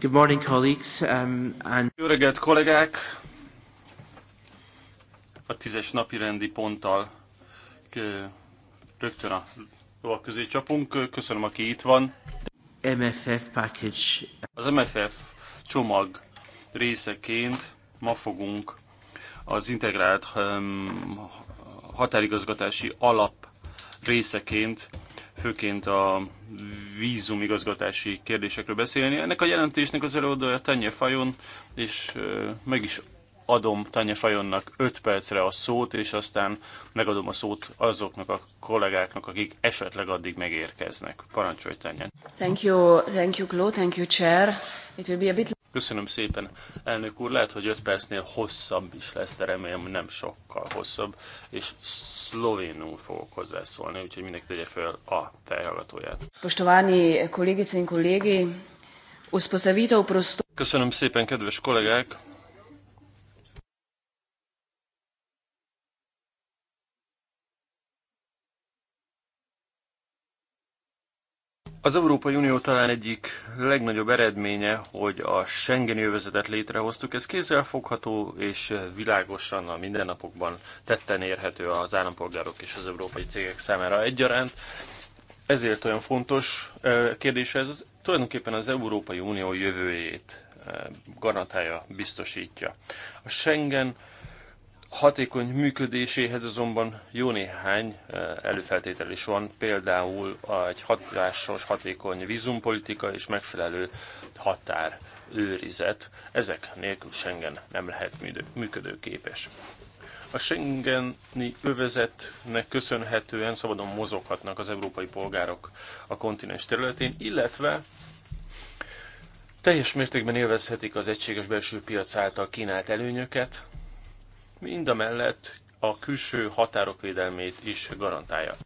Good morning, colleagues. Um, and... Jó reggelt, kollégák! A tízes napi rendi ponttal rögtön a lovak közé csapunk. Köszönöm, aki itt van. MFF package. Az MFF csomag részeként ma fogunk az integrált határigazgatási alap részeként főként a vízumigazgatási kérdésekről beszélni. Ennek a jelentésnek az előadója Tanya Fajon, és meg is adom Tanya Fajonnak 5 percre a szót, és aztán megadom a szót azoknak a kollégáknak, akik esetleg addig megérkeznek. Parancsolj, Tanya. Thank you, thank you, Claude, thank you, Chair. It will be a bit Köszönöm szépen, elnök úr. Lehet, hogy 5 percnél hosszabb is lesz, de remélem, hogy nem sokkal hosszabb. És szlovénul fogok hozzászólni, úgyhogy mindenki tegye fel a fejhallgatóját. Köszönöm szépen, kedves kollégák! Az Európai Unió talán egyik legnagyobb eredménye, hogy a Schengeni övezetet létrehoztuk. Ez kézzelfogható és világosan a mindennapokban tetten érhető az állampolgárok és az európai cégek számára egyaránt. Ezért olyan fontos kérdés ez tulajdonképpen az Európai Unió jövőjét garantálja, biztosítja. A Schengen hatékony működéséhez azonban jó néhány eh, előfeltétel is van, például egy hatásos, hatékony vízumpolitika és megfelelő határ őrizet. Ezek nélkül Schengen nem lehet működőképes. A Schengeni övezetnek köszönhetően szabadon mozoghatnak az európai polgárok a kontinens területén, illetve teljes mértékben élvezhetik az egységes belső piac által kínált előnyöket, mind a mellett a külső határok védelmét is garantálja.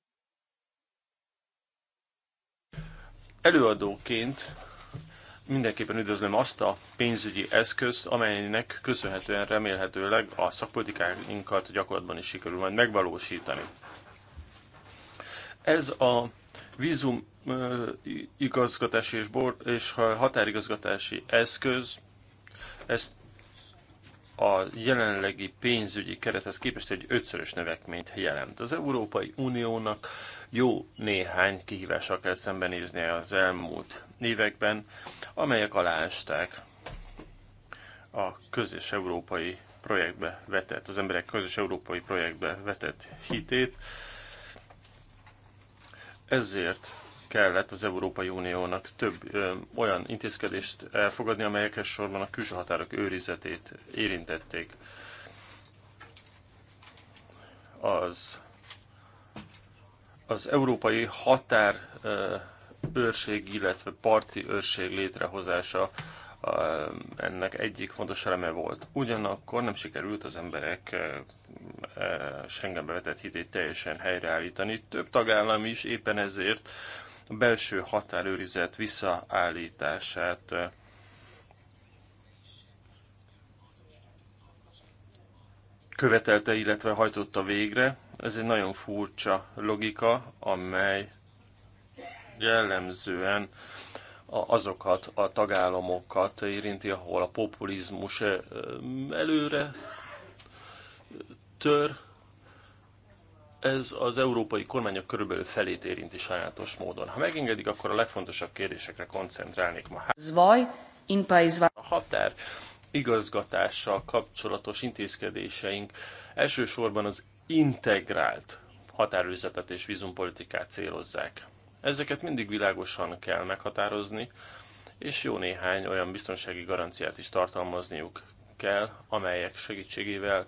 Előadóként mindenképpen üdvözlöm azt a pénzügyi eszközt, amelynek köszönhetően remélhetőleg a szakpolitikáinkat gyakorlatban is sikerül majd megvalósítani. Ez a vízum igazgatási és, bor, és határigazgatási eszköz, ezt a jelenlegi pénzügyi kerethez képest egy ötszörös növekményt jelent. Az Európai Uniónak jó néhány kihívással kell szembenéznie az elmúlt években, amelyek aláásták a közös európai projektbe vetett, az emberek közös európai projektbe vetett hitét. Ezért kellett az Európai Uniónak több ö, olyan intézkedést elfogadni, amelyek sorban a külső határok őrizetét érintették. Az, az európai határ ö, őrség, illetve parti őrség létrehozása ö, ennek egyik fontos eleme volt. Ugyanakkor nem sikerült az emberek Schengenbe vetett hitét teljesen helyreállítani. Több tagállam is éppen ezért a belső határőrizet visszaállítását követelte, illetve hajtotta végre. Ez egy nagyon furcsa logika, amely jellemzően azokat a tagállamokat érinti, ahol a populizmus előre tör, ez az európai kormányok körülbelül felét érinti sajátos módon. Ha megengedik, akkor a legfontosabb kérdésekre koncentrálnék ma. Zvaj, A határ igazgatással kapcsolatos intézkedéseink elsősorban az integrált határőrzetet és vízumpolitikát célozzák. Ezeket mindig világosan kell meghatározni, és jó néhány olyan biztonsági garanciát is tartalmazniuk kell, amelyek segítségével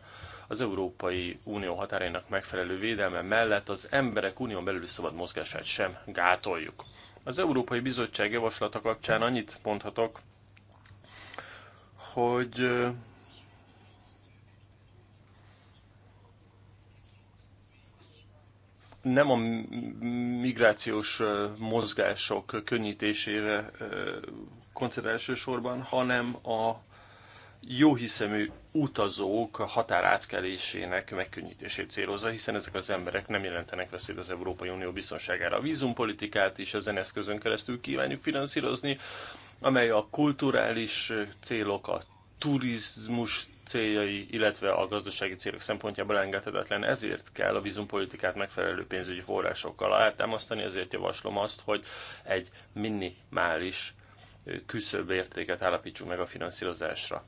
az Európai Unió határainak megfelelő védelme mellett az emberek unión belüli szabad mozgását sem gátoljuk. Az Európai Bizottság javaslata kapcsán annyit mondhatok, hogy nem a migrációs mozgások könnyítésére koncentrál elsősorban, hanem a jóhiszemű utazók határátkelésének megkönnyítését célozza, hiszen ezek az emberek nem jelentenek veszélyt az Európai Unió biztonságára. A vízumpolitikát is ezen eszközön keresztül kívánjuk finanszírozni, amely a kulturális célok, a turizmus céljai, illetve a gazdasági célok szempontjából engedhetetlen. Ezért kell a vízumpolitikát megfelelő pénzügyi forrásokkal alátámasztani, ezért javaslom azt, hogy egy minimális küszöbb értéket állapítsunk meg a finanszírozásra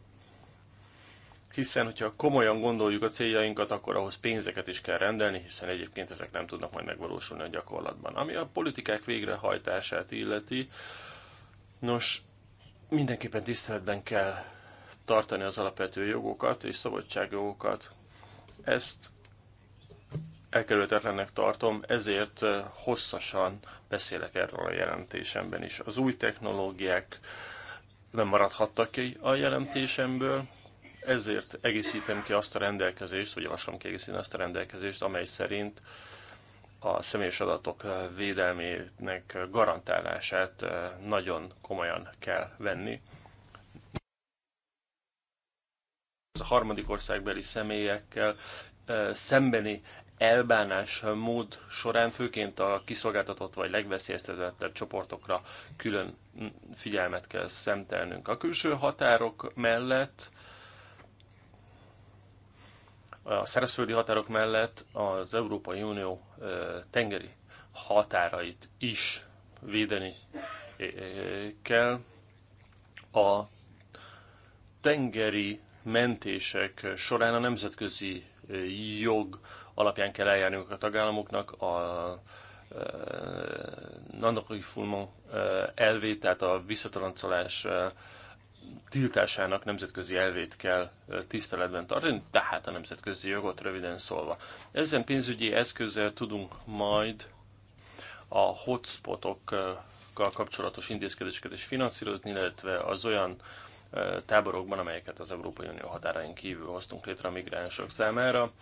hiszen hogyha komolyan gondoljuk a céljainkat, akkor ahhoz pénzeket is kell rendelni, hiszen egyébként ezek nem tudnak majd megvalósulni a gyakorlatban. Ami a politikák végrehajtását illeti, nos, mindenképpen tiszteletben kell tartani az alapvető jogokat és szabadságjogokat. Ezt elkerülhetetlennek tartom, ezért hosszasan beszélek erről a jelentésemben is. Az új technológiák nem maradhattak ki a jelentésemből, ezért egészítem ki azt a rendelkezést, vagy javaslom kiegészíteni azt a rendelkezést, amely szerint a személyes adatok védelmének garantálását eh, nagyon komolyan kell venni. A harmadik országbeli személyekkel eh, szembeni elbánás mód során főként a kiszolgáltatott vagy legveszélyeztetettebb csoportokra külön figyelmet kell szemtelnünk. A külső határok mellett a szárazföldi határok mellett az Európai Unió tengeri határait is védeni kell. A tengeri mentések során a nemzetközi jog alapján kell eljárniuk a tagállamoknak a non elvét, tehát a visszatoloncolás tiltásának nemzetközi elvét kell tiszteletben tartani, tehát a nemzetközi jogot röviden szólva. Ezen pénzügyi eszközzel tudunk majd a hotspotokkal kapcsolatos intézkedéseket is finanszírozni, illetve az olyan táborokban, amelyeket az Európai Unió határain kívül hoztunk létre a migránsok számára.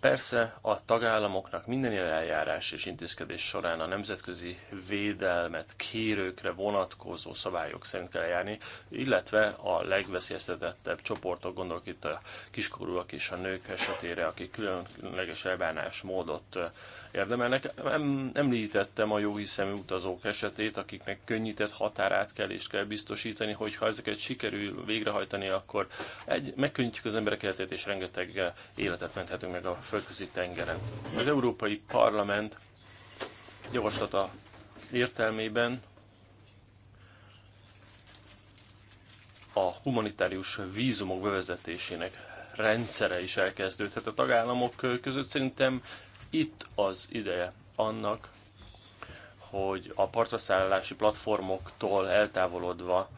Persze a tagállamoknak minden ilyen eljárás és intézkedés során a nemzetközi védelmet kérőkre vonatkozó szabályok szerint kell járni, illetve a legveszélyeztetettebb csoportok, gondolok itt a kiskorúak és a nők esetére, akik különleges elbánás módot érdemelnek. Említettem a hiszemű utazók esetét, akiknek könnyített határátkelést kell biztosítani, hogy ha ezeket sikerül végrehajtani, akkor egy, megkönnyítjük az emberek életét, és rengeteg életet menthetünk meg a földközi tengeren. Az Európai Parlament javaslata értelmében a humanitárius vízumok bevezetésének rendszere is elkezdődhet a tagállamok között. Szerintem itt az ideje annak, hogy a partraszállási platformoktól eltávolodva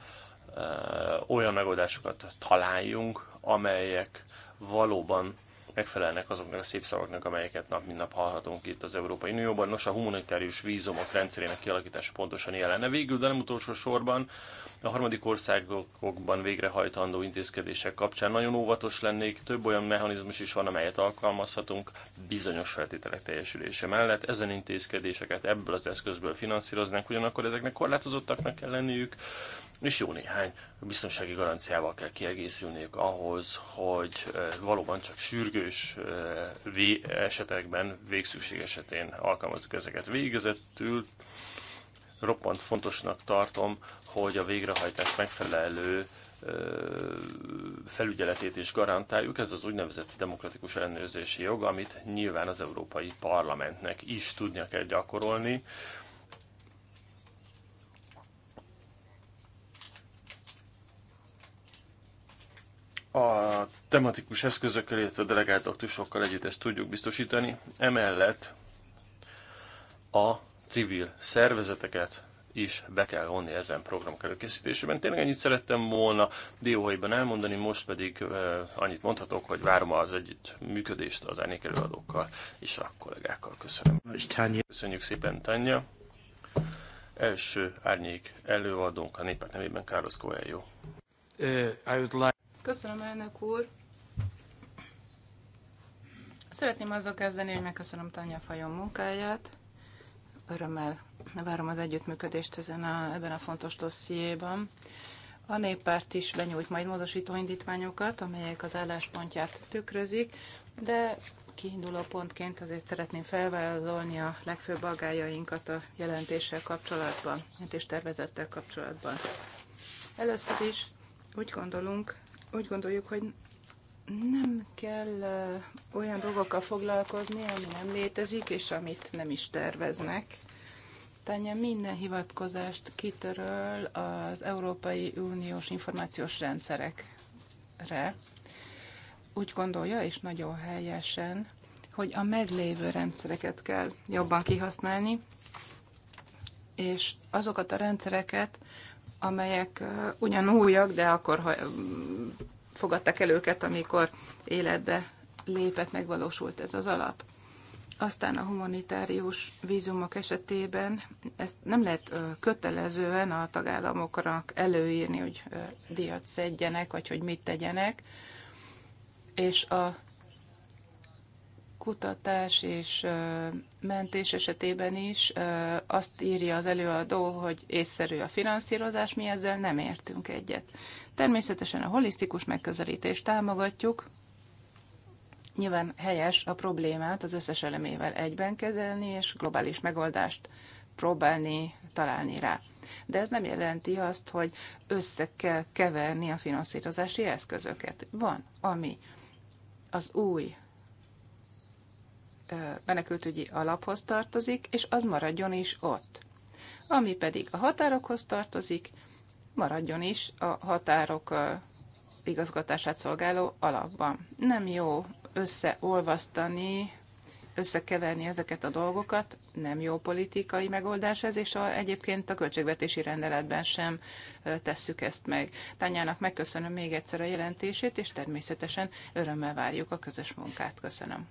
eh, olyan megoldásokat találjunk, amelyek valóban megfelelnek azoknak a szép szavaknak, amelyeket nap mint nap hallhatunk itt az Európai Unióban. Nos, a humanitárius vízumok rendszerének kialakítása pontosan ilyen lenne. Végül, de nem utolsó sorban, a harmadik országokban végrehajtandó intézkedések kapcsán nagyon óvatos lennék. Több olyan mechanizmus is van, amelyet alkalmazhatunk bizonyos feltételek teljesülése mellett. Ezen intézkedéseket ebből az eszközből finanszíroznánk, ugyanakkor ezeknek korlátozottaknak kell lenniük, és jó néhány biztonsági garanciával kell kiegészülniük ahhoz, hogy valóban csak sürgős esetekben, végszükség esetén alkalmazzuk ezeket. Végezetül roppant fontosnak tartom, hogy a végrehajtás megfelelő felügyeletét is garantáljuk. Ez az úgynevezett demokratikus ellenőrzési jog, amit nyilván az Európai Parlamentnek is tudnia kell gyakorolni. a tematikus eszközökkel, illetve a delegált aktusokkal együtt ezt tudjuk biztosítani. Emellett a civil szervezeteket is be kell vonni ezen programok előkészítésében. Tényleg ennyit szerettem volna dióhaiban elmondani, most pedig annyit mondhatok, hogy várom az együtt működést az árnyék előadókkal és a kollégákkal. Köszönöm. Köszönjük szépen, Tanya. Első árnyék előadónk a népek nevében Károsz Koeljó. Uh, I would like Köszönöm, elnök úr. Szeretném azzal kezdeni, hogy megköszönöm Tanya Fajon munkáját. Örömmel várom az együttműködést ezen a, ebben a fontos dossziéban. A néppárt is benyújt majd módosító indítványokat, amelyek az álláspontját tükrözik, de kiinduló pontként azért szeretném felvázolni a legfőbb aggájainkat a jelentéssel kapcsolatban, jelentés tervezettel kapcsolatban. Először is úgy gondolunk, úgy gondoljuk, hogy nem kell olyan dolgokkal foglalkozni, ami nem létezik, és amit nem is terveznek. Tanya minden hivatkozást kitöröl az Európai Uniós információs rendszerekre. Úgy gondolja, és nagyon helyesen, hogy a meglévő rendszereket kell jobban kihasználni, és azokat a rendszereket, amelyek ugyan újak, de akkor ha, fogadtak el őket, amikor életbe lépett, megvalósult ez az alap. Aztán a humanitárius vízumok esetében ezt nem lehet kötelezően a tagállamoknak előírni, hogy díjat szedjenek, vagy hogy mit tegyenek, és a kutatás és mentés esetében is azt írja az előadó, hogy észszerű a finanszírozás, mi ezzel nem értünk egyet. Természetesen a holisztikus megközelítést támogatjuk, nyilván helyes a problémát az összes elemével egyben kezelni, és globális megoldást próbálni találni rá. De ez nem jelenti azt, hogy össze kell keverni a finanszírozási eszközöket. Van, ami az új menekültügyi alaphoz tartozik, és az maradjon is ott. Ami pedig a határokhoz tartozik, maradjon is a határok igazgatását szolgáló alapban. Nem jó összeolvasztani, összekeverni ezeket a dolgokat, nem jó politikai megoldás ez, és a, egyébként a költségvetési rendeletben sem tesszük ezt meg. Tányának megköszönöm még egyszer a jelentését, és természetesen örömmel várjuk a közös munkát. Köszönöm.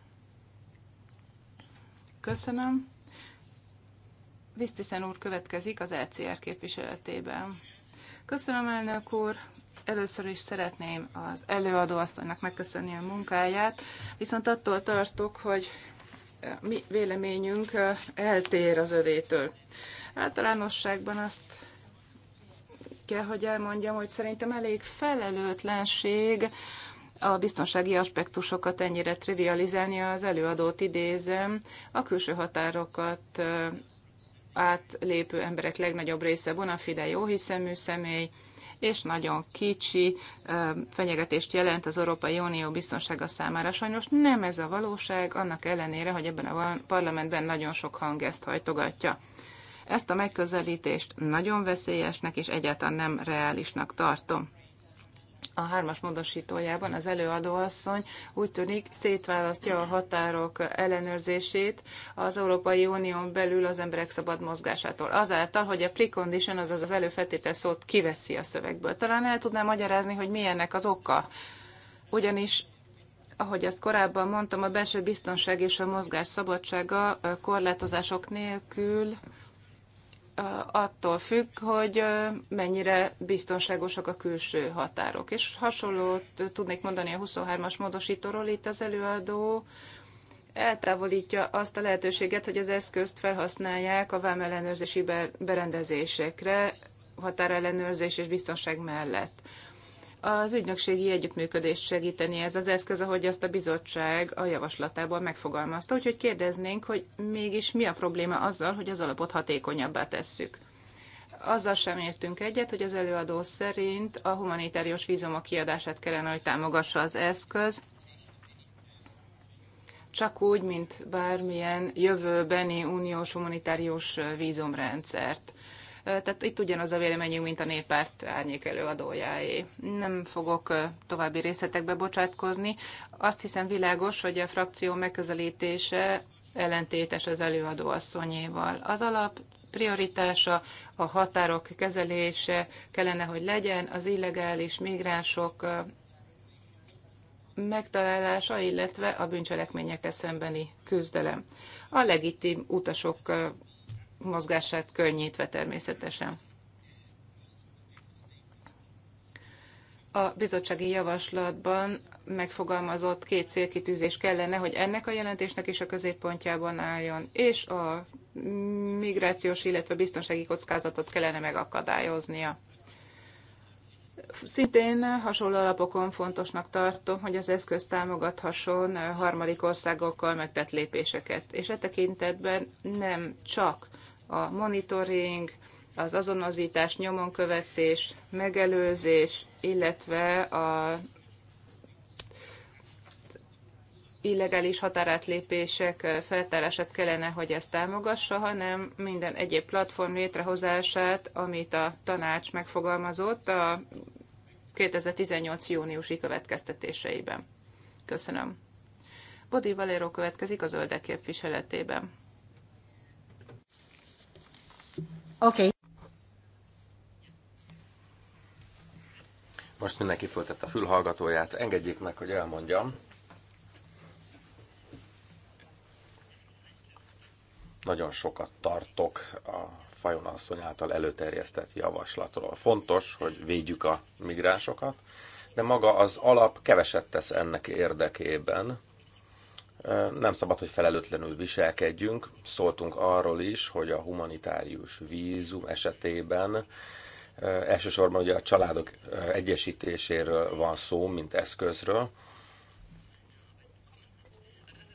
Köszönöm. Visztisen úr következik az ECR képviseletében. Köszönöm, elnök úr. Először is szeretném az előadóasztalnak megköszönni a munkáját, viszont attól tartok, hogy eh, mi véleményünk eh, eltér az övétől. Általánosságban azt kell, hogy elmondjam, hogy szerintem elég felelőtlenség a biztonsági aspektusokat ennyire trivializálni, az előadót idézem, a külső határokat átlépő emberek legnagyobb része bonafide jóhiszemű személy, és nagyon kicsi fenyegetést jelent az Európai Unió biztonsága számára. Sajnos nem ez a valóság, annak ellenére, hogy ebben a parlamentben nagyon sok hang ezt hajtogatja. Ezt a megközelítést nagyon veszélyesnek és egyáltalán nem reálisnak tartom a hármas módosítójában az előadóasszony úgy tűnik szétválasztja a határok ellenőrzését az Európai Unión belül az emberek szabad mozgásától. Azáltal, hogy a precondition, azaz az előfeltétel szót kiveszi a szövegből. Talán el tudnám magyarázni, hogy mi ennek az oka. Ugyanis ahogy ezt korábban mondtam, a belső biztonság és a mozgás szabadsága korlátozások nélkül attól függ, hogy mennyire biztonságosak a külső határok. És hasonlót tudnék mondani a 23-as módosítóról, itt az előadó eltávolítja azt a lehetőséget, hogy az eszközt felhasználják a vámellenőrzési berendezésekre, határellenőrzés és biztonság mellett az ügynökségi együttműködést segíteni ez az eszköz, ahogy azt a bizottság a javaslatából megfogalmazta. Úgyhogy kérdeznénk, hogy mégis mi a probléma azzal, hogy az alapot hatékonyabbá tesszük. Azzal sem értünk egyet, hogy az előadó szerint a humanitárius vízumok kiadását kellene, hogy támogassa az eszköz, csak úgy, mint bármilyen jövőbeni uniós humanitárius vízumrendszert tehát itt ugyanaz a véleményünk, mint a néppárt árnyék előadójáé. Nem fogok további részletekbe bocsátkozni. Azt hiszem világos, hogy a frakció megközelítése ellentétes az előadó asszonyéval. Az alap prioritása a határok kezelése kellene, hogy legyen, az illegális migránsok megtalálása, illetve a bűncselekményekkel szembeni küzdelem. A legitim utasok mozgását könnyítve természetesen. A bizottsági javaslatban megfogalmazott két célkitűzés kellene, hogy ennek a jelentésnek is a középpontjában álljon, és a migrációs, illetve biztonsági kockázatot kellene megakadályoznia. Szintén hasonló alapokon fontosnak tartom, hogy az eszköz támogathasson harmadik országokkal megtett lépéseket, és e tekintetben nem csak a monitoring, az azonosítás, nyomonkövetés, megelőzés, illetve a illegális határátlépések feltárását kellene, hogy ezt támogassa, hanem minden egyéb platform létrehozását, amit a tanács megfogalmazott a 2018. júniusi következtetéseiben. Köszönöm. Bodi Valero következik a zöldek képviseletében. Oké. Okay. Most mindenki föltette a fülhallgatóját. Engedjék meg, hogy elmondjam. Nagyon sokat tartok a Fajon által előterjesztett javaslatról. Fontos, hogy védjük a migránsokat, de maga az alap keveset tesz ennek érdekében nem szabad, hogy felelőtlenül viselkedjünk. Szóltunk arról is, hogy a humanitárius vízum esetében elsősorban ugye a családok egyesítéséről van szó, mint eszközről.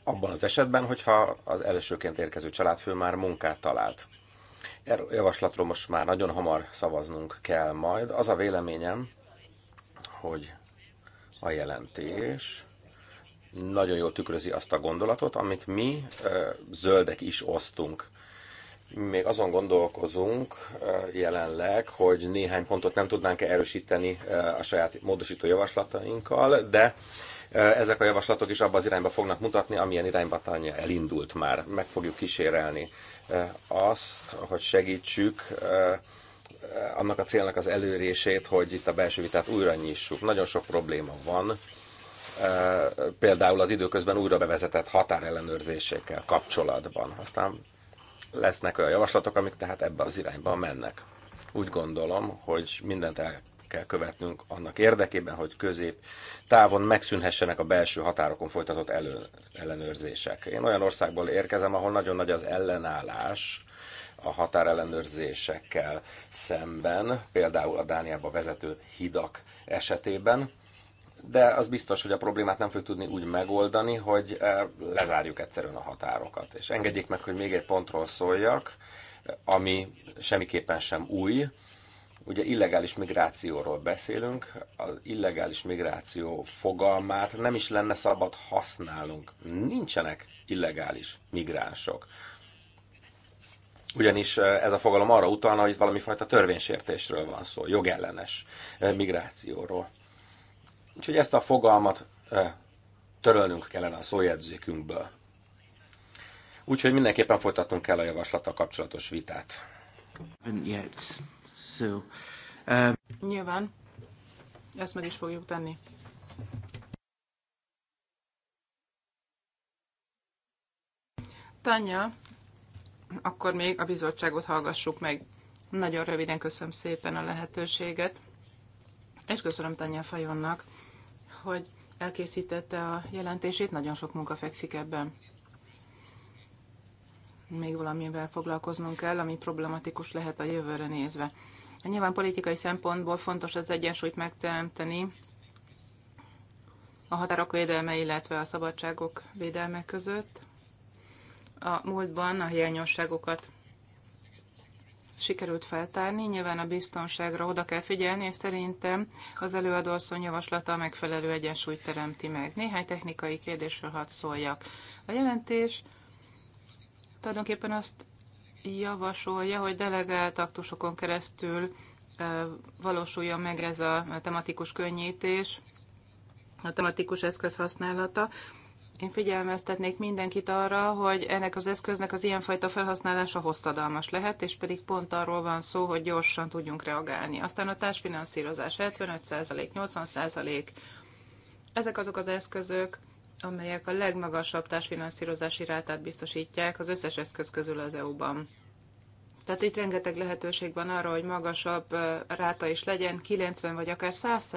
Abban az esetben, hogyha az elsőként érkező családfő már munkát talált. Erről javaslatról most már nagyon hamar szavaznunk kell majd. Az a véleményem, hogy a jelentés nagyon jól tükrözi azt a gondolatot, amit mi zöldek is osztunk. Még azon gondolkozunk jelenleg, hogy néhány pontot nem tudnánk -e erősíteni a saját módosító javaslatainkkal, de ezek a javaslatok is abba az irányba fognak mutatni, amilyen irányba tanja elindult már. Meg fogjuk kísérelni azt, hogy segítsük annak a célnak az előrését, hogy itt a belső vitát újra nyissuk. Nagyon sok probléma van, például az időközben újra bevezetett határellenőrzésekkel kapcsolatban. Aztán lesznek olyan javaslatok, amik tehát ebbe az irányba mennek. Úgy gondolom, hogy mindent el kell követnünk annak érdekében, hogy közép távon megszűnhessenek a belső határokon folytatott elő, ellenőrzések. Én olyan országból érkezem, ahol nagyon nagy az ellenállás a határellenőrzésekkel szemben, például a Dániába vezető hidak esetében de az biztos, hogy a problémát nem fog tudni úgy megoldani, hogy eh, lezárjuk egyszerűen a határokat. És engedjék meg, hogy még egy pontról szóljak, ami semmiképpen sem új. Ugye illegális migrációról beszélünk, az illegális migráció fogalmát nem is lenne szabad használnunk. Nincsenek illegális migránsok. Ugyanis eh, ez a fogalom arra utalna, hogy itt valami fajta törvénysértésről van szó, jogellenes eh, migrációról. Úgyhogy ezt a fogalmat törölnünk kellene a szójegyzékünkből. Úgyhogy mindenképpen folytatnunk kell a javaslattal kapcsolatos vitát. Yet. So, um... Nyilván, ezt meg is fogjuk tenni. Tanya, akkor még a bizottságot hallgassuk meg. Nagyon röviden köszönöm szépen a lehetőséget, és köszönöm Tanya Fajonnak, hogy elkészítette a jelentését, nagyon sok munka fekszik ebben. Még valamivel foglalkoznunk kell, ami problematikus lehet a jövőre nézve. Nyilván politikai szempontból fontos az egyensúlyt megteremteni a határok védelme, illetve a szabadságok védelme között. A múltban a hiányosságokat sikerült feltárni. Nyilván a biztonságra oda kell figyelni, és szerintem az előadóasszony javaslata a megfelelő egyensúlyt teremti meg. Néhány technikai kérdésről hadd szóljak. A jelentés tulajdonképpen azt javasolja, hogy delegált aktusokon keresztül valósuljon meg ez a tematikus könnyítés, a tematikus eszköz használata. Én figyelmeztetnék mindenkit arra, hogy ennek az eszköznek az ilyenfajta felhasználása hosszadalmas lehet, és pedig pont arról van szó, hogy gyorsan tudjunk reagálni. Aztán a társfinanszírozás 75%, 80%, ezek azok az eszközök, amelyek a legmagasabb társfinanszírozási rátát biztosítják az összes eszköz közül az EU-ban. Tehát itt rengeteg lehetőség van arra, hogy magasabb ráta is legyen, 90 vagy akár 100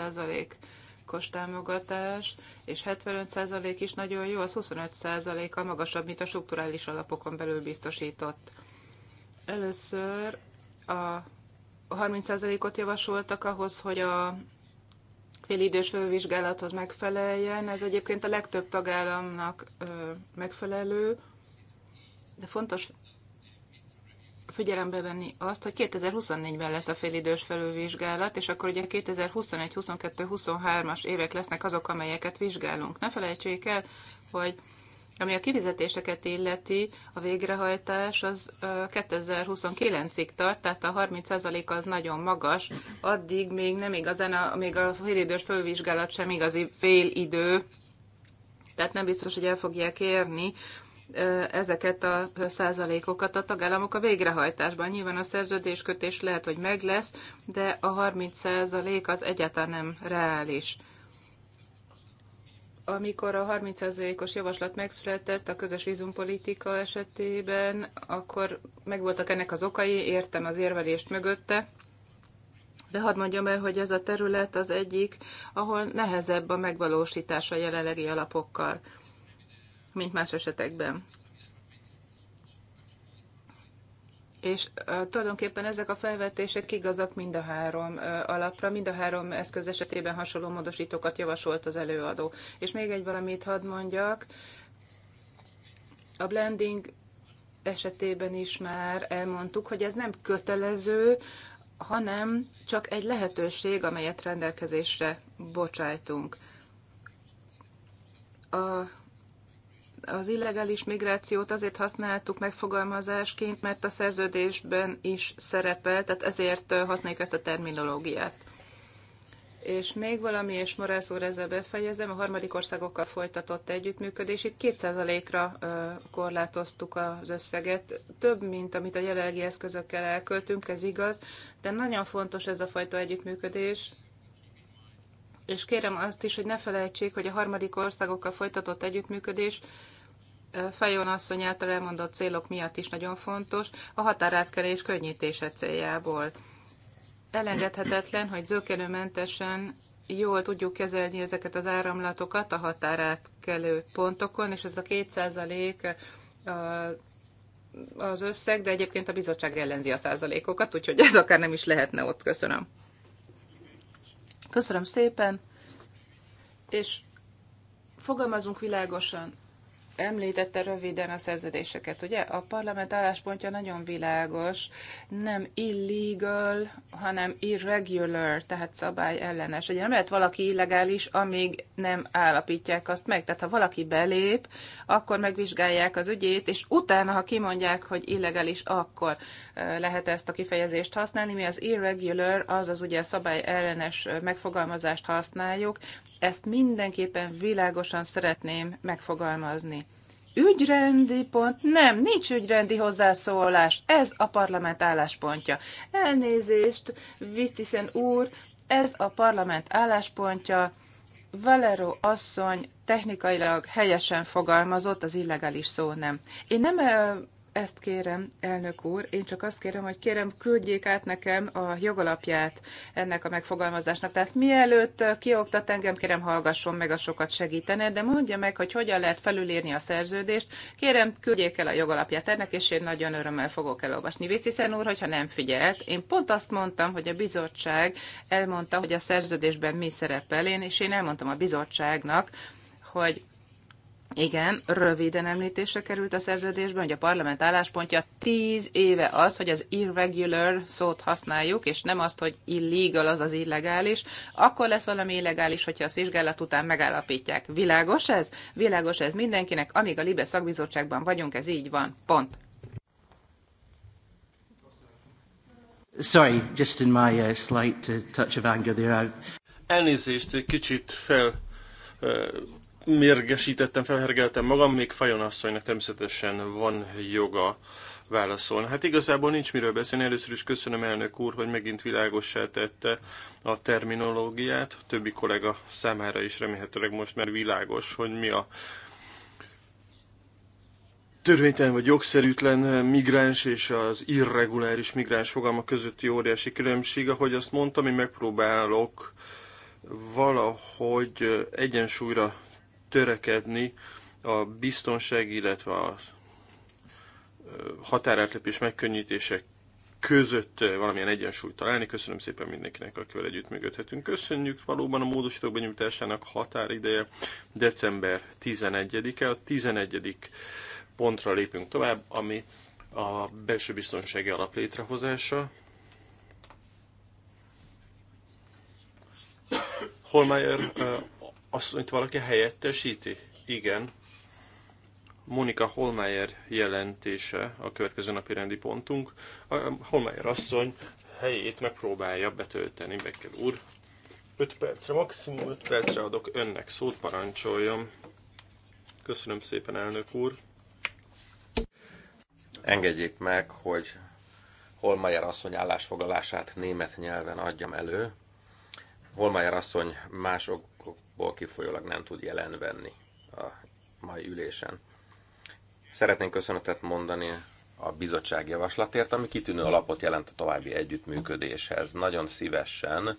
százalékos támogatás, és 75% is nagyon jó, az 25%-a magasabb, mint a strukturális alapokon belül biztosított. Először a 30%-ot javasoltak ahhoz, hogy a félidős fővizsgálathoz megfeleljen. Ez egyébként a legtöbb tagállamnak megfelelő, de fontos figyelembe venni azt, hogy 2024-ben lesz a félidős felülvizsgálat, és akkor ugye 2021, 22, 23 as évek lesznek azok, amelyeket vizsgálunk. Ne felejtsék el, hogy ami a kivizetéseket illeti, a végrehajtás az 2029-ig tart, tehát a 30% az nagyon magas, addig még nem igazán, a, még a félidős fölvizsgálat sem igazi félidő, tehát nem biztos, hogy el fogják érni ezeket a százalékokat a tagállamok a végrehajtásban. Nyilván a szerződéskötés lehet, hogy meg lesz, de a 30 százalék az egyáltalán nem reális. Amikor a 30%-os javaslat megszületett a közös vízumpolitika esetében, akkor megvoltak ennek az okai, értem az érvelést mögötte, de hadd mondjam el, hogy ez a terület az egyik, ahol nehezebb a megvalósítása jelenlegi alapokkal mint más esetekben. És uh, tulajdonképpen ezek a felvetések igazak mind a három uh, alapra, mind a három eszköz esetében hasonló módosítókat javasolt az előadó. És még egy valamit hadd mondjak, a blending esetében is már elmondtuk, hogy ez nem kötelező, hanem csak egy lehetőség, amelyet rendelkezésre bocsájtunk. A az illegális migrációt azért használtuk megfogalmazásként, mert a szerződésben is szerepel, tehát ezért használjuk ezt a terminológiát. És még valami, és Morász úr ezzel befejezem, a harmadik országokkal folytatott együttműködés. Itt 2%-ra korlátoztuk az összeget, több, mint amit a jelenlegi eszközökkel elköltünk, ez igaz, de nagyon fontos ez a fajta együttműködés, és kérem azt is, hogy ne felejtsék, hogy a harmadik országokkal folytatott együttműködés Fajon asszony által elmondott célok miatt is nagyon fontos, a határátkelés könnyítése céljából. Elengedhetetlen, hogy zökkenőmentesen jól tudjuk kezelni ezeket az áramlatokat a határátkelő pontokon, és ez a 2% az összeg, de egyébként a bizottság ellenzi a százalékokat, úgyhogy ez akár nem is lehetne ott. Köszönöm. Köszönöm szépen, és fogalmazunk világosan említette röviden a szerződéseket, ugye? A parlament álláspontja nagyon világos, nem illegal, hanem irregular, tehát szabály ellenes. Ugye nem lehet valaki illegális, amíg nem állapítják azt meg. Tehát ha valaki belép, akkor megvizsgálják az ügyét, és utána, ha kimondják, hogy illegális, akkor lehet ezt a kifejezést használni. Mi az irregular, azaz ugye szabály ellenes megfogalmazást használjuk. Ezt mindenképpen világosan szeretném megfogalmazni. Ügyrendi pont? Nem, nincs ügyrendi hozzászólás. Ez a parlament álláspontja. Elnézést, Visztiszen úr, ez a parlament álláspontja. Valero asszony technikailag helyesen fogalmazott, az illegális szó nem. Én nem ezt kérem, elnök úr, én csak azt kérem, hogy kérem, küldjék át nekem a jogalapját ennek a megfogalmazásnak. Tehát mielőtt kioktat engem, kérem, hallgasson meg, a sokat segítene, de mondja meg, hogy hogyan lehet felülírni a szerződést. Kérem, küldjék el a jogalapját ennek, és én nagyon örömmel fogok elolvasni. Vissziszen úr, hogyha nem figyelt, én pont azt mondtam, hogy a bizottság elmondta, hogy a szerződésben mi szerepel én, és én elmondtam a bizottságnak, hogy igen, röviden említésre került a szerződésben, hogy a parlament álláspontja tíz éve az, hogy az irregular szót használjuk, és nem azt, hogy illegal, az az illegális. Akkor lesz valami illegális, hogyha az vizsgálat után megállapítják. Világos ez? Világos ez mindenkinek, amíg a Libe szakbizottságban vagyunk, ez így van. Pont. Sorry, just in my uh, slight uh, touch of anger there. I... Elnézést, egy kicsit fel uh mérgesítettem, felhergeltem magam, még Fajon asszonynak természetesen van joga válaszolni. Hát igazából nincs miről beszélni. Először is köszönöm elnök úr, hogy megint világossá tette a terminológiát. A többi kollega számára is remélhetőleg most már világos, hogy mi a törvénytelen vagy jogszerűtlen migráns és az irreguláris migráns fogalma közötti óriási különbség. Ahogy azt mondtam, én megpróbálok valahogy egyensúlyra törekedni a biztonság, illetve a határátlépés megkönnyítések között valamilyen egyensúlyt találni. Köszönöm szépen mindenkinek, akivel együtt együttműködhetünk. Köszönjük valóban a módosítók benyújtásának határideje december 11-e. A 11. pontra lépünk tovább, ami a belső biztonsági alap létrehozása. Holmeyer asszonyt valaki helyettesíti? Igen. Monika Holmeyer jelentése a következő napi rendi pontunk. A Holmeyer asszony helyét megpróbálja betölteni, Becker úr. 5 percre, maximum 5 percre adok önnek szót, parancsoljam. Köszönöm szépen, elnök úr. Engedjék meg, hogy Holmeyer asszony állásfoglalását német nyelven adjam elő. Holmeyer asszony mások okból kifolyólag nem tud jelen venni a mai ülésen. Szeretnénk köszönetet mondani a bizottság javaslatért, ami kitűnő alapot jelent a további együttműködéshez. Nagyon szívesen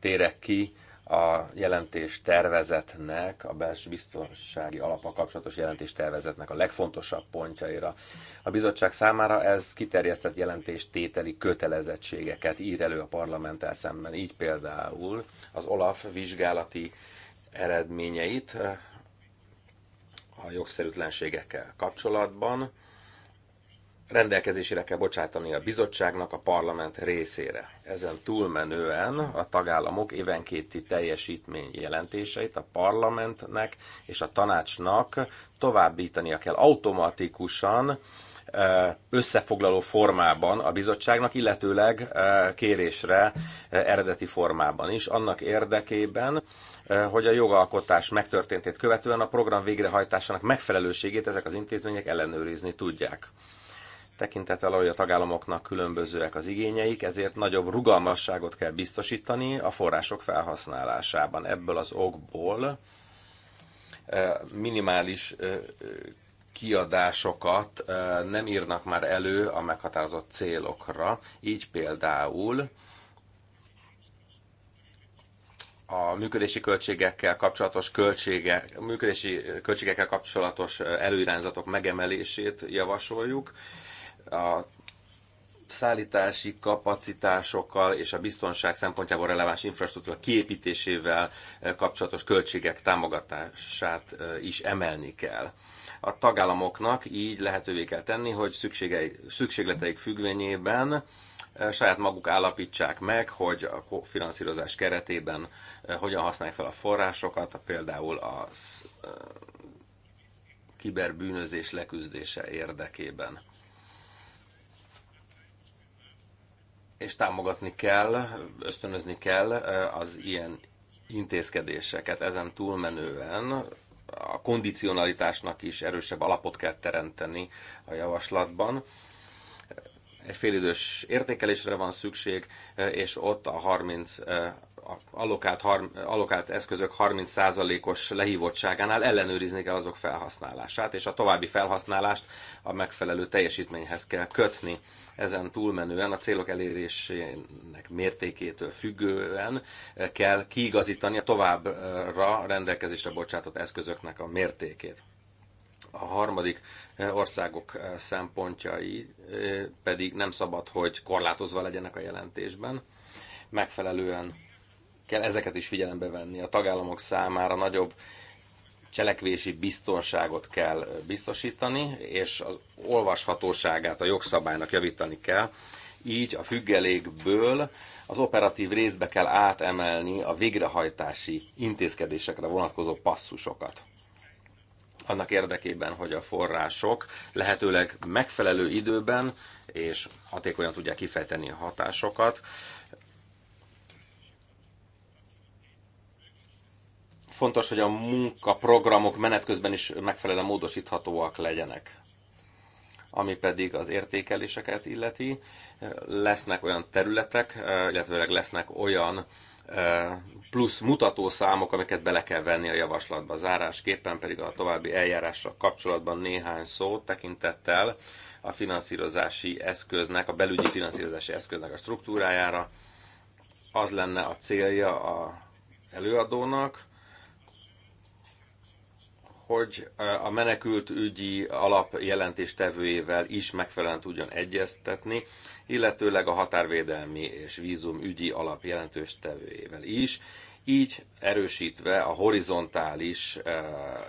térek ki a jelentés tervezetnek, a belső biztonsági alapa kapcsolatos jelentés tervezetnek a legfontosabb pontjaira. A bizottság számára ez kiterjesztett jelentés tételi kötelezettségeket ír elő a parlamenttel szemben, így például az OLAF vizsgálati eredményeit a jogszerűtlenségekkel kapcsolatban, rendelkezésére kell bocsátani a bizottságnak a parlament részére. Ezen túlmenően a tagállamok évenkénti teljesítmény jelentéseit a parlamentnek és a tanácsnak továbbítania kell automatikusan összefoglaló formában a bizottságnak, illetőleg kérésre eredeti formában is, annak érdekében, hogy a jogalkotás megtörténtét követően a program végrehajtásának megfelelőségét ezek az intézmények ellenőrizni tudják tekintettel arra, hogy a tagállamoknak különbözőek az igényeik, ezért nagyobb rugalmasságot kell biztosítani a források felhasználásában. Ebből az okból e, minimális e, e, kiadásokat nem írnak már elő a meghatározott célokra, így például a működési költségekkel kapcsolatos költsége, működési költségekkel kapcsolatos előirányzatok megemelését javasoljuk, a szállítási kapacitásokkal és a biztonság szempontjából releváns infrastruktúra kiépítésével eh, kapcsolatos költségek támogatását eh, is emelni kell. A tagállamoknak így lehetővé kell tenni, hogy szükségleteik függvényében eh, saját maguk állapítsák meg, hogy a finanszírozás keretében hogyan használják fel a forrásokat, például a kiberbűnözés leküzdése érdekében és támogatni kell, ösztönözni kell az ilyen intézkedéseket ezen túlmenően a kondicionalitásnak is erősebb alapot kell teremteni a javaslatban. Egy félidős értékelésre van szükség, és ott a 30 allokált, allokált eszközök 30%-os lehívottságánál ellenőrizni kell azok felhasználását, és a további felhasználást a megfelelő teljesítményhez kell kötni. Ezen túlmenően a célok elérésének mértékétől függően kell kiigazítani a továbbra rendelkezésre bocsátott eszközöknek a mértékét a harmadik országok szempontjai eh, pedig nem szabad, hogy korlátozva legyenek a jelentésben. Megfelelően kell ezeket is figyelembe venni. A tagállamok számára nagyobb cselekvési biztonságot kell biztosítani, és az olvashatóságát a jogszabálynak javítani kell. Így a függelékből az operatív részbe kell átemelni a végrehajtási intézkedésekre vonatkozó passzusokat. Annak érdekében, hogy a források lehetőleg megfelelő időben és hatékonyan tudják kifejteni a hatásokat, Fontos, hogy a munkaprogramok menet közben is megfelelően módosíthatóak legyenek. Ami pedig az értékeléseket illeti, lesznek olyan területek, eh, illetőleg lesznek olyan eh, plusz mutatószámok, amiket bele kell venni a javaslatba. Zárásképpen pedig a további eljárással kapcsolatban néhány szót tekintettel a finanszírozási eszköznek, a belügyi finanszírozási eszköznek a struktúrájára. Az lenne a célja a előadónak, hogy eh, a menekült ügyi alap jelentéstevőjével is megfelelően tudjon egyeztetni, illetőleg a határvédelmi és vízum ügyi alap jelentéstevőjével is, így erősítve a horizontális eh,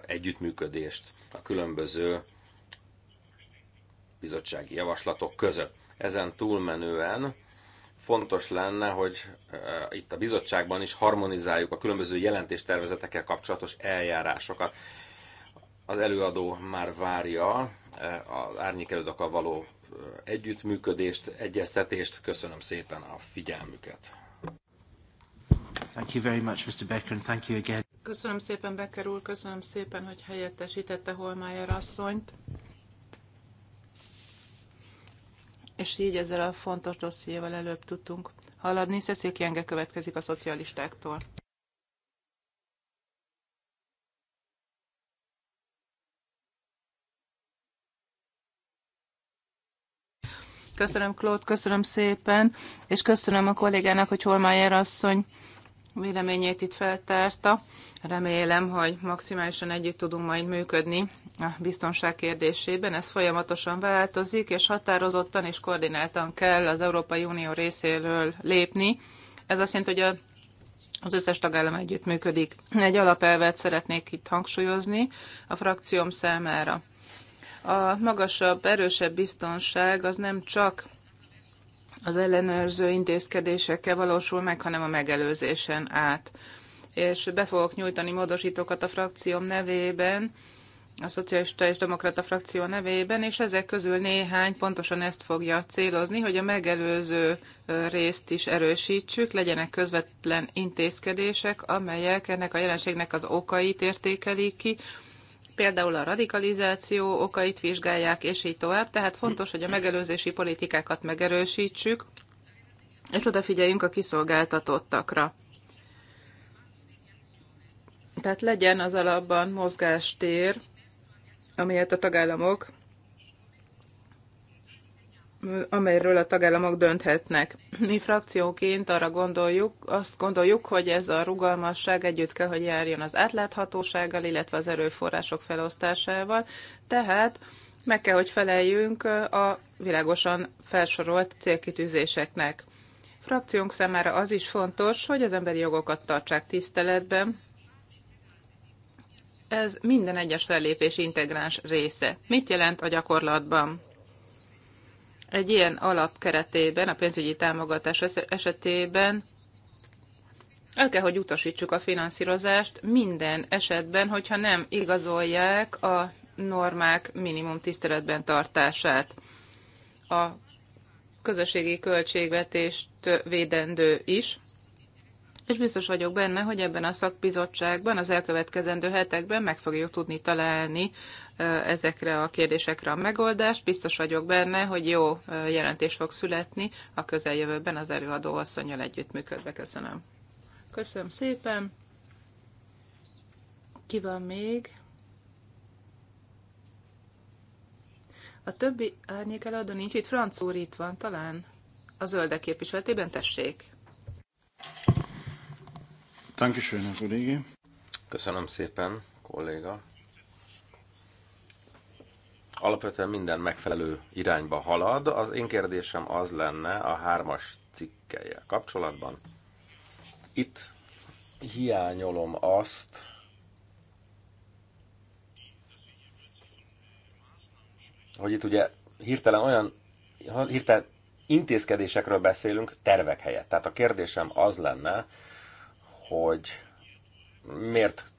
együttműködést a különböző bizottsági javaslatok között. Ezen túlmenően fontos lenne, hogy eh, itt a bizottságban is harmonizáljuk a különböző jelentéstervezetekkel kapcsolatos eljárásokat. Az előadó már várja eh, az előadókkal való eh, együttműködést, egyeztetést. Köszönöm szépen a figyelmüket. Thank you very much, Mr. Becker, and thank you again. Köszönöm szépen, Becker úr, köszönöm szépen, hogy helyettesítette Holmeyer asszonyt. És így ezzel a fontos dossziéval előbb tudtunk haladni. Cecil Kienge következik a szocialistáktól. Köszönöm, Klót, köszönöm szépen, és köszönöm a kollégának, hogy Holmájer asszony véleményét itt feltárta. Remélem, hogy maximálisan együtt tudunk majd működni a biztonság kérdésében. Ez folyamatosan változik, és határozottan és koordináltan kell az Európai Unió részéről lépni. Ez azt jelenti, hogy a az összes tagállam együttműködik. Egy alapelvet szeretnék itt hangsúlyozni a frakcióm számára. A magasabb, erősebb biztonság az nem csak az ellenőrző intézkedésekkel valósul meg, hanem a megelőzésen át. És be fogok nyújtani módosítókat a frakcióm nevében, a Szocialista és Demokrata frakció nevében, és ezek közül néhány pontosan ezt fogja célozni, hogy a megelőző részt is erősítsük, legyenek közvetlen intézkedések, amelyek ennek a jelenségnek az okait értékelik ki, például a radikalizáció okait vizsgálják, és így tovább. Tehát fontos, hogy a megelőzési politikákat megerősítsük, és odafigyeljünk a kiszolgáltatottakra. Tehát legyen az alapban mozgástér, amelyet a tagállamok amelyről a tagállamok dönthetnek. Mi frakcióként arra gondoljuk, azt gondoljuk, hogy ez a rugalmasság együtt kell, hogy járjon az átláthatósággal, illetve az erőforrások felosztásával, tehát meg kell, hogy feleljünk a világosan felsorolt célkitűzéseknek. Frakciónk számára az is fontos, hogy az emberi jogokat tartsák tiszteletben, ez minden egyes fellépés integráns része. Mit jelent a gyakorlatban? Egy ilyen alap keretében, a pénzügyi támogatás esetében el kell, hogy utasítsuk a finanszírozást minden esetben, hogyha nem igazolják a normák minimum tiszteletben tartását. A közösségi költségvetést védendő is, és biztos vagyok benne, hogy ebben a szakbizottságban az elkövetkezendő hetekben meg fogjuk tudni találni ezekre a kérdésekre a megoldást. Biztos vagyok benne, hogy jó jelentés fog születni a közeljövőben az előadó asszonyjal együttműködve. Köszönöm. Köszönöm szépen. Ki van még? A többi árnyék eladó nincs itt. Franc úr itt van talán. A zöldek képviseletében tessék. Köszönöm szépen, kolléga alapvetően minden megfelelő irányba halad. Az én kérdésem az lenne a hármas cikkeje kapcsolatban. Itt hiányolom azt, hogy itt ugye hirtelen olyan hirtelen intézkedésekről beszélünk tervek helyett. Tehát a kérdésem az lenne, hogy miért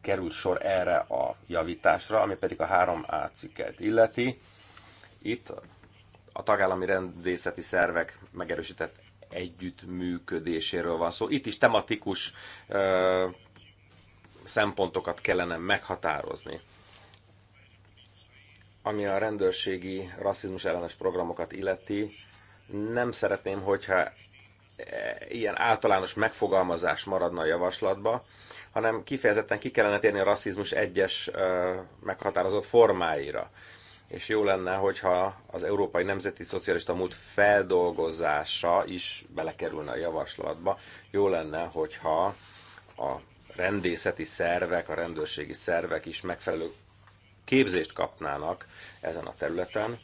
került sor erre a javításra, ami pedig a 3A cikket illeti. Itt a tagállami rendészeti szervek megerősített együttműködéséről van szó. Itt is tematikus ö, szempontokat kellene meghatározni. Ami a rendőrségi rasszizmus ellenes programokat illeti, nem szeretném, hogyha e, ilyen általános megfogalmazás maradna a javaslatba, hanem kifejezetten ki kellene térni a rasszizmus egyes meghatározott formáira. És jó lenne, hogyha az Európai Nemzeti Szocialista Múlt feldolgozása is belekerülne a javaslatba. Jó lenne, hogyha a rendészeti szervek, a rendőrségi szervek is megfelelő képzést kapnának ezen a területen.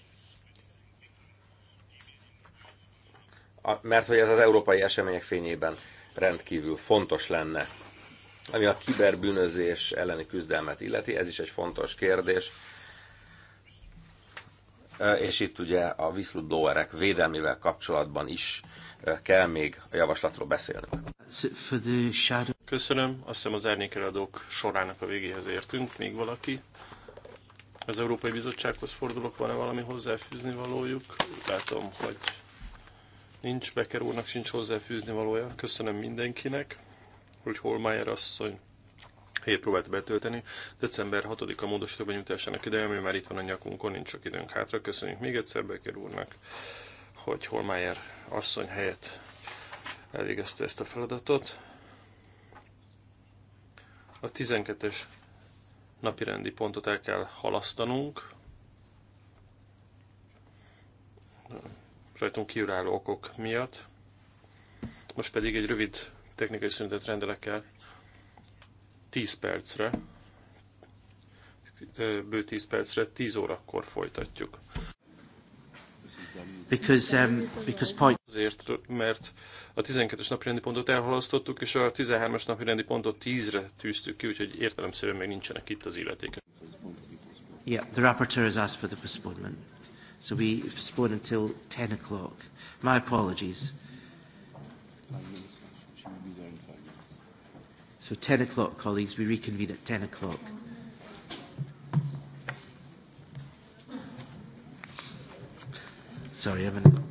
mert hogy ez az európai események fényében rendkívül fontos lenne. Ami a kiberbűnözés elleni küzdelmet illeti, ez is egy fontos kérdés. És itt ugye a whistleblowerek védelmével kapcsolatban is kell még a javaslatról beszélnünk. Köszönöm, azt hiszem az árnyékeladók sorának a végéhez értünk. Még valaki? Az Európai Bizottsághoz fordulok, van-e valami hozzáfűzni valójuk? Látom, hogy nincs, Becker úrnak sincs hozzáfűzni valója. Köszönöm mindenkinek hogy Holmeyer asszony helyet próbált betölteni. December 6-a módosítóba nyújtásának ideje, ami már itt van a nyakunkon, nincs sok időnk hátra. Köszönjük még egyszer Becker úrnak, hogy Holmeyer asszony helyett elvégezte ezt a feladatot. A 12-es napirendi pontot el kell halasztanunk. Rajtunk kiuráló okok miatt. Most pedig egy rövid technikai szünetet rendelek el 10 percre, bő 10 percre, 10 órakor folytatjuk. Because, um, because point... Azért, mert a 12-es napi rendi pontot elhalasztottuk, és a 13-as napi rendi pontot 10-re tűztük ki, úgyhogy értelemszerűen még nincsenek itt az illetékek. Yeah, the rapporteur has asked for the postponement. So we postpone until 10 o'clock. My apologies. So 10 o'clock, colleagues, we reconvene at 10 o'clock. Sorry, I'm in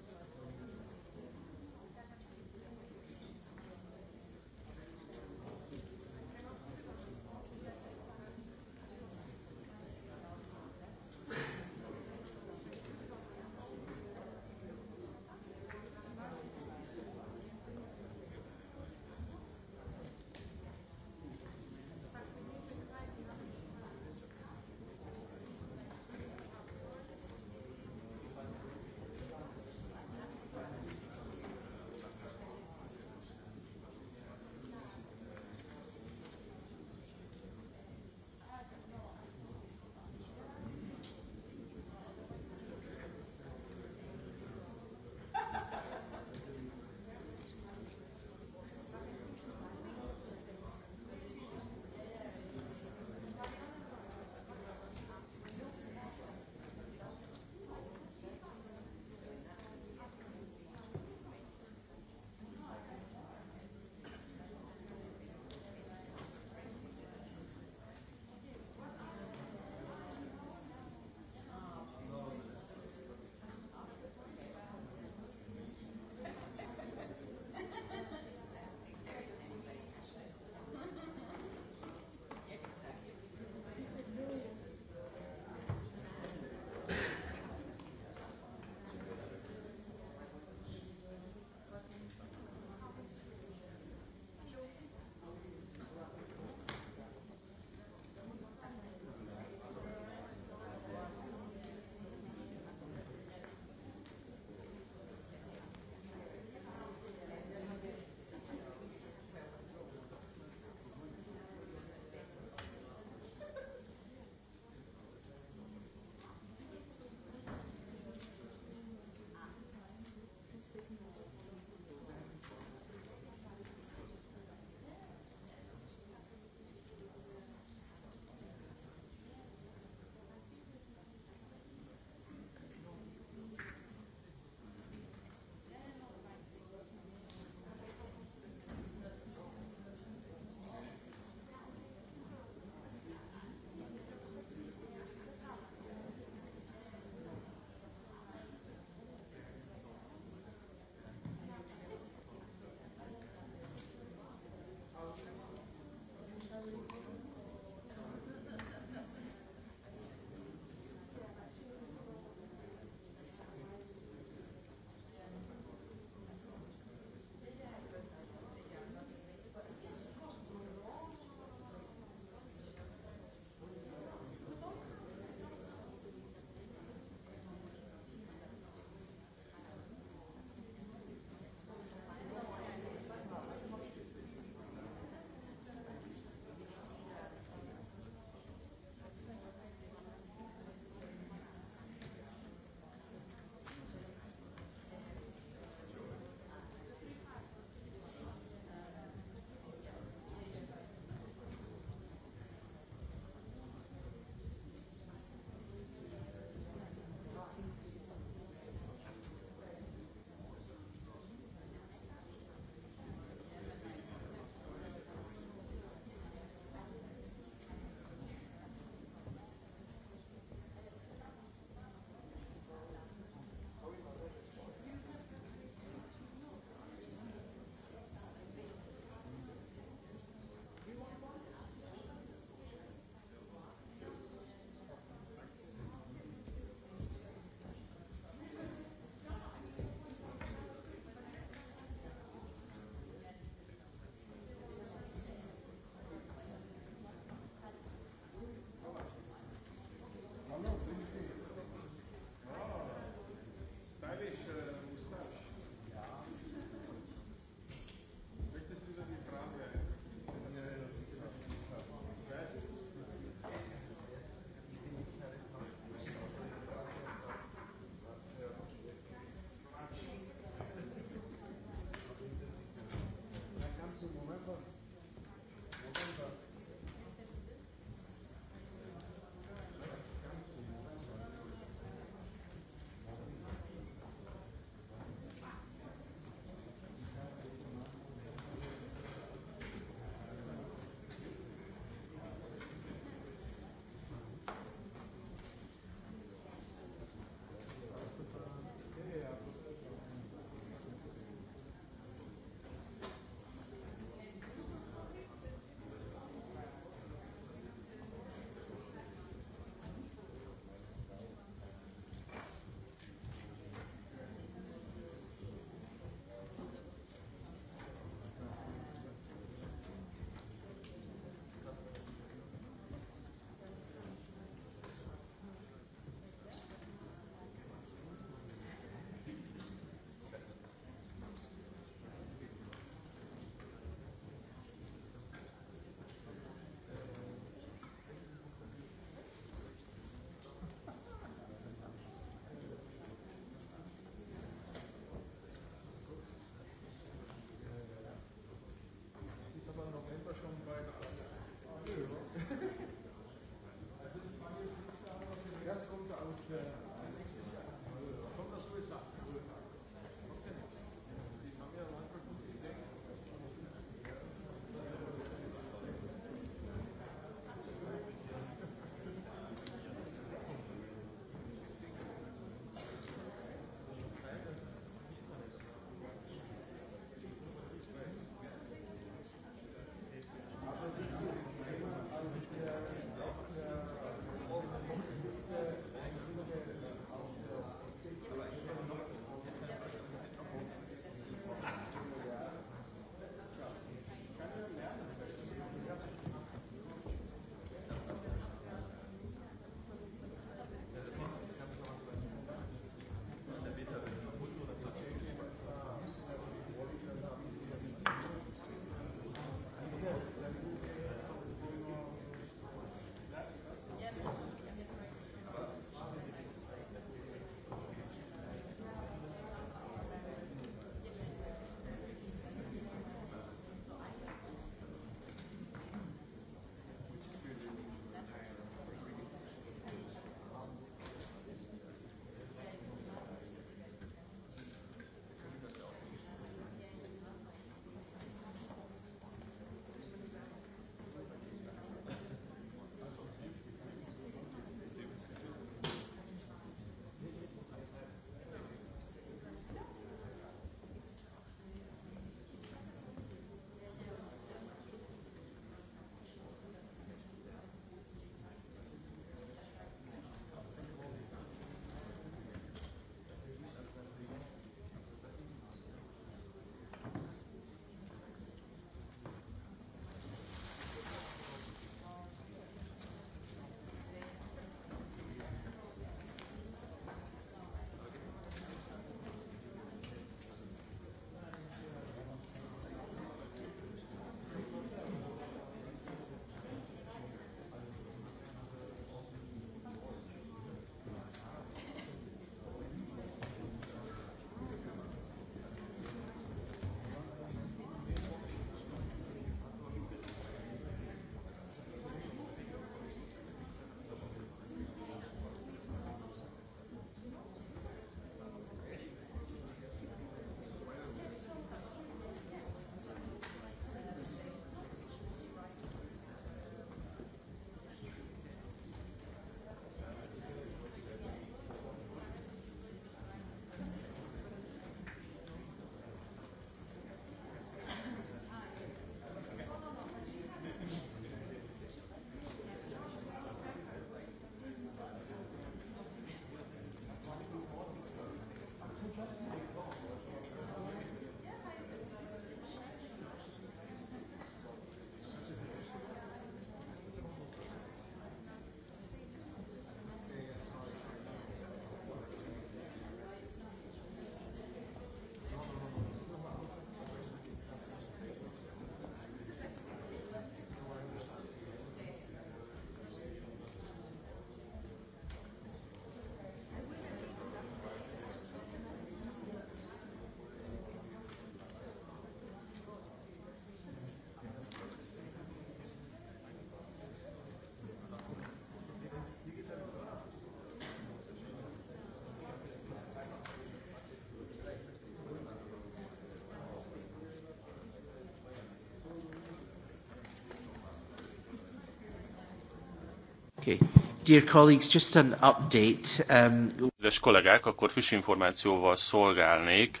Okay. Dear colleagues, just an update. Um... Kedves kollégák, akkor friss információval szolgálnék.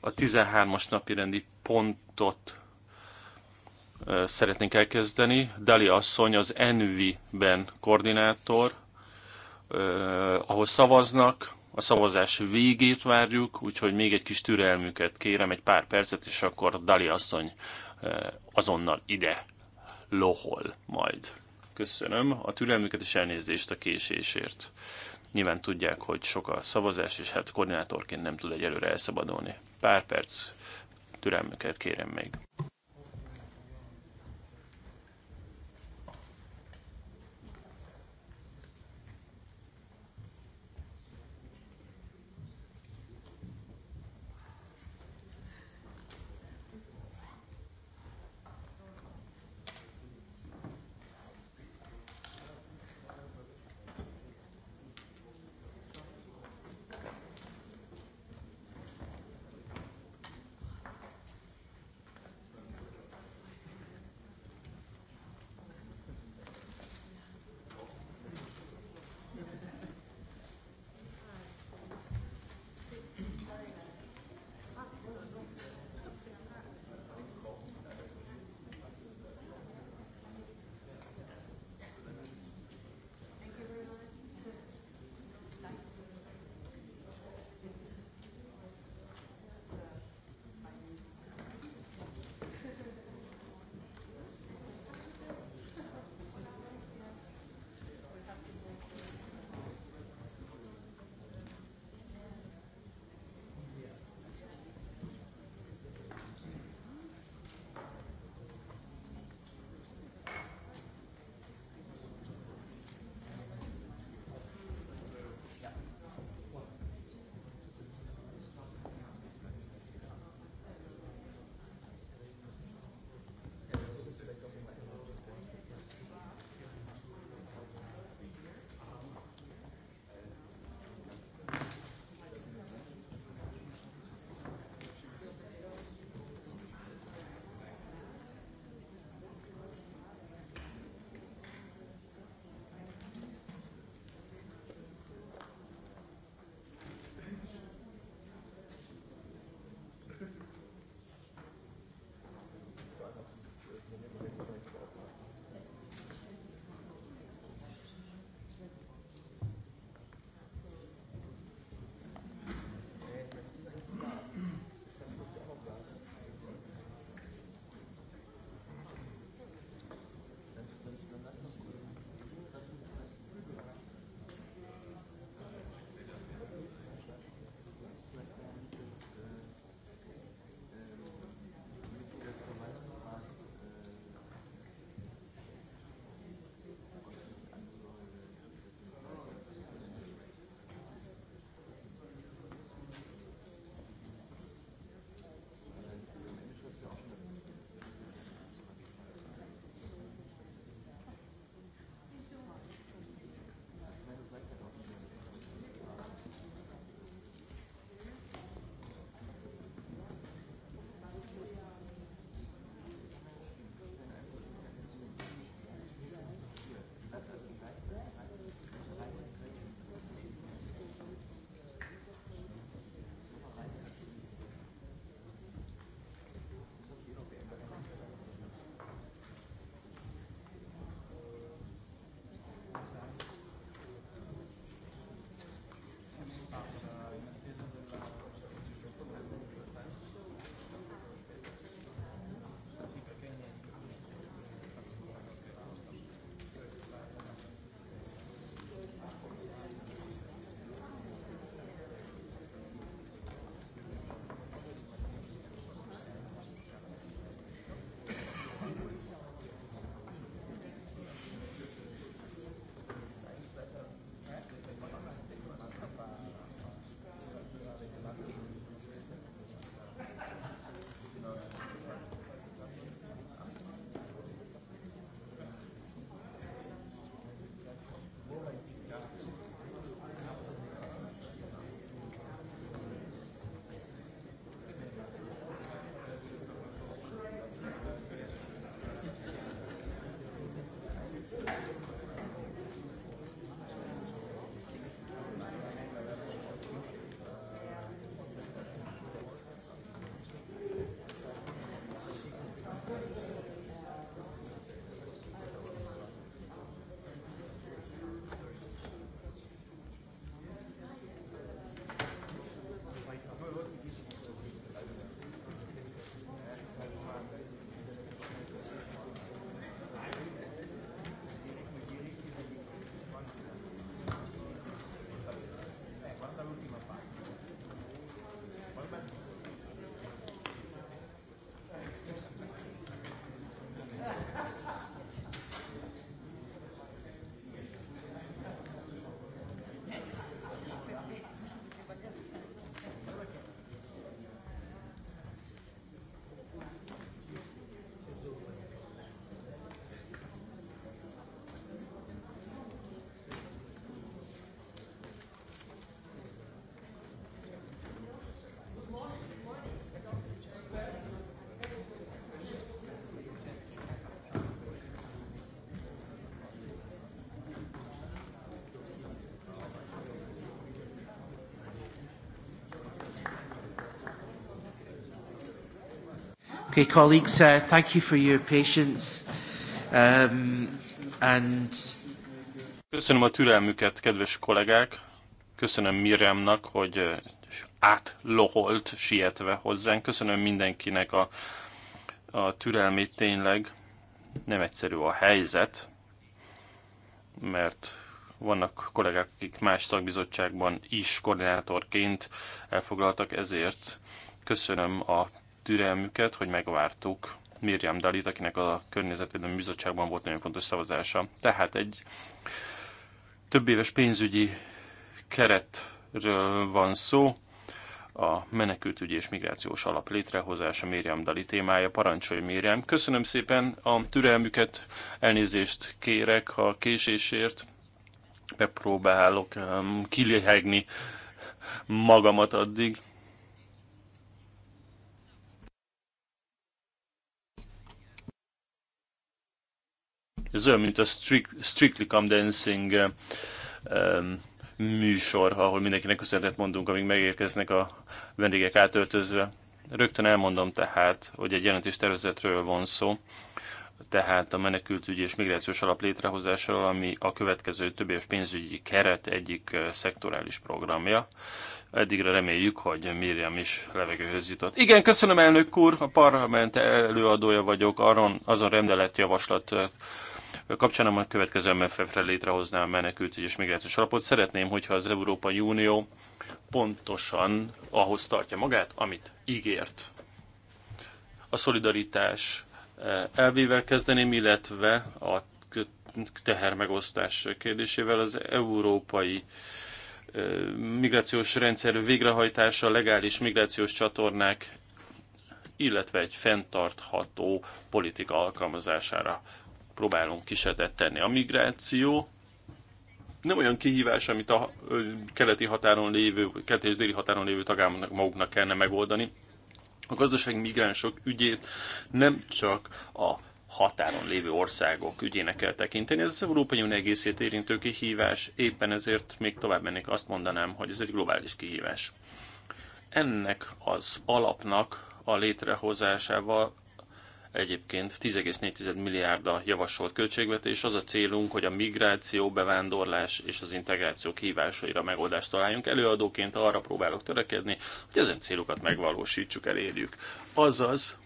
A 13-as napi rendi pontot szeretnénk elkezdeni. Dali asszony az nv ben koordinátor, ahol szavaznak, a szavazás végét várjuk, úgyhogy még egy kis türelmüket kérem, egy pár percet, és akkor Dali asszony azonnal ide lohol majd. Köszönöm a türelmüket és elnézést a késésért. Nyilván tudják, hogy sok a szavazás, és hát koordinátorként nem tud egyelőre elszabadulni. Pár perc türelmüket kérem még. Okay, colleagues, uh, thank you for your patience. Um, and... Köszönöm a türelmüket, kedves kollégák. Köszönöm Miriamnak, hogy uh, átloholt sietve hozzánk. Köszönöm mindenkinek a, a türelmét tényleg. Nem egyszerű a helyzet, mert vannak kollégák, akik más szakbizottságban is koordinátorként elfoglaltak, ezért köszönöm a türelmüket, hogy megvártuk Miriam Dalit, akinek a Környezetvédelmi Bizottságban volt nagyon fontos szavazása. Tehát egy több éves pénzügyi keretről van szó, a menekültügyi és migrációs alap létrehozása Miriam Dali témája. Parancsolj Miriam! Köszönöm szépen a türelmüket, elnézést kérek a késésért, megpróbálok um, kilihegni magamat addig. Ez olyan, mint a Strictly Come Dancing eh, műsor, ahol mindenkinek köszönetet mondunk, amíg megérkeznek a vendégek átöltözve. Rögtön elmondom tehát, hogy egy tervezetről van szó, tehát a menekültügyi és migrációs alap létrehozásról, ami a következő több és pénzügyi keret egyik eh, szektorális programja. Eddigre reméljük, hogy Miriam is levegőhöz jutott. Igen, köszönöm elnök úr, a parlament előadója vagyok, aron, azon rendelet javaslat eh, kapcsán a következő MFF-re létrehozná a menekült- és migrációs alapot. Szeretném, hogyha az Európai Unió pontosan ahhoz tartja magát, amit ígért. A szolidaritás eh, elvével kezdeném, illetve a tehermegosztás kérdésével az európai eh, migrációs rendszer végrehajtása, legális migrációs csatornák, illetve egy fenntartható politika alkalmazására próbálunk kísérletet tenni. A migráció nem olyan kihívás, amit a keleti határon lévő, keleti és déli határon lévő tagállamoknak maguknak kellene megoldani. A gazdasági migránsok ügyét nem csak a határon lévő országok ügyének kell tekinteni. Ez az Európai Unió egészét érintő kihívás, éppen ezért még tovább mennék azt mondanám, hogy ez egy globális kihívás. Ennek az alapnak a létrehozásával egyébként 10,4 milliárd a javasolt költségvetés. Az a célunk, hogy a migráció, bevándorlás és az integráció kívásaira megoldást találjunk. Előadóként arra próbálok törekedni, hogy ezen célokat megvalósítsuk, elérjük. Azaz,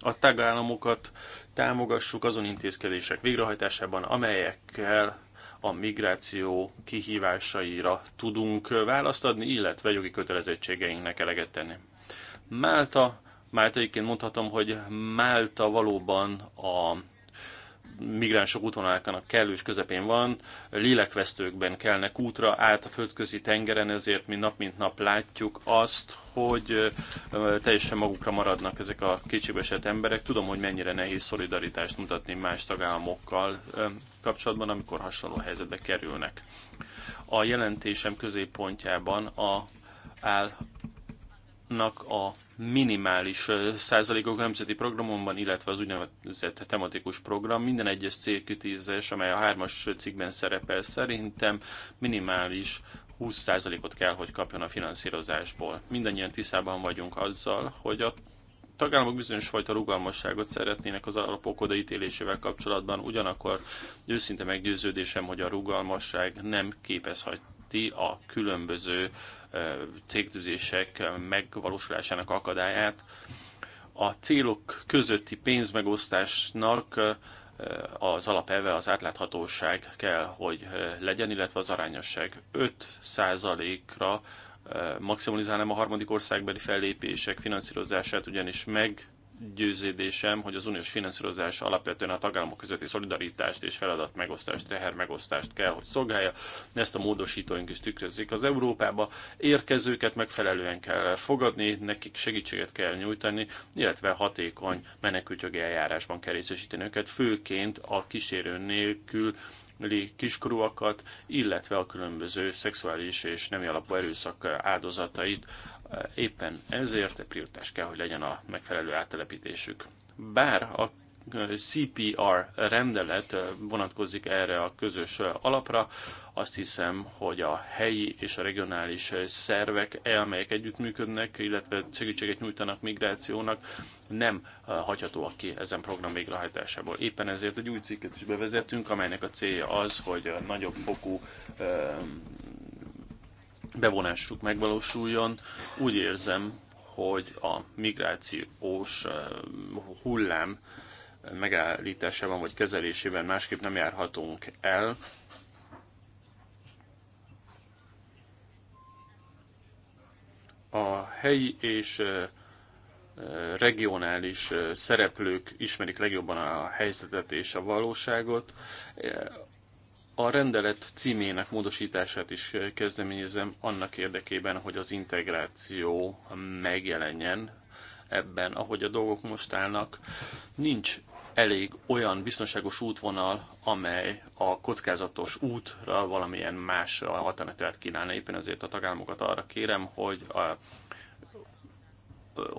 a tagállamokat támogassuk azon intézkedések végrehajtásában, amelyekkel a migráció kihívásaira tudunk választ adni, illetve jogi kötelezettségeinknek eleget tenni. Málta Máltaiként mondhatom, hogy Málta valóban a migránsok útvonalákának kellős közepén van, lélekvesztőkben kelnek útra át a földközi tengeren, ezért mi nap mint nap látjuk azt, hogy teljesen magukra maradnak ezek a kétségbeesett emberek. Tudom, hogy mennyire nehéz szolidaritást mutatni más tagállamokkal kapcsolatban, amikor hasonló helyzetbe kerülnek. A jelentésem középpontjában a, állnak a minimális százalékok a nemzeti programomban, illetve az úgynevezett tematikus program. Minden egyes célkütízés, amely a hármas cikkben szerepel szerintem minimális 20%-ot kell, hogy kapjon a finanszírozásból. Mindannyian tisztában vagyunk azzal, hogy a tagállamok bizonyos fajta rugalmasságot szeretnének az alapok odaítélésével kapcsolatban, ugyanakkor őszinte meggyőződésem, hogy a rugalmasság nem képezheti a különböző uh, cégtűzések megvalósulásának akadályát. A célok közötti pénzmegosztásnak az alapelve az átláthatóság kell, hogy legyen, illetve az arányosság 5%-ra maximalizálnám a harmadik országbeli fellépések finanszírozását, ugyanis meg meggyőződésem, hogy az uniós finanszírozás alapvetően a tagállamok közötti szolidaritást és feladat megosztást, teher megosztást kell, hogy szolgálja. Ezt a módosítóink is tükrözik. Az Európába érkezőket megfelelően kell fogadni, nekik segítséget kell nyújtani, illetve hatékony menekültjogi eljárásban kell részesíteni őket, főként a kísérő nélkül kiskorúakat, illetve a különböző szexuális és nemi alapú erőszak áldozatait Éppen ezért egy prioritás kell, hogy legyen a megfelelő áttelepítésük. Bár a CPR rendelet vonatkozik erre a közös alapra. Azt hiszem, hogy a helyi és a regionális szervek, e, amelyek együttműködnek, illetve segítséget nyújtanak migrációnak, nem hagyhatóak ki ezen program végrehajtásából. Éppen ezért egy új cikket is bevezetünk, amelynek a célja az, hogy nagyobb fokú bevonásuk megvalósuljon. Úgy érzem, hogy a migrációs hullám megállításában vagy kezelésében másképp nem járhatunk el. A helyi és regionális szereplők ismerik legjobban a helyzetet és a valóságot. A rendelet címének módosítását is kezdeményezem annak érdekében, hogy az integráció megjelenjen ebben, ahogy a dolgok most állnak. Nincs elég olyan biztonságos útvonal, amely a kockázatos útra valamilyen más alternatívát kínálna. Éppen ezért a tagállamokat arra kérem, hogy a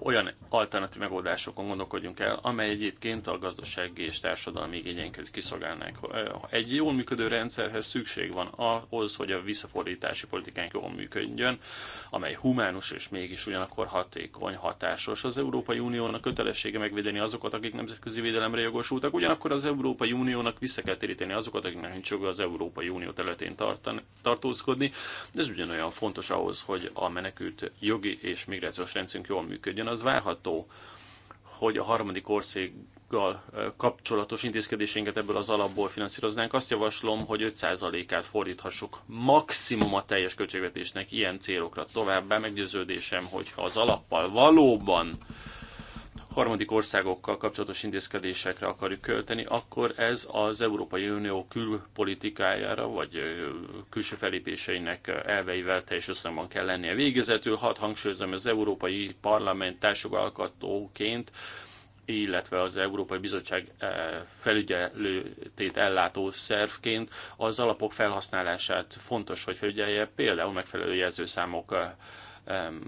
olyan alternatív megoldásokon gondolkodjunk el, amely egyébként a gazdasági és társadalmi igényeinket kiszolgálnák. Eh, egy jól működő rendszerhez szükség van ahhoz, hogy a visszafordítási politikánk jól működjön, amely humánus és mégis ugyanakkor hatékony, hatásos. Az Európai Uniónak kötelessége megvédeni azokat, akik nemzetközi védelemre jogosultak, ugyanakkor az Európai Uniónak vissza kell téríteni azokat, akiknek nincs joga az Európai Unió területén tartani, tartózkodni. Ez ugyanolyan fontos ahhoz, hogy a menekült jogi és migrációs rendszerünk jól működjön működjön, az várható, hogy a harmadik országgal kapcsolatos intézkedéseinket ebből az alapból finanszíroznánk. Azt javaslom, hogy 5%-át fordíthassuk maximum a teljes költségvetésnek ilyen célokra. Továbbá meggyőződésem, hogyha az alappal valóban harmadik országokkal kapcsolatos intézkedésekre akarjuk költeni, akkor ez az Európai Unió külpolitikájára, vagy külső felépéseinek elveivel teljes összhangban kell lennie. Végezetül hadd hangsúlyozom, az Európai Parlament társjogalkatóként illetve az Európai Bizottság felügyelőtét ellátó szervként az alapok felhasználását fontos, hogy felügyelje, például megfelelő jelzőszámok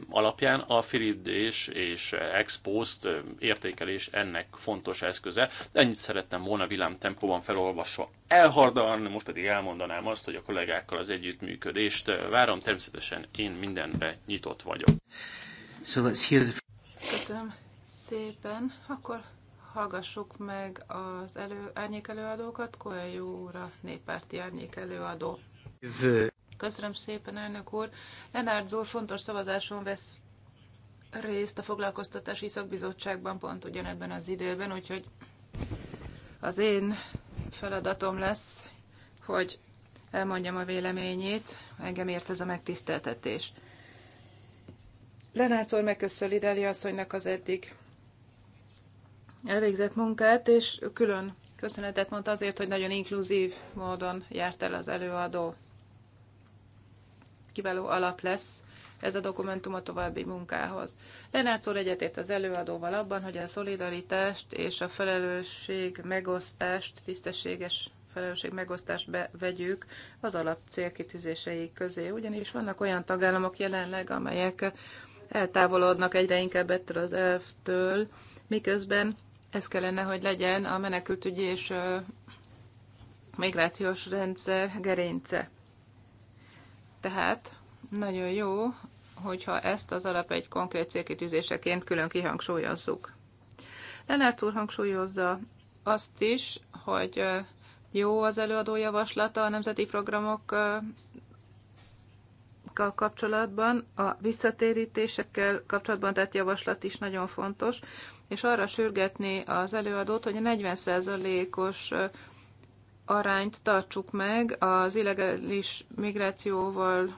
alapján a firidés és expost értékelés ennek fontos eszköze. Ennyit szerettem volna vilám tempóban felolvasva elhardalni, most pedig elmondanám azt, hogy a kollégákkal az együttműködést várom. Természetesen én mindenre nyitott vagyok. So let's hear the... Köszönöm szépen. Akkor hallgassuk meg az elő, árnyék előadókat. Koelyó néppárti árnyék előadó. Köszönöm szépen, elnök úr. Lenárd Zól fontos szavazáson vesz részt a foglalkoztatási szakbizottságban pont ugyanebben az időben, úgyhogy az én feladatom lesz, hogy elmondjam a véleményét, engem ért ez a megtiszteltetés. Lenárd úr megköszöli Deli asszonynak az eddig elvégzett munkát, és külön köszönetet mondta azért, hogy nagyon inkluzív módon járt el az előadó kiváló alap lesz ez a dokumentum a további munkához. Lenárc úr egyetért az előadóval abban, hogy a szolidaritást és a felelősség megosztást, tisztességes felelősség megosztást bevegyük az alap célkitűzései közé. Ugyanis vannak olyan tagállamok jelenleg, amelyek eltávolodnak egyre inkább ettől az elftől, miközben ez kellene, hogy legyen a menekültügyi és migrációs rendszer gerince. Tehát nagyon jó, hogyha ezt az alap egy konkrét célkitűzéseként külön kihangsúlyozzuk. Lenárt úr hangsúlyozza azt is, hogy jó az előadó javaslata a nemzeti programokkal kapcsolatban, a visszatérítésekkel kapcsolatban tett javaslat is nagyon fontos, és arra sürgetni az előadót, hogy a 40%-os arányt tartsuk meg az illegális migrációval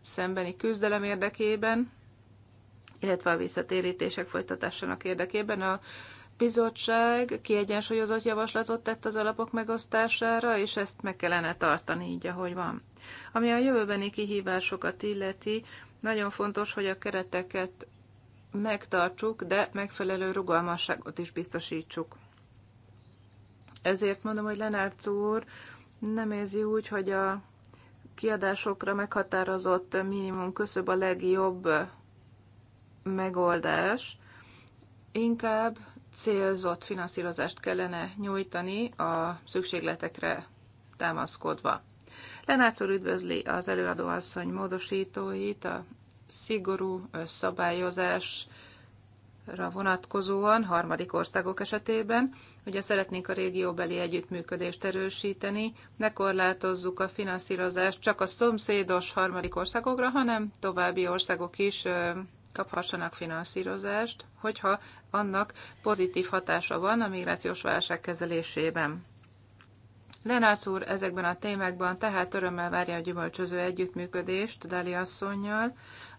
szembeni küzdelem érdekében, illetve a visszatérítések folytatásának érdekében. A bizottság kiegyensúlyozott javaslatot tett az alapok megosztására, és ezt meg kellene tartani így, ahogy van. Ami a jövőbeni kihívásokat illeti, nagyon fontos, hogy a kereteket megtartsuk, de megfelelő rugalmasságot is biztosítsuk. Ezért mondom, hogy Lenárc úr nem érzi úgy, hogy a kiadásokra meghatározott minimum köszöbb a legjobb megoldás. Inkább célzott finanszírozást kellene nyújtani a szükségletekre támaszkodva. Lenárc úr üdvözli az előadóasszony módosítóit, a szigorú szabályozás ra vonatkozóan harmadik országok esetében. Ugye szeretnénk a régióbeli együttműködést erősíteni, ne korlátozzuk a finanszírozást csak a szomszédos harmadik országokra, hanem további országok is kaphassanak finanszírozást, hogyha annak pozitív hatása van a migrációs válság kezelésében. Lenác úr ezekben a témákban tehát örömmel várja a gyümölcsöző együttműködést Dali asszonynal,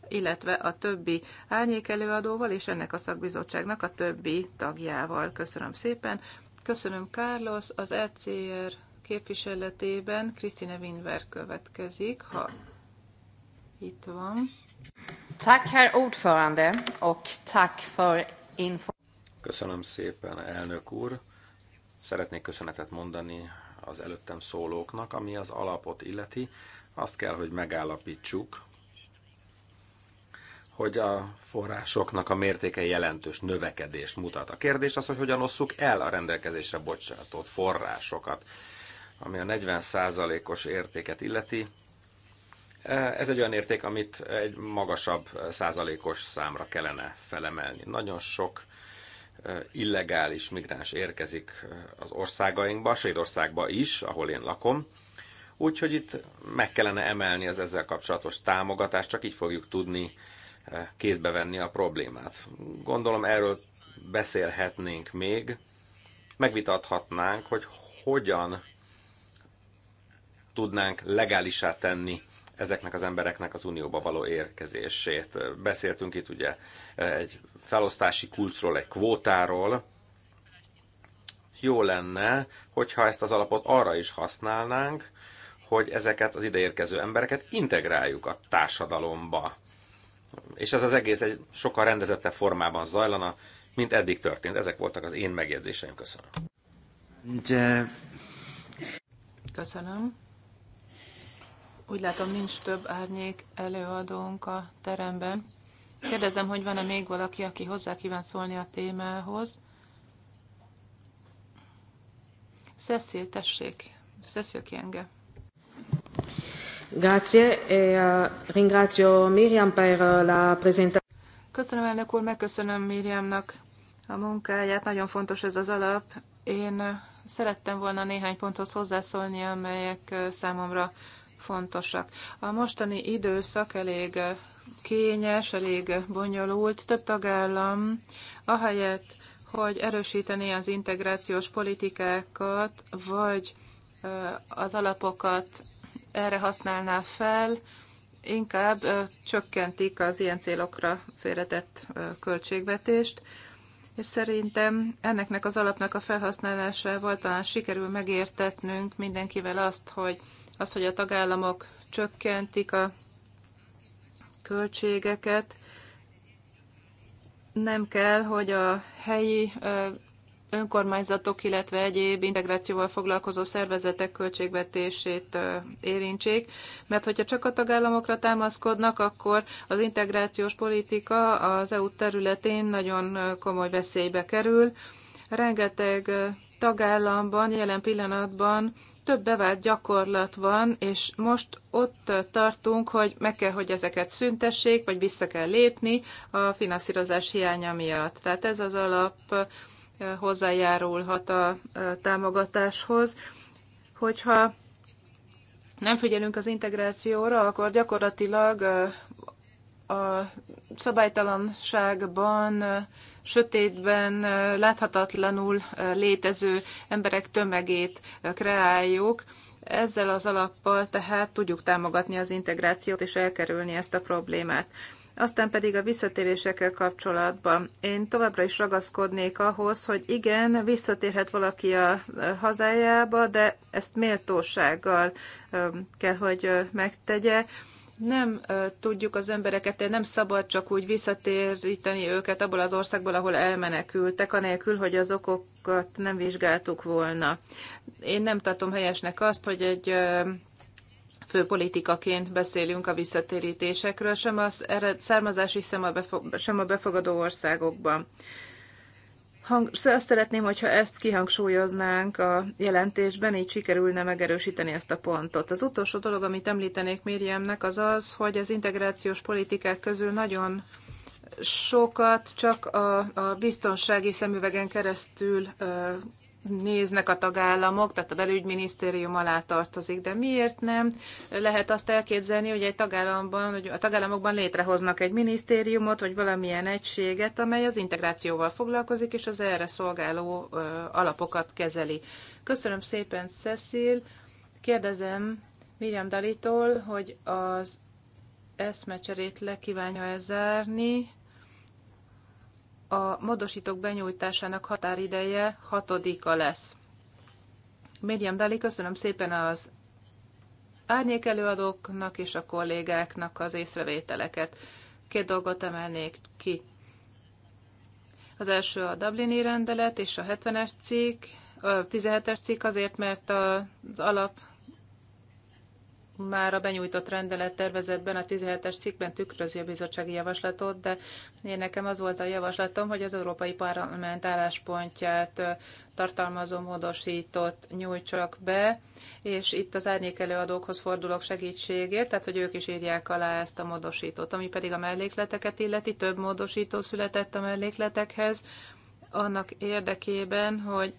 illetve a többi árnyék előadóval és ennek a szakbizottságnak a többi tagjával. Köszönöm szépen. Köszönöm Carlos, az ECR képviseletében Krisztine Winver következik, ha itt van. Tack herr ordförande och tack för info. Köszönöm szépen, elnök úr. Szeretnék köszönetet mondani az előttem szólóknak, ami az alapot illeti. Azt kell, hogy megállapítsuk, hogy a forrásoknak a mértéke jelentős növekedést mutat. A kérdés az, hogy hogyan osszuk el a rendelkezésre bocsátott forrásokat, ami a 40%-os értéket illeti. Ez egy olyan érték, amit egy magasabb százalékos számra kellene felemelni. Nagyon sok illegális migráns érkezik az országainkba, Svédországba is, ahol én lakom, úgyhogy itt meg kellene emelni az ezzel kapcsolatos támogatást, csak így fogjuk tudni kézbe venni a problémát. Gondolom erről beszélhetnénk még, megvitathatnánk, hogy hogyan tudnánk legálisá tenni ezeknek az embereknek az unióba való érkezését. Beszéltünk itt ugye egy felosztási kulcsról, egy kvótáról. Jó lenne, hogyha ezt az alapot arra is használnánk, hogy ezeket az ideérkező embereket integráljuk a társadalomba és ez az egész egy sokkal rendezettebb formában zajlana, mint eddig történt. Ezek voltak az én megjegyzéseim. Köszönöm. De... Köszönöm. Úgy látom, nincs több árnyék előadónk a teremben. Kérdezem, hogy van-e még valaki, aki hozzá kíván szólni a témához. Cecil, tessék. Cecil Kienge. Grazie, e eh, ringrazio Miriam per eh, la presentazione. Köszönöm, elnök úr, megköszönöm Miriamnak a munkáját, nagyon fontos ez az alap. Én eh, szerettem volna néhány ponthoz hozzászólni, amelyek számomra fontosak. A mostani időszak elég kényes, elég bonyolult. Több tagállam ahelyett, hogy erősítené az integrációs politikákat, vagy az alapokat erre használná fel, inkább csökkentik az ilyen célokra félretett költségvetést, és szerintem enneknek az alapnak a felhasználásával talán sikerül megértetnünk mindenkivel azt, hogy az, hogy a tagállamok csökkentik a költségeket, nem kell, hogy a helyi önkormányzatok, illetve egyéb integrációval foglalkozó szervezetek költségvetését érintsék, mert hogyha csak a tagállamokra támaszkodnak, akkor az integrációs politika az EU területén nagyon komoly veszélybe kerül. Rengeteg tagállamban jelen pillanatban több bevált gyakorlat van, és most ott tartunk, hogy meg kell, hogy ezeket szüntessék, vagy vissza kell lépni a finanszírozás hiánya miatt. Tehát ez az alap hozzájárulhat a támogatáshoz. Hogyha nem figyelünk az integrációra, akkor gyakorlatilag a szabálytalanságban, sötétben, láthatatlanul létező emberek tömegét kreáljuk. Ezzel az alappal tehát tudjuk támogatni az integrációt és elkerülni ezt a problémát. Aztán pedig a visszatérésekkel kapcsolatban. Én továbbra is ragaszkodnék ahhoz, hogy igen, visszatérhet valaki a hazájába, de ezt méltósággal kell, hogy megtegye nem tudjuk az embereket, nem szabad csak úgy visszatéríteni őket abból az országból, ahol elmenekültek, anélkül, hogy az okokat nem vizsgáltuk volna. Én nem tartom helyesnek azt, hogy egy fő politikaként beszélünk a visszatérítésekről, sem a származási, sem a befogadó országokban. Hang, azt szeretném, hogyha ezt kihangsúlyoznánk a jelentésben, így sikerülne megerősíteni ezt a pontot. Az utolsó dolog, amit említenék Mériemnek, az az, hogy az integrációs politikák közül nagyon sokat csak a, a biztonsági szemüvegen keresztül uh, néznek a tagállamok, tehát a belügyminisztérium alá tartozik, de miért nem lehet azt elképzelni, hogy egy tagállamban, hogy a tagállamokban létrehoznak egy minisztériumot, vagy valamilyen egységet, amely az integrációval foglalkozik, és az erre szolgáló alapokat kezeli. Köszönöm szépen, Cecil. Kérdezem Miriam Dalitól, hogy az eszmecserét le kívánja -e zárni a módosítók benyújtásának határideje hatodika lesz. Médiam Dali, köszönöm szépen az árnyék előadóknak és a kollégáknak az észrevételeket. Két dolgot emelnék ki. Az első a Dublini rendelet és a 70-es cikk, a 17-es cikk azért, mert az alap már a benyújtott rendelet tervezetben a 17-es cikkben tükrözi a bizottsági javaslatot, de én nekem az volt a javaslatom, hogy az Európai Parlament álláspontját tartalmazó módosított nyújtsak be, és itt az adókhoz fordulok segítségért, tehát hogy ők is írják alá ezt a módosítót, ami pedig a mellékleteket illeti, több módosító született a mellékletekhez, annak érdekében, hogy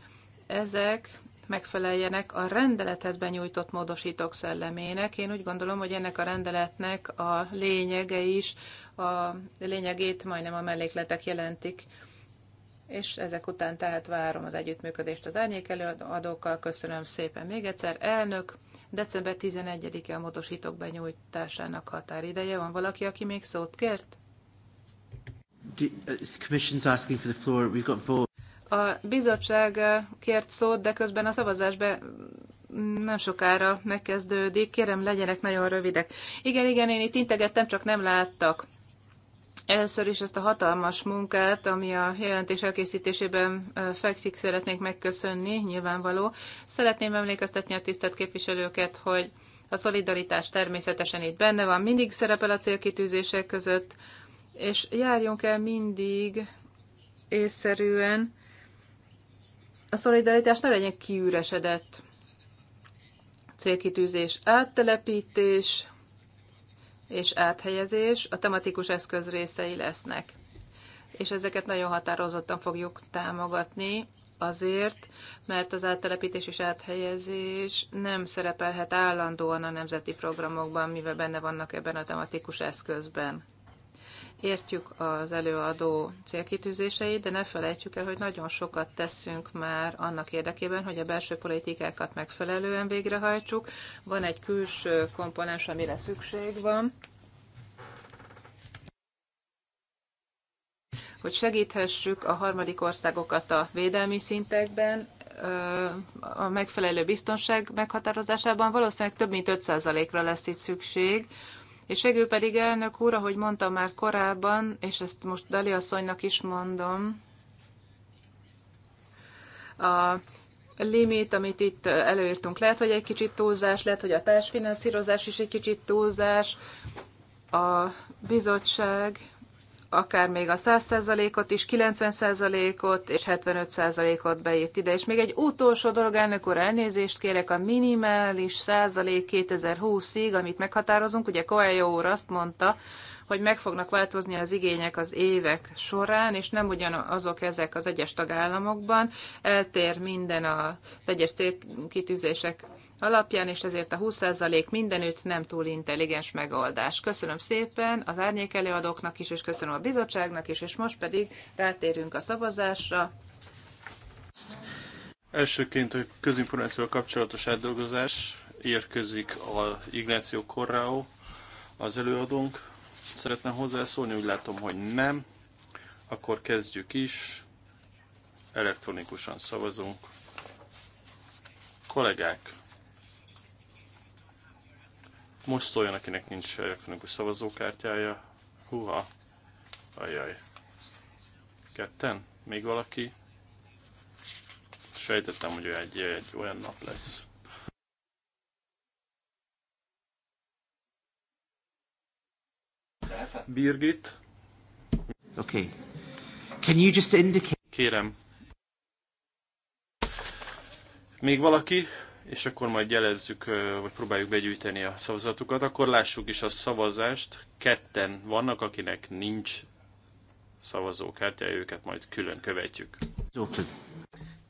ezek megfeleljenek a rendelethez benyújtott módosítók szellemének. Én úgy gondolom, hogy ennek a rendeletnek a lényege is, a lényegét majdnem a mellékletek jelentik, és ezek után tehát várom az együttműködést az árnyék előadókkal. Köszönöm szépen még egyszer. Elnök, december 11-e a módosítók benyújtásának határideje. Van valaki, aki még szót kért? Uh, a bizottság kért szót, de közben a szavazás be nem sokára megkezdődik. Kérem, legyenek nagyon rövidek. Igen, igen, én itt integettem, csak nem láttak. Először is ezt a hatalmas munkát, ami a jelentés elkészítésében fekszik, szeretnék megköszönni, nyilvánvaló. Szeretném emlékeztetni a tisztelt képviselőket, hogy a szolidaritás természetesen itt benne van, mindig szerepel a célkitűzések között, és járjunk el mindig észszerűen, a szolidaritás ne legyen kiüresedett célkitűzés áttelepítés és áthelyezés a tematikus eszköz részei lesznek. És ezeket nagyon határozottan fogjuk támogatni, azért, mert az áttelepítés és áthelyezés nem szerepelhet állandóan a nemzeti programokban, mivel benne vannak ebben a tematikus eszközben. Értjük az előadó célkitűzéseit, de ne felejtsük el, hogy nagyon sokat teszünk már annak érdekében, hogy a belső politikákat megfelelően végrehajtsuk. Van egy külső komponens, amire szükség van. hogy segíthessük a harmadik országokat a védelmi szintekben, a megfelelő biztonság meghatározásában valószínűleg több mint 5%-ra lesz itt szükség, és végül pedig elnök úr, ahogy mondtam már korábban, és ezt most Dali asszonynak is mondom, a limit, amit itt előírtunk, lehet, hogy egy kicsit túlzás, lehet, hogy a társfinanszírozás is egy kicsit túlzás, a bizottság akár még a 100%-ot is, 90%-ot és 75%-ot beírt ide. És még egy utolsó dolog, elnök úr, elnézést kérek, a minimális százalék 2020-ig, amit meghatározunk, ugye Koelyó úr azt mondta, hogy meg fognak változni az igények az évek során, és nem ugyanazok ezek az egyes tagállamokban, eltér minden az egyes célkitűzések alapján, és ezért a 20% mindenütt nem túl intelligens megoldás. Köszönöm szépen az árnyék előadóknak is, és köszönöm a bizottságnak is, és most pedig rátérünk a szavazásra. Elsőként a közinformációval kapcsolatos átdolgozás érkezik a Ignáció Corrao, az előadónk. Szeretne hozzászólni, úgy látom, hogy nem. Akkor kezdjük is. Elektronikusan szavazunk. Kollégák, most szóljon, akinek nincs elektronikus szavazókártyája. Húha! Ajaj. Ketten? Még valaki? Sejtettem, hogy egy, egy olyan nap lesz. Birgit. Okay. Can you just indicate... Kérem. Még valaki? és akkor majd jelezzük, vagy próbáljuk begyűjteni a szavazatukat, akkor lássuk is a szavazást. Ketten vannak, akinek nincs szavazókártya, őket majd külön követjük.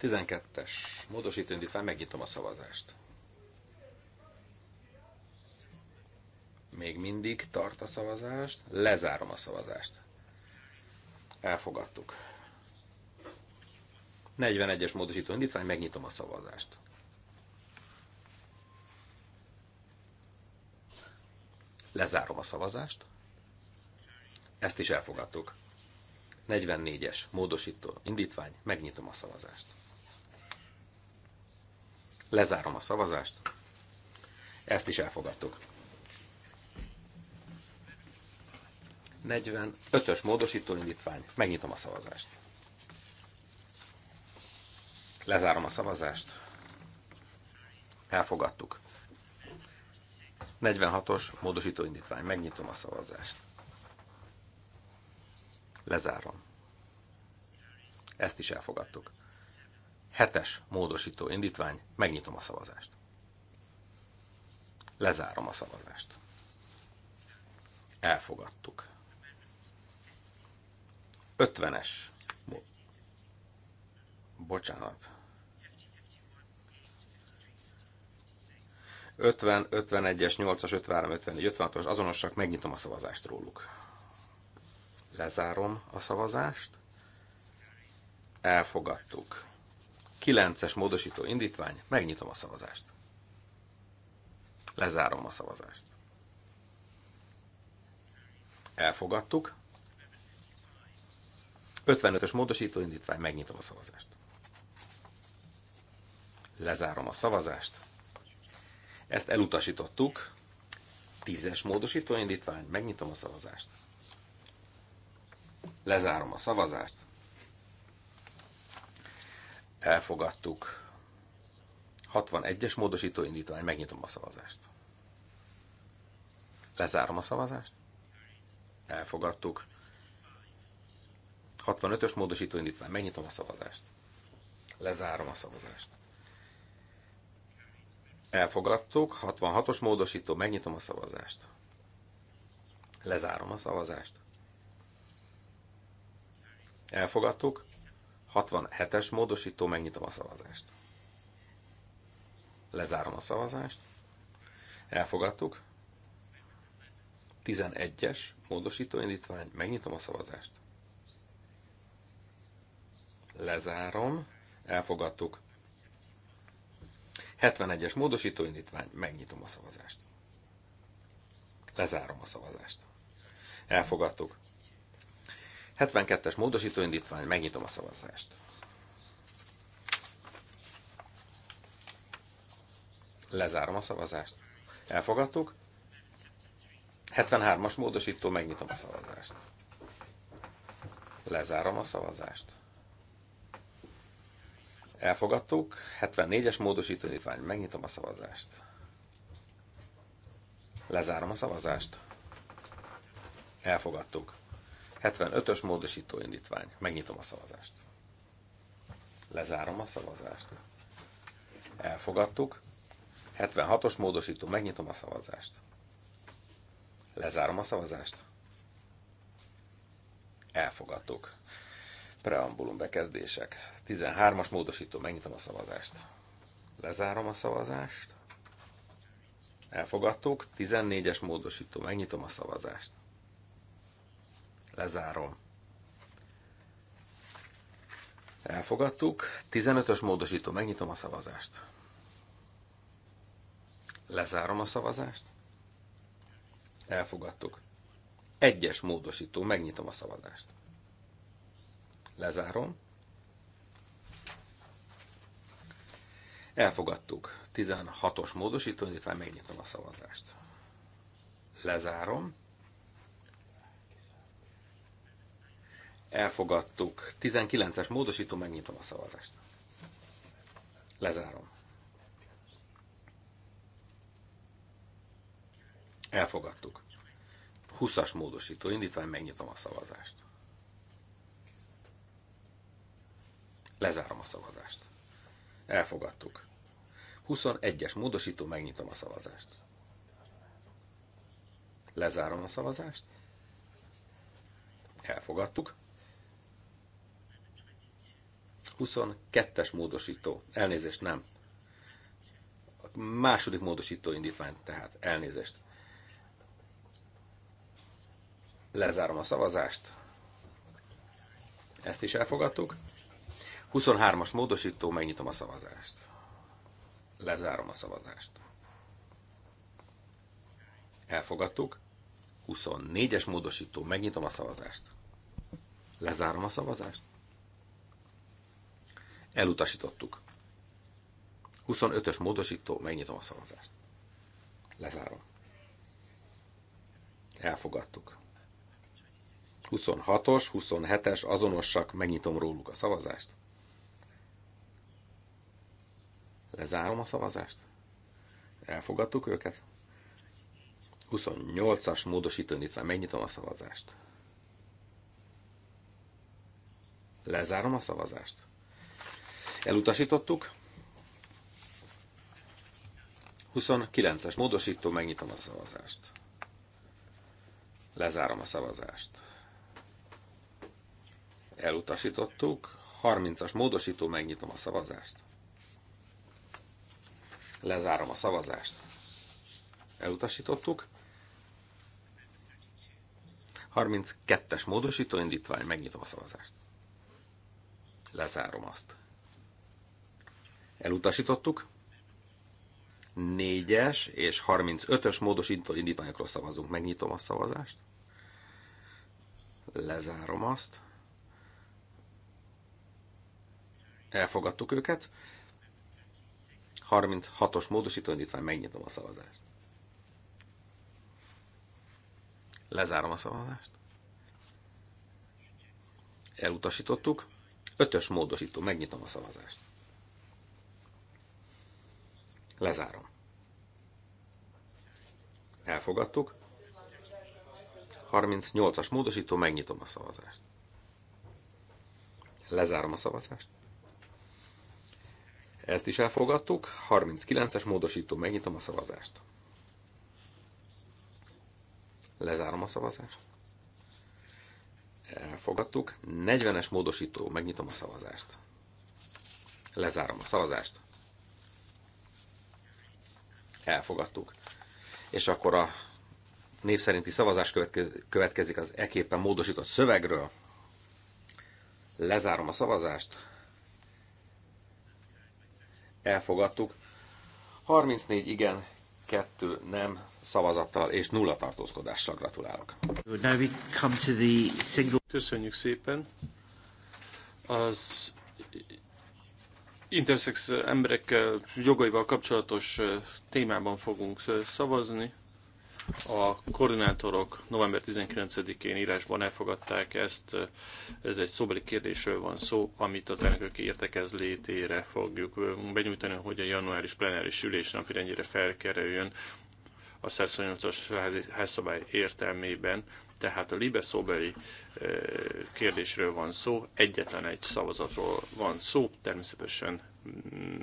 12-es. Módosító indítvány, megnyitom a szavazást. Még mindig tart a szavazást, lezárom a szavazást. Elfogadtuk. 41-es módosító indítvány, megnyitom a szavazást. Lezárom a szavazást. Ezt is elfogadtuk. 44-es módosító indítvány, megnyitom a szavazást. Lezárom a szavazást. Ezt is elfogadtuk. 45-ös módosító indítvány, megnyitom a szavazást. Lezárom a szavazást. Elfogadtuk. 46-os módosító indítvány. Megnyitom a szavazást. Lezárom. Ezt is elfogadtuk. Hetes módosító indítvány. Megnyitom a szavazást. Lezárom a szavazást. Elfogadtuk. 50-es. Bocsánat. 50, 51-es, 8-as, 53, 54, 56-os azonosak, megnyitom a szavazást róluk. Lezárom a szavazást. Elfogadtuk. 9-es módosító indítvány, megnyitom a szavazást. Lezárom a szavazást. Elfogadtuk. 55-ös módosító indítvány, megnyitom a szavazást. Lezárom a szavazást ezt elutasítottuk. Tízes módosítóindítvány, indítvány. Megnyitom a szavazást. Lezárom a szavazást. Elfogadtuk. 61-es módosítóindítvány, indítvány. Megnyitom a szavazást. Lezárom a szavazást. Elfogadtuk. 65-ös módosítóindítvány, indítvány. Megnyitom a szavazást. Lezárom a szavazást. Elfogadtuk. 66-os módosító. Megnyitom a szavazást. Lezárom a szavazást. Elfogadtuk. 67-es módosító. Megnyitom a szavazást. Lezárom a szavazást. Elfogadtuk. 11-es módosító indítvány. Megnyitom a szavazást. Lezárom. Elfogadtuk. 71-es módosító indítvány, megnyitom a szavazást. Lezárom a szavazást. Elfogadtuk. 72-es módosító indítvány, megnyitom a szavazást. Lezárom a szavazást. Elfogadtuk. 73-as módosító, megnyitom a szavazást. Lezárom a szavazást. Elfogadtuk. 74-es módosítóítvány. Megnyitom a szavazást. Lezárom a szavazást. Elfogadtuk. 75-ös módosító indítvány. Megnyitom a szavazást. Lezárom a szavazást. Elfogadtuk. 76-os módosító. Megnyitom a szavazást. Lezárom a szavazást. Elfogadtuk. Preambulum bekezdések. 13-as módosító, megnyitom a szavazást. Lezárom a szavazást. Elfogadtuk. 14-es módosító, megnyitom a szavazást. Lezárom. Elfogadtuk. 15-ös módosító, megnyitom a szavazást. Lezárom a szavazást. Elfogadtuk. Egyes módosító, megnyitom a szavazást. Lezárom. Elfogadtuk. 16-os módosító indítvány, megnyitom a szavazást. Lezárom. Elfogadtuk. 19-es módosító, megnyitom a szavazást. Lezárom. Elfogadtuk. 20-as módosító indítvány, megnyitom a szavazást. Lezárom a szavazást. Elfogadtuk. 21-es módosító, megnyitom a szavazást. Lezárom a szavazást. Elfogadtuk. 22-es módosító, elnézést nem. A második módosító indítvány, tehát elnézést. Lezárom a szavazást. Ezt is elfogadtuk. 23-as módosító, megnyitom a szavazást. Lezárom a szavazást. Elfogadtuk. 24-es módosító, megnyitom a szavazást. Lezárom a szavazást. Elutasítottuk. 25-ös módosító, megnyitom a szavazást. Lezárom. Elfogadtuk. 26-os, 27-es, azonosak, megnyitom róluk a szavazást. Lezárom a szavazást. Elfogadtuk őket. 28-as módosító indítvány. Megnyitom a szavazást. Lezárom a szavazást. Elutasítottuk. 29-es módosító, megnyitom a szavazást. Lezárom a szavazást. Elutasítottuk. 30-as módosító, megnyitom a szavazást. Lezárom a szavazást. Elutasítottuk. 32-es módosító indítvány, megnyitom a szavazást. Lezárom azt. Elutasítottuk. 4-es és 35-ös módosító indítványokról szavazunk. Megnyitom a szavazást. Lezárom azt. Elfogadtuk őket. 36-os módosító van. megnyitom a szavazást. Lezárom a szavazást. Elutasítottuk. Ötös módosító, megnyitom a szavazást. Lezárom. Elfogadtuk. 38-as módosító, megnyitom a szavazást. Lezárom a szavazást. Ezt is elfogadtuk. 39-es módosító, megnyitom a szavazást. Lezárom a szavazást. Elfogadtuk. 40-es módosító, megnyitom a szavazást. Lezárom a szavazást. Elfogadtuk. És akkor a név szerinti szavazás következik az eképpen módosított szövegről. Lezárom a szavazást elfogadtuk. 34 igen, 2 nem szavazattal és nulla tartózkodással gratulálok. Köszönjük szépen. Az intersex emberek jogaival kapcsolatos eh, témában fogunk eh, szavazni. A koordinátorok november 19-én írásban elfogadták ezt, ez egy szóbeli kérdésről van szó, amit az elnökök értekezlétére fogjuk benyújtani, hogy a januáris plenáris ülés napirendjére felkerüljön a 128-as házszabály értelmében, tehát a Libe szóbeli eh, kérdésről van szó, egyetlen egy szavazatról van szó, természetesen mm,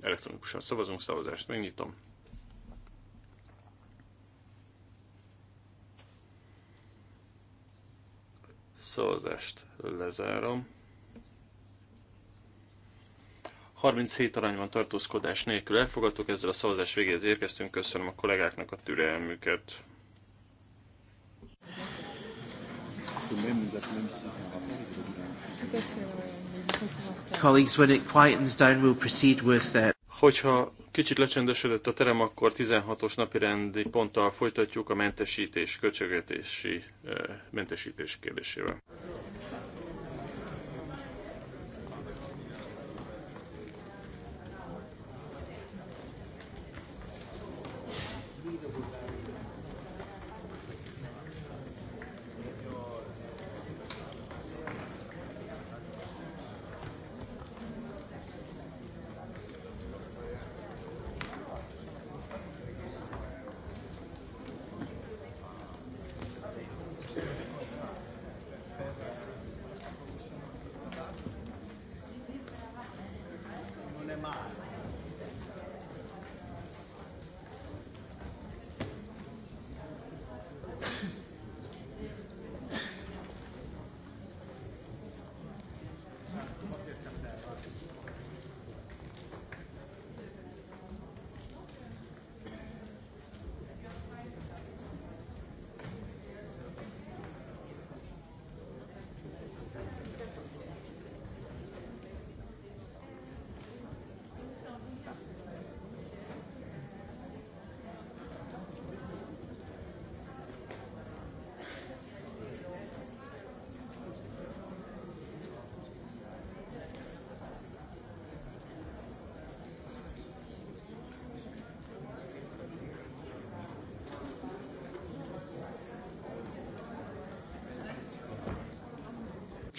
elektronikusan szavazunk, szavazást megnyitom. Szavazást lezárom. 37 arányban tartózkodás nélkül elfogadtuk, ezzel a szavazás végéhez érkeztünk. Köszönöm a kollégáknak a türelmüket. Colleagues, when it quietens down, we'll proceed with that. Uh, Hogyha kicsit lecsendesedett a terem, akkor 16-os napi rendi ponttal folytatjuk a mentesítés, költségvetési eh, mentesítés kérdésével.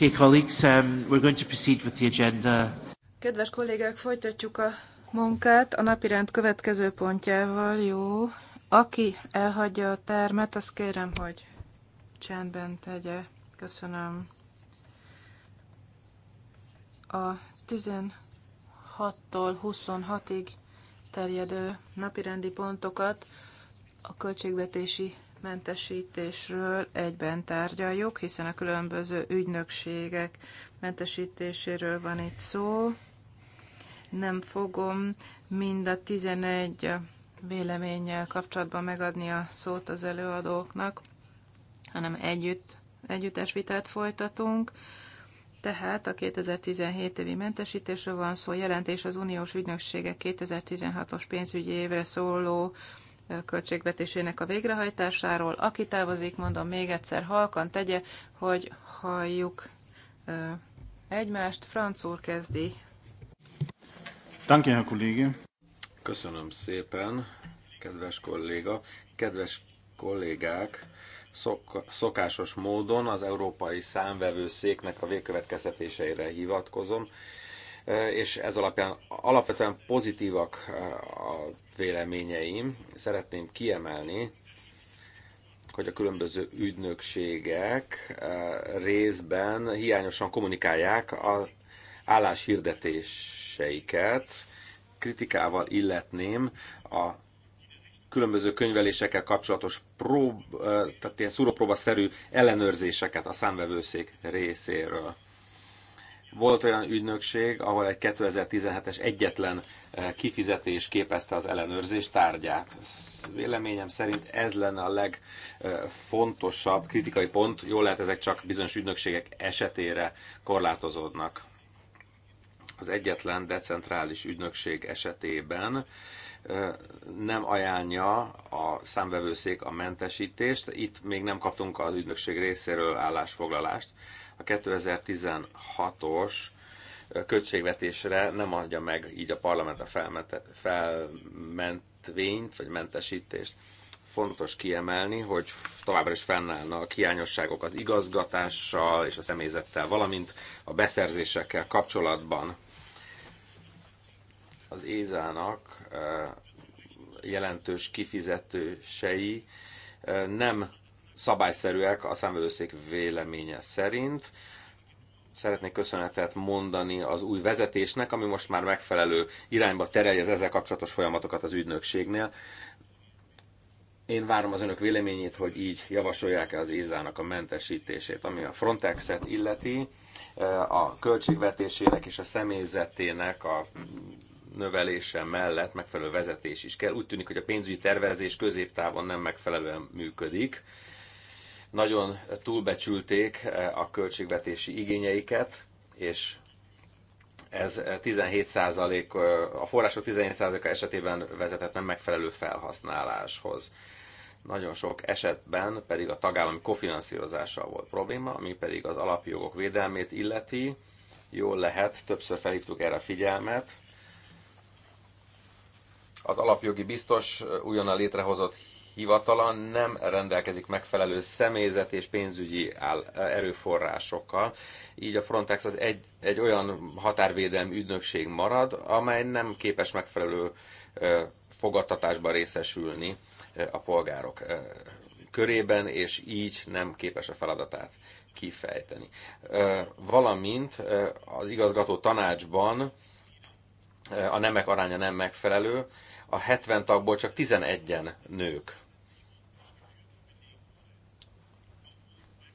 Okay, colleagues, um, we're going to proceed with the agenda. Kedves kollégák, folytatjuk a munkát a napirend következő pontjával, jó? Aki elhagyja a termet, azt kérem, hogy csendben tegye. Köszönöm. A 16-tól 26-ig terjedő napirendi pontokat a költségvetési mentesítésről egyben tárgyaljuk, hiszen a különböző ügynökségek mentesítéséről van itt szó. Nem fogom mind a 11 véleménnyel kapcsolatban megadni a szót az előadóknak, hanem együtt, együttes vitát folytatunk. Tehát a 2017 évi mentesítésről van szó, jelentés az uniós ügynökségek 2016-os pénzügyi évre szóló költségvetésének a végrehajtásáról. Aki távozik, mondom még egyszer halkan tegye, hogy halljuk egymást. Franc úr kezdi. Danke, Köszönöm szépen, kedves kolléga. Kedves kollégák, szok, szokásos módon az Európai Számvevőszéknek a végkövetkeztetéseire hivatkozom, Eh, és ez alapján alapvetően pozitívak eh, a véleményeim. Szeretném kiemelni, hogy a különböző ügynökségek eh, részben hiányosan kommunikálják a álláshirdetéseiket. Kritikával illetném a különböző könyvelésekkel kapcsolatos prób, tehát ilyen szúrópróbaszerű ellenőrzéseket a számvevőszék részéről. Volt olyan ügynökség, ahol egy 2017-es egyetlen eh, kifizetés képezte az ellenőrzés tárgyát. Véleményem szerint ez lenne a legfontosabb kritikai pont. Jól lehet, ezek csak bizonyos ügynökségek esetére korlátozódnak. Az egyetlen decentrális ügynökség esetében eh, nem ajánlja a számvevőszék a mentesítést. Itt még nem kaptunk az ügynökség részéről állásfoglalást a 2016-os költségvetésre nem adja meg így a parlament a felmentvényt, vagy mentesítést. Fontos kiemelni, hogy továbbra is fennállnak hiányosságok az igazgatással és a személyzettel, valamint a beszerzésekkel kapcsolatban. Az Ézának jelentős kifizetősei nem szabályszerűek a számvevőszék véleménye szerint. Szeretnék köszönetet mondani az új vezetésnek, ami most már megfelelő irányba terelje az ezzel kapcsolatos folyamatokat az ügynökségnél. Én várom az önök véleményét, hogy így javasolják-e az Ézának a mentesítését, ami a Frontexet illeti, eh, a költségvetésének és a személyzetének a növelése mellett megfelelő vezetés is kell. Úgy tűnik, hogy a pénzügyi tervezés középtávon nem megfelelően működik. Nagyon túlbecsülték eh, a költségvetési igényeiket, és ez 17 eh, eh, a források 17 a esetében vezetett nem megfelelő felhasználáshoz. Nagyon sok esetben pedig a tagállami kofinanszírozással volt probléma, ami pedig az alapjogok védelmét illeti. Jól lehet, többször felhívtuk erre figyelmet. Az alapjogi biztos újonnan létrehozott hivatala nem rendelkezik megfelelő személyzet és pénzügyi áll, erőforrásokkal. Így a Frontex az egy, egy olyan határvédelmi ügynökség marad, amely nem képes megfelelő fogadtatásban részesülni a polgárok körében, és így nem képes a feladatát kifejteni. Valamint az igazgató tanácsban a nemek aránya nem megfelelő, a 70 tagból csak 11-en nők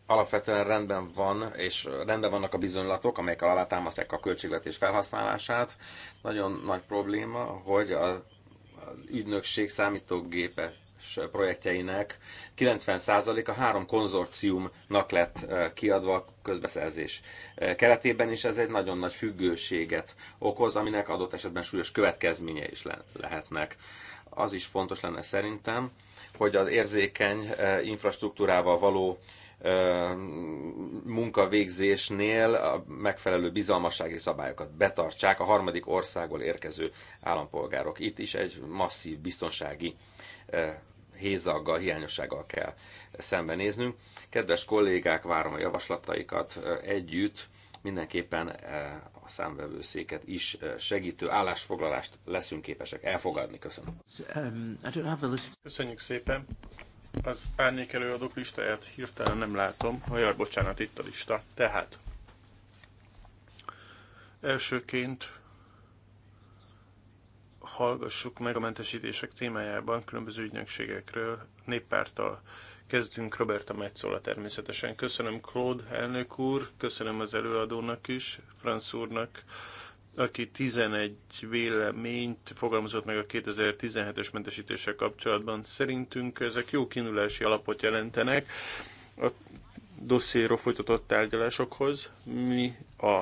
alapvetően rendben van, és rendben vannak a bizonylatok, amelyek alátámasztják a költségvetés felhasználását. Nagyon nagy probléma, hogy a ügynökség számítógépe projektjeinek 90% a három konzorciumnak lett kiadva a közbeszerzés keretében is. Ez egy nagyon nagy függőséget okoz, aminek adott esetben súlyos következménye is le- lehetnek. Az is fontos lenne szerintem, hogy az érzékeny infrastruktúrával való munkavégzésnél a megfelelő bizalmassági szabályokat betartsák a harmadik országból érkező állampolgárok. Itt is egy masszív biztonsági hézaggal, hiányossággal kell szembenéznünk. Kedves kollégák, várom a javaslataikat együtt. Mindenképpen a számvevőszéket is segítő állásfoglalást leszünk képesek elfogadni. Köszönöm. Um, Köszönjük szépen. Az árnyék előadók listáját hirtelen nem látom. Hajar, bocsánat, itt a lista. Tehát elsőként hallgassuk meg a mentesítések témájában különböző ügynökségekről. Néppárttal kezdünk Roberta Metzola természetesen. Köszönöm Claude elnök úr, köszönöm az előadónak is, Franz úrnak, aki 11 véleményt fogalmazott meg a 2017-es mentesítéssel kapcsolatban. Szerintünk ezek jó kiindulási alapot jelentenek a dosszéról folytatott tárgyalásokhoz. Mi a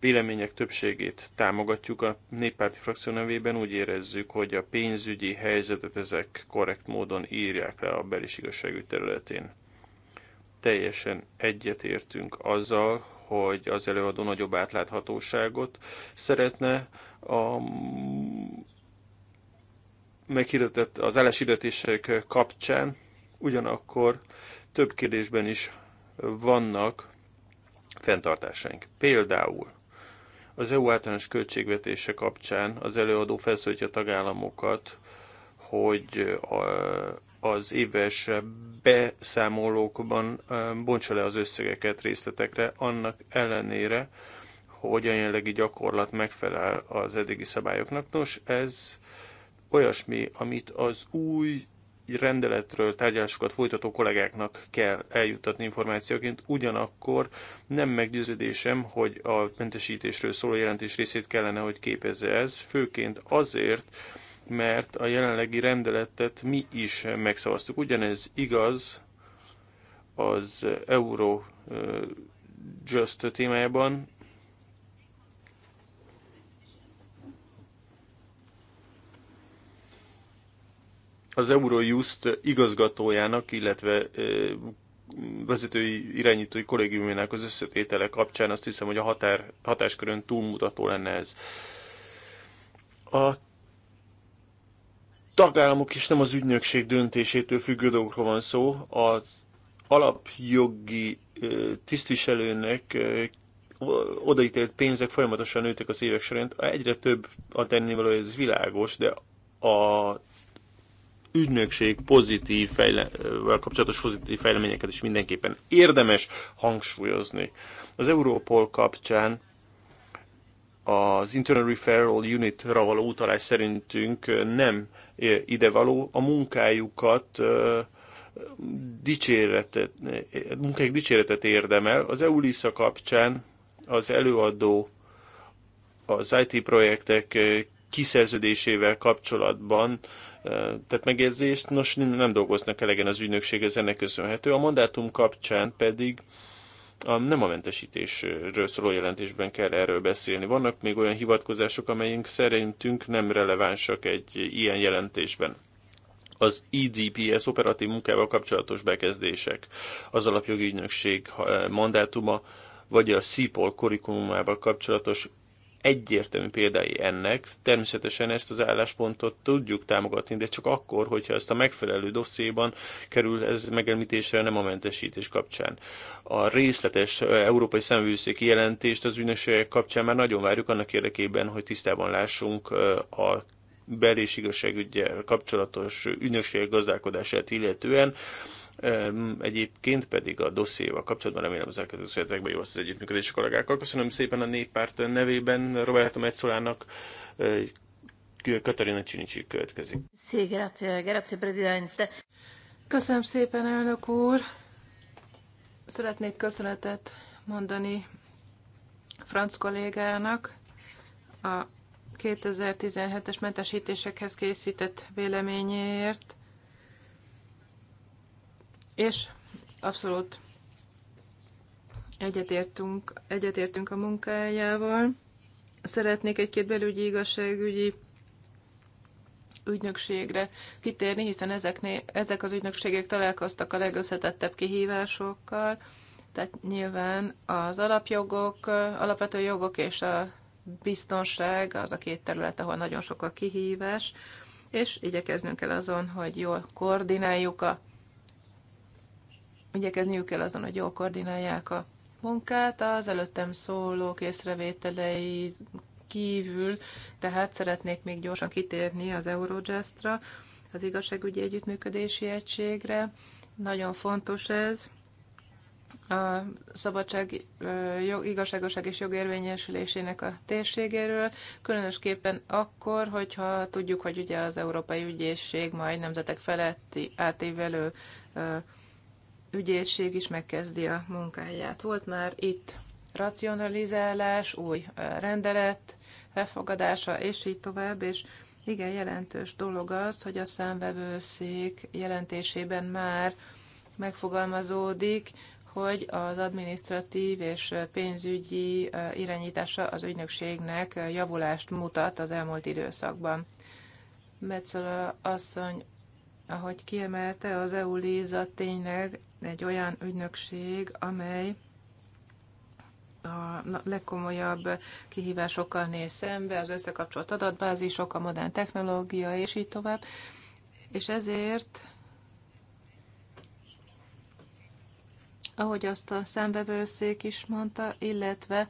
vélemények többségét támogatjuk a néppárti frakció nevében, úgy érezzük, hogy a pénzügyi helyzetet ezek korrekt módon írják le a belis igazságügy területén teljesen egyetértünk azzal, hogy az előadó nagyobb átláthatóságot szeretne a meghirdetett az elesidetések kapcsán, ugyanakkor több kérdésben is vannak fenntartásaink. Például az EU általános költségvetése kapcsán az előadó felszólítja a tagállamokat, hogy a az éves beszámolókban bontsa le az összegeket részletekre, annak ellenére, hogy a jelenlegi gyakorlat megfelel az eddigi szabályoknak. Nos, ez olyasmi, amit az új rendeletről tárgyalásokat folytató kollégáknak kell eljuttatni információként, ugyanakkor nem meggyőződésem, hogy a mentesítésről szóló jelentés részét kellene, hogy képezze ez, főként azért, mert a jelenlegi rendeletet mi is megszavaztuk. Ugyanez igaz az Euro Just témájában. Az Eurojust igazgatójának, illetve vezetői irányítói kollégiumének az összetétele kapcsán azt hiszem, hogy a határ, hatáskörön túlmutató lenne ez. A tagállamok és nem az ügynökség döntésétől függő dolgokról van szó. Az alapjogi tisztviselőnek odaítélt pénzek folyamatosan nőtek az évek során. Egyre több a tennivaló, ez világos, de a ügynökség pozitív fejle- kapcsolatos pozitív fejleményeket is mindenképpen érdemes hangsúlyozni. Az Europol kapcsán az Internal Referral Unit-ra való utalás szerintünk nem idevaló, a munkájukat dicséretet, munkájuk dicséretet érdemel. Az EULISZA kapcsán az előadó az IT projektek kiszerződésével kapcsolatban tehát megjegyzést, nos nem dolgoznak elegen az ügynökség, ez ennek köszönhető. A mandátum kapcsán pedig a, nem a mentesítésről szóló jelentésben kell erről beszélni. Vannak még olyan hivatkozások, amelyek szerintünk nem relevánsak egy ilyen jelentésben. Az EDPS operatív munkával kapcsolatos bekezdések, az alapjogi ügynökség eh, mandátuma, vagy a CIPOL kurikulumával kapcsolatos egyértelmű példái ennek. Természetesen ezt az álláspontot tudjuk támogatni, de csak akkor, hogyha ezt a megfelelő dosszéban kerül ez megelmítésre, nem a mentesítés kapcsán. A részletes európai szemvőszéki jelentést az ügynökségek kapcsán már nagyon várjuk annak érdekében, hogy tisztában lássunk a bel- és igazságügyel kapcsolatos ügynökségek gazdálkodását illetően Egyébként pedig a dosszéval kapcsolatban remélem az elkezdő születekben jó az együttműködés a kollégákkal. Köszönöm szépen a néppárt nevében Roberto Metzolának. Eh, Katarina Csinicsi következik. Sí, grazie, grazie, presidente. Köszönöm szépen, elnök úr. Szeretnék köszönetet mondani franc kollégának a 2017-es mentesítésekhez készített véleményéért és abszolút egyetértünk, egyetértünk a munkájával. Szeretnék egy-két belügyi igazságügyi ügynökségre kitérni, hiszen ezeknél, ezek az ügynökségek találkoztak a legösszetettebb kihívásokkal, tehát nyilván az alapjogok, alapvető jogok és a biztonság az a két terület, ahol nagyon sok a kihívás, és igyekeznünk kell azon, hogy jól koordináljuk a igyekezniük kell azon, hogy jól koordinálják a munkát, az előttem szólók észrevételei kívül, tehát szeretnék még gyorsan kitérni az Eurózsa-ra, az igazságügyi együttműködési egységre. Nagyon fontos ez. A szabadság, jog, igazságoság és jogérvényesülésének a térségéről, különösképpen akkor, hogyha tudjuk, hogy ugye az Európai Ügyészség majd nemzetek feletti átévelő ügyészség is megkezdi a munkáját. Volt már itt racionalizálás, új rendelet elfogadása, és így tovább, és igen, jelentős dolog az, hogy a számvevőszék jelentésében már megfogalmazódik, hogy az adminisztratív és pénzügyi irányítása az ügynökségnek javulást mutat az elmúlt időszakban. Metzola asszony, ahogy kiemelte, az EU-Líza tényleg egy olyan ügynökség, amely a legkomolyabb kihívásokkal néz szembe, az összekapcsolt adatbázisok, a modern technológia, és így tovább. És ezért, ahogy azt a szembevőszék is mondta, illetve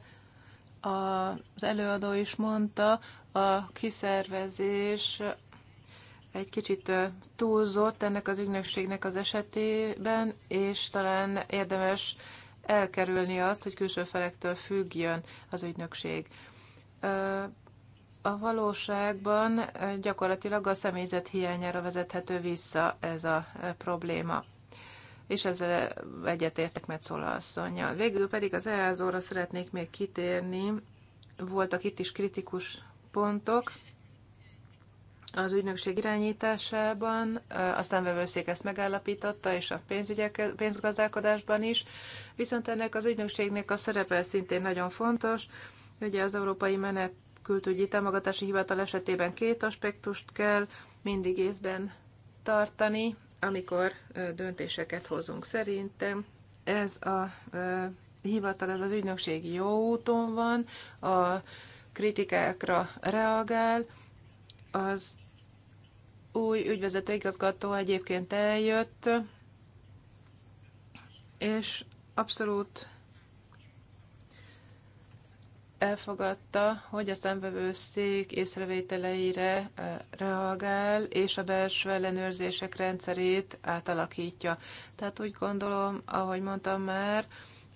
az előadó is mondta, a kiszervezés egy kicsit túlzott ennek az ügynökségnek az esetében, és talán érdemes elkerülni azt, hogy külső felektől függjön az ügynökség. A valóságban gyakorlatilag a személyzet hiányára vezethető vissza ez a probléma. És ezzel egyetértek Metzola asszonynal. Végül pedig az EASZ-óra szeretnék még kitérni. Voltak itt is kritikus pontok az ügynökség irányításában, a számvevőszék ezt megállapította, és a pénzügyek, pénzgazdálkodásban is. Viszont ennek az ügynökségnek a szerepe szintén nagyon fontos. Ugye az Európai Menetkültügyi Támogatási Hivatal esetében két aspektust kell mindig észben tartani, amikor döntéseket hozunk. Szerintem ez a hivatal, ez az ügynökség jó úton van, a kritikákra reagál, az új ügyvezető igazgató egyébként eljött, és abszolút elfogadta, hogy a számvevőszék észrevételeire eh, reagál, és a belső ellenőrzések rendszerét átalakítja. Tehát úgy gondolom, ahogy mondtam már,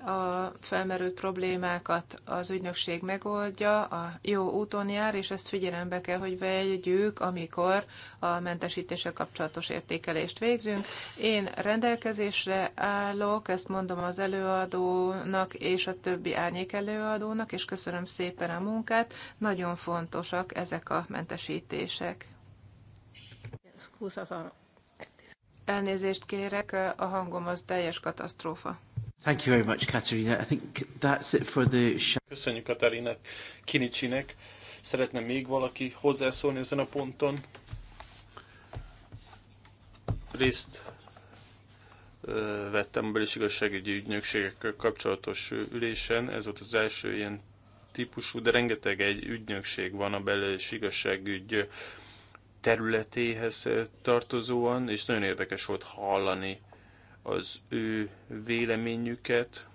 a felmerült problémákat az ügynökség megoldja, a jó úton jár, és ezt figyelembe kell, hogy vegyük, amikor a mentesítése kapcsolatos értékelést végzünk. Én rendelkezésre állok, ezt mondom az előadónak és a többi árnyék előadónak, és köszönöm szépen a munkát. Nagyon fontosak ezek a mentesítések. Elnézést kérek, a hangom az teljes katasztrófa. Thank you very much, Katarina. I think that's it for the Köszönjük Katarina Kinicsinek. Szeretne még valaki hozzászólni ezen a ponton? Részt vettem a belis ügynökségekkel kapcsolatos ülésen. Ez volt az első ilyen típusú, de rengeteg egy ügynökség van a belis igazságügy területéhez tartozóan, és nagyon érdekes volt hallani az ő véleményüket,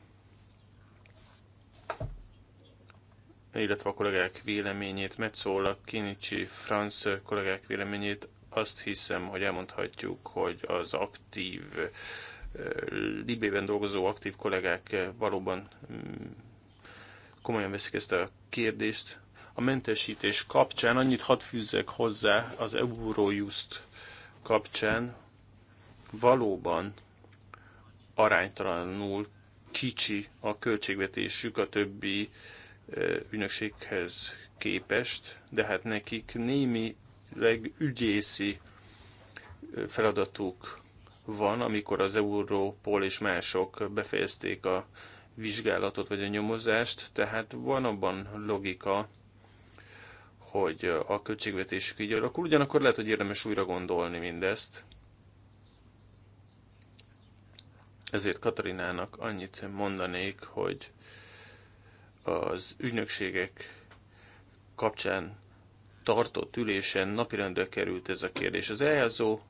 illetve a kollégák véleményét, Metzola, Kinicsi, Franz kollégák véleményét, azt hiszem, hogy elmondhatjuk, hogy az aktív, eh, Libében dolgozó aktív kollégák eh, valóban mm, komolyan veszik ezt a kérdést. A mentesítés kapcsán annyit hadd fűzzek hozzá az Eurojust kapcsán, valóban aránytalanul kicsi a költségvetésük a többi ügynökséghez képest, de hát nekik némileg ügyészi feladatuk van, amikor az Európol és mások befejezték a vizsgálatot vagy a nyomozást, tehát van abban logika, hogy a költségvetésük így alakul. Ugyanakkor lehet, hogy érdemes újra gondolni mindezt. Ezért Katarinának annyit mondanék, hogy az ügynökségek kapcsán tartott ülésen napirendre került ez a kérdés. Az eljázó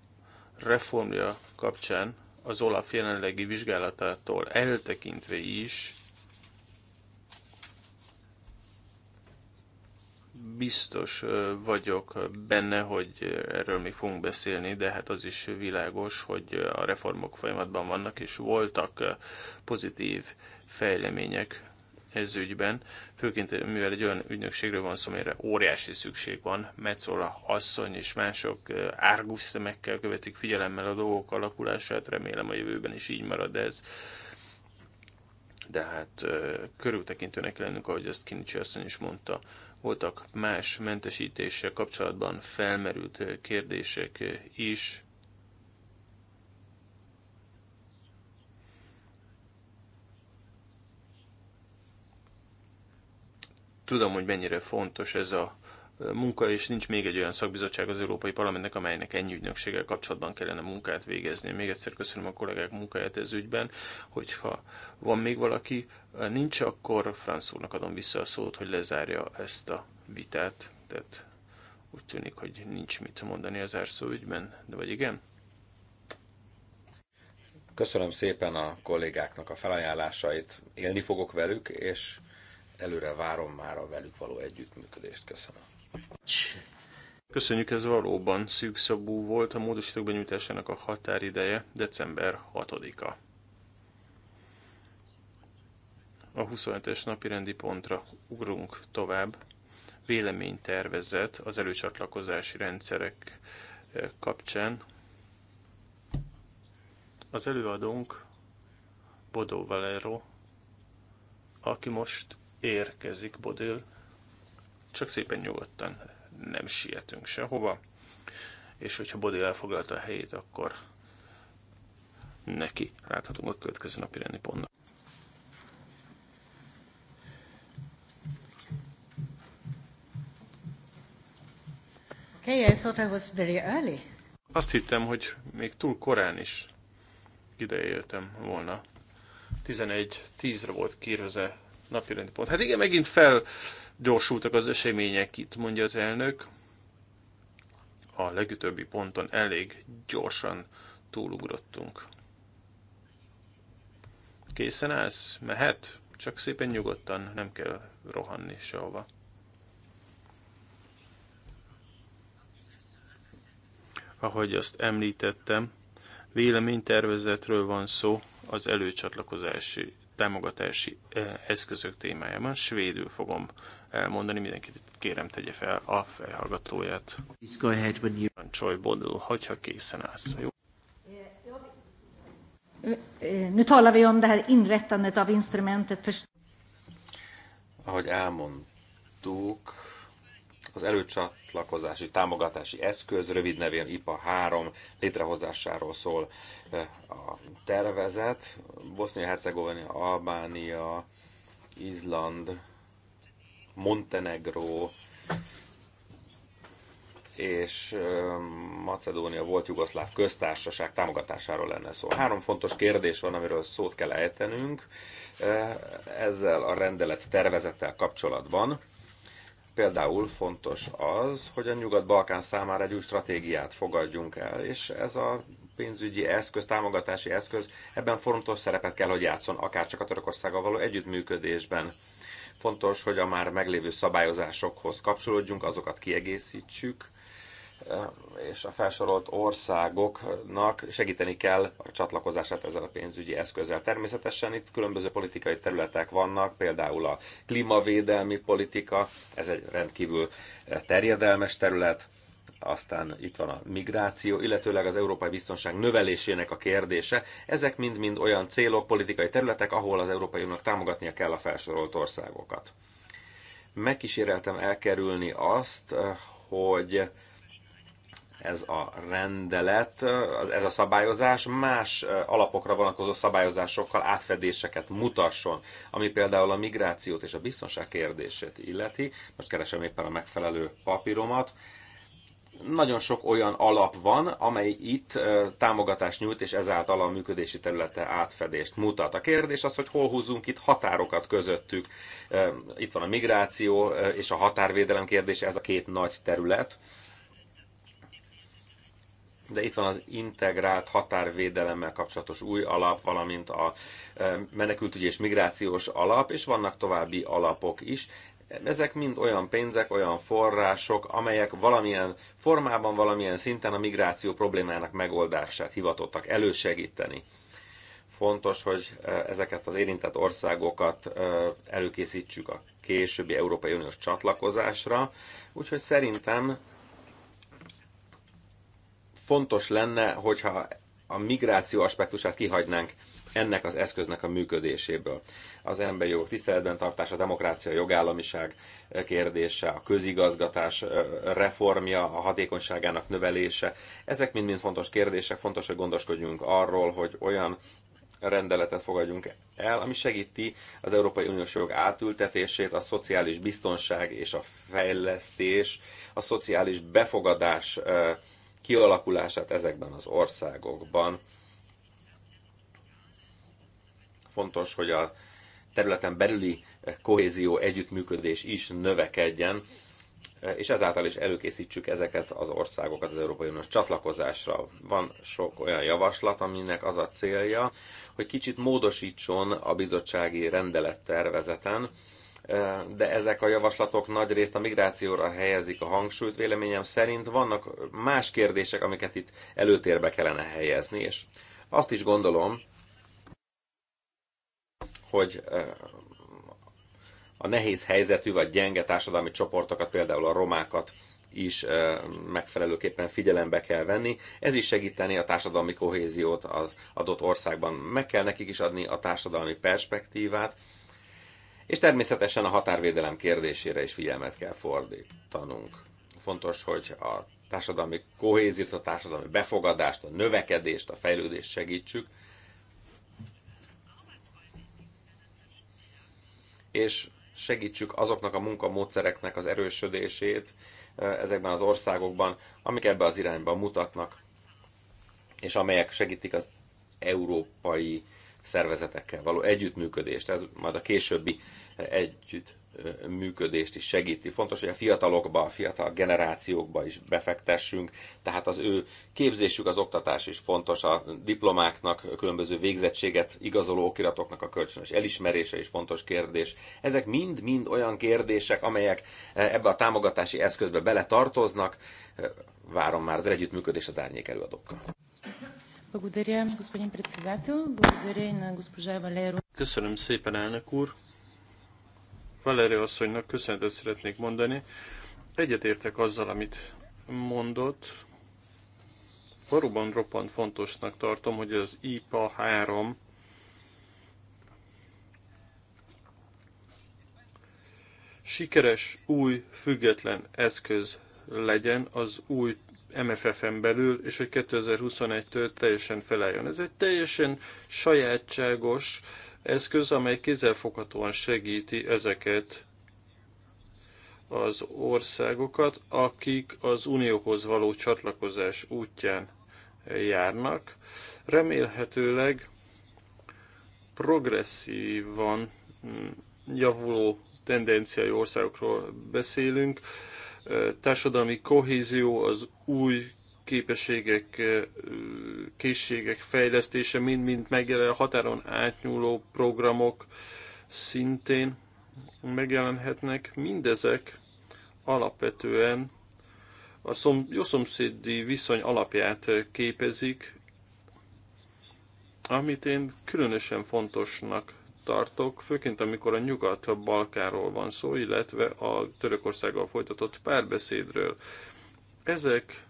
reformja kapcsán az Olaf jelenlegi vizsgálatától eltekintve is biztos vagyok benne, hogy erről még fogunk beszélni, de hát az is világos, hogy a reformok folyamatban vannak, és voltak pozitív fejlemények ez ügyben, főként mivel egy olyan ügynökségről van szó, amire óriási szükség van, Metzola asszony és mások árgus szemekkel követik figyelemmel a dolgok alakulását, remélem a jövőben is így marad ez, de hát körültekintőnek lennünk, ahogy ezt Kinicsi asszony is mondta, voltak más mentesítéssel kapcsolatban felmerült kérdések is. Tudom, hogy mennyire fontos ez a munka, és nincs még egy olyan szakbizottság az Európai Parlamentnek, amelynek ennyi ügynökséggel kapcsolatban kellene munkát végezni. Még egyszer köszönöm a kollégák munkáját ez ügyben, hogyha van még valaki, nincs, akkor Franz úrnak adom vissza a szót, hogy lezárja ezt a vitát. Tehát úgy tűnik, hogy nincs mit mondani az árszó ügyben, de vagy igen? Köszönöm szépen a kollégáknak a felajánlásait, élni fogok velük, és előre várom már a velük való együttműködést. Köszönöm. Köszönjük, ez valóban szűkszabú volt. A módosítók benyújtásának a határideje december 6-a. A 27-es napi rendi pontra ugrunk tovább. Véleménytervezet az előcsatlakozási rendszerek eh, kapcsán. Az előadónk Bodó Valero, aki most érkezik Bodil csak szépen nyugodtan nem sietünk sehova, és hogyha Bodi elfoglalta a helyét, akkor neki láthatunk a következő napi rendi pontnak. Okay, I thought I was very early. Azt hittem, hogy még túl korán is ideéltem volna. 11-10-re volt kérve napi rendi pont. Hát igen, megint fel gyorsultak az események itt, mondja az elnök. A legutóbbi ponton elég gyorsan túlugrottunk. Készen állsz? Mehet? Csak szépen nyugodtan, nem kell rohanni sehova. Ahogy azt említettem, véleménytervezetről van szó az előcsatlakozási támogatási eszközök témájában. Svédül fogom elmondani, mindenkit kérem tegye fel a felhallgatóját. Csaj Bodul, hogyha készen állsz. Jó? Nu talar vi om det här inrättandet av instrumentet Ahogy elmondtuk, az előcsatlakozási támogatási eszköz, rövid nevén IPA 3 létrehozásáról szól eh, a tervezet. Bosznia-Hercegovina, Albánia, Izland, Montenegro és eh, Macedónia volt jugoszláv köztársaság támogatásáról lenne szó. Három fontos kérdés van, amiről szót kell ejtenünk eh, ezzel a rendelet tervezettel kapcsolatban. Például fontos az, hogy a Nyugat-Balkán számára egy új stratégiát fogadjunk el, és ez a pénzügyi eszköz, támogatási eszköz ebben fontos szerepet kell, hogy játszon, akár csak a Törökországgal való együttműködésben. Fontos, hogy a már meglévő szabályozásokhoz kapcsolódjunk, azokat kiegészítsük, és a felsorolt országoknak segíteni kell a csatlakozását ezzel a pénzügyi eszközzel. Természetesen itt különböző politikai területek vannak, például a klímavédelmi politika, ez egy rendkívül terjedelmes terület, aztán itt van a migráció, illetőleg az európai biztonság növelésének a kérdése. Ezek mind-mind olyan célok, politikai területek, ahol az Európai Uniónak támogatnia kell a felsorolt országokat. Megkíséreltem elkerülni azt, hogy ez a rendelet, ez a szabályozás más alapokra vonatkozó szabályozásokkal átfedéseket mutasson, ami például a migrációt és a biztonság kérdését illeti. Most keresem éppen a megfelelő papíromat. Nagyon sok olyan alap van, amely itt támogatást nyújt, és ezáltal a működési területe átfedést mutat. A kérdés az, hogy hol húzzunk itt határokat közöttük. Itt van a migráció és a határvédelem kérdése, ez a két nagy terület de itt van az integrált határvédelemmel kapcsolatos új alap, valamint a e, menekültügyi és migrációs alap, és vannak további alapok is. Ezek mind olyan pénzek, olyan források, amelyek valamilyen formában, valamilyen szinten a migráció problémának megoldását hivatottak elősegíteni. Fontos, hogy e, ezeket az érintett országokat e, előkészítsük a későbbi Európai Uniós csatlakozásra, úgyhogy szerintem fontos lenne, hogyha a migráció aspektusát kihagynánk ennek az eszköznek a működéséből. Az emberi jogok tiszteletben tartása, a demokrácia, a jogállamiság kérdése, a közigazgatás reformja, a hatékonyságának növelése. Ezek mind-mind fontos kérdések, fontos, hogy gondoskodjunk arról, hogy olyan rendeletet fogadjunk el, ami segíti az Európai Uniós jog átültetését, a szociális biztonság és a fejlesztés, a szociális befogadás kialakulását ezekben az országokban. Fontos, hogy a területen belüli kohézió együttműködés is növekedjen, és ezáltal is előkészítsük ezeket az országokat az Európai Uniós csatlakozásra. Van sok olyan javaslat, aminek az a célja, hogy kicsit módosítson a bizottsági rendelettervezeten, de ezek a javaslatok nagy részt a migrációra helyezik a hangsúlyt. Véleményem szerint vannak más kérdések, amiket itt előtérbe kellene helyezni, és azt is gondolom, hogy a nehéz helyzetű vagy gyenge társadalmi csoportokat, például a romákat is megfelelőképpen figyelembe kell venni. Ez is segíteni a társadalmi kohéziót az adott országban. Meg kell nekik is adni a társadalmi perspektívát, és természetesen a határvédelem kérdésére is figyelmet kell fordítanunk. Fontos, hogy a társadalmi kohéziót, a társadalmi befogadást, a növekedést, a fejlődést segítsük. És segítsük azoknak a munkamódszereknek az erősödését ezekben az országokban, amik ebbe az irányba mutatnak, és amelyek segítik az európai szervezetekkel való együttműködést, ez majd a későbbi eh, együttműködést eh, is segíti. Fontos, hogy a fiatalokba, a fiatal generációkba is befektessünk, tehát az ő képzésük, az oktatás is fontos, a diplomáknak, a különböző végzettséget igazoló okiratoknak a kölcsönös elismerése is fontos kérdés. Ezek mind-mind olyan kérdések, amelyek eh, ebbe a támogatási eszközbe beletartoznak. Várom már az együttműködés az árnyék előadókkal. Köszönöm szépen, elnök úr. Valerio asszonynak köszönetet szeretnék mondani. Egyetértek azzal, amit mondott. Valóban roppant fontosnak tartom, hogy az IPA 3 sikeres új független eszköz legyen az új MFF-en belül, és hogy 2021-től teljesen felálljon. Ez egy teljesen sajátságos eszköz, amely kézzelfoghatóan segíti ezeket az országokat, akik az unióhoz való csatlakozás útján járnak. Remélhetőleg progresszívan mm, javuló tendenciai országokról beszélünk, társadalmi kohézió, az új képességek, készségek fejlesztése, mind-mind megjelen a határon átnyúló programok szintén megjelenhetnek. Mindezek alapvetően a szom, jó szomszédi viszony alapját képezik, amit én különösen fontosnak tartok, főként amikor a nyugat Balkáról van szó, illetve a Törökországgal folytatott párbeszédről. Ezek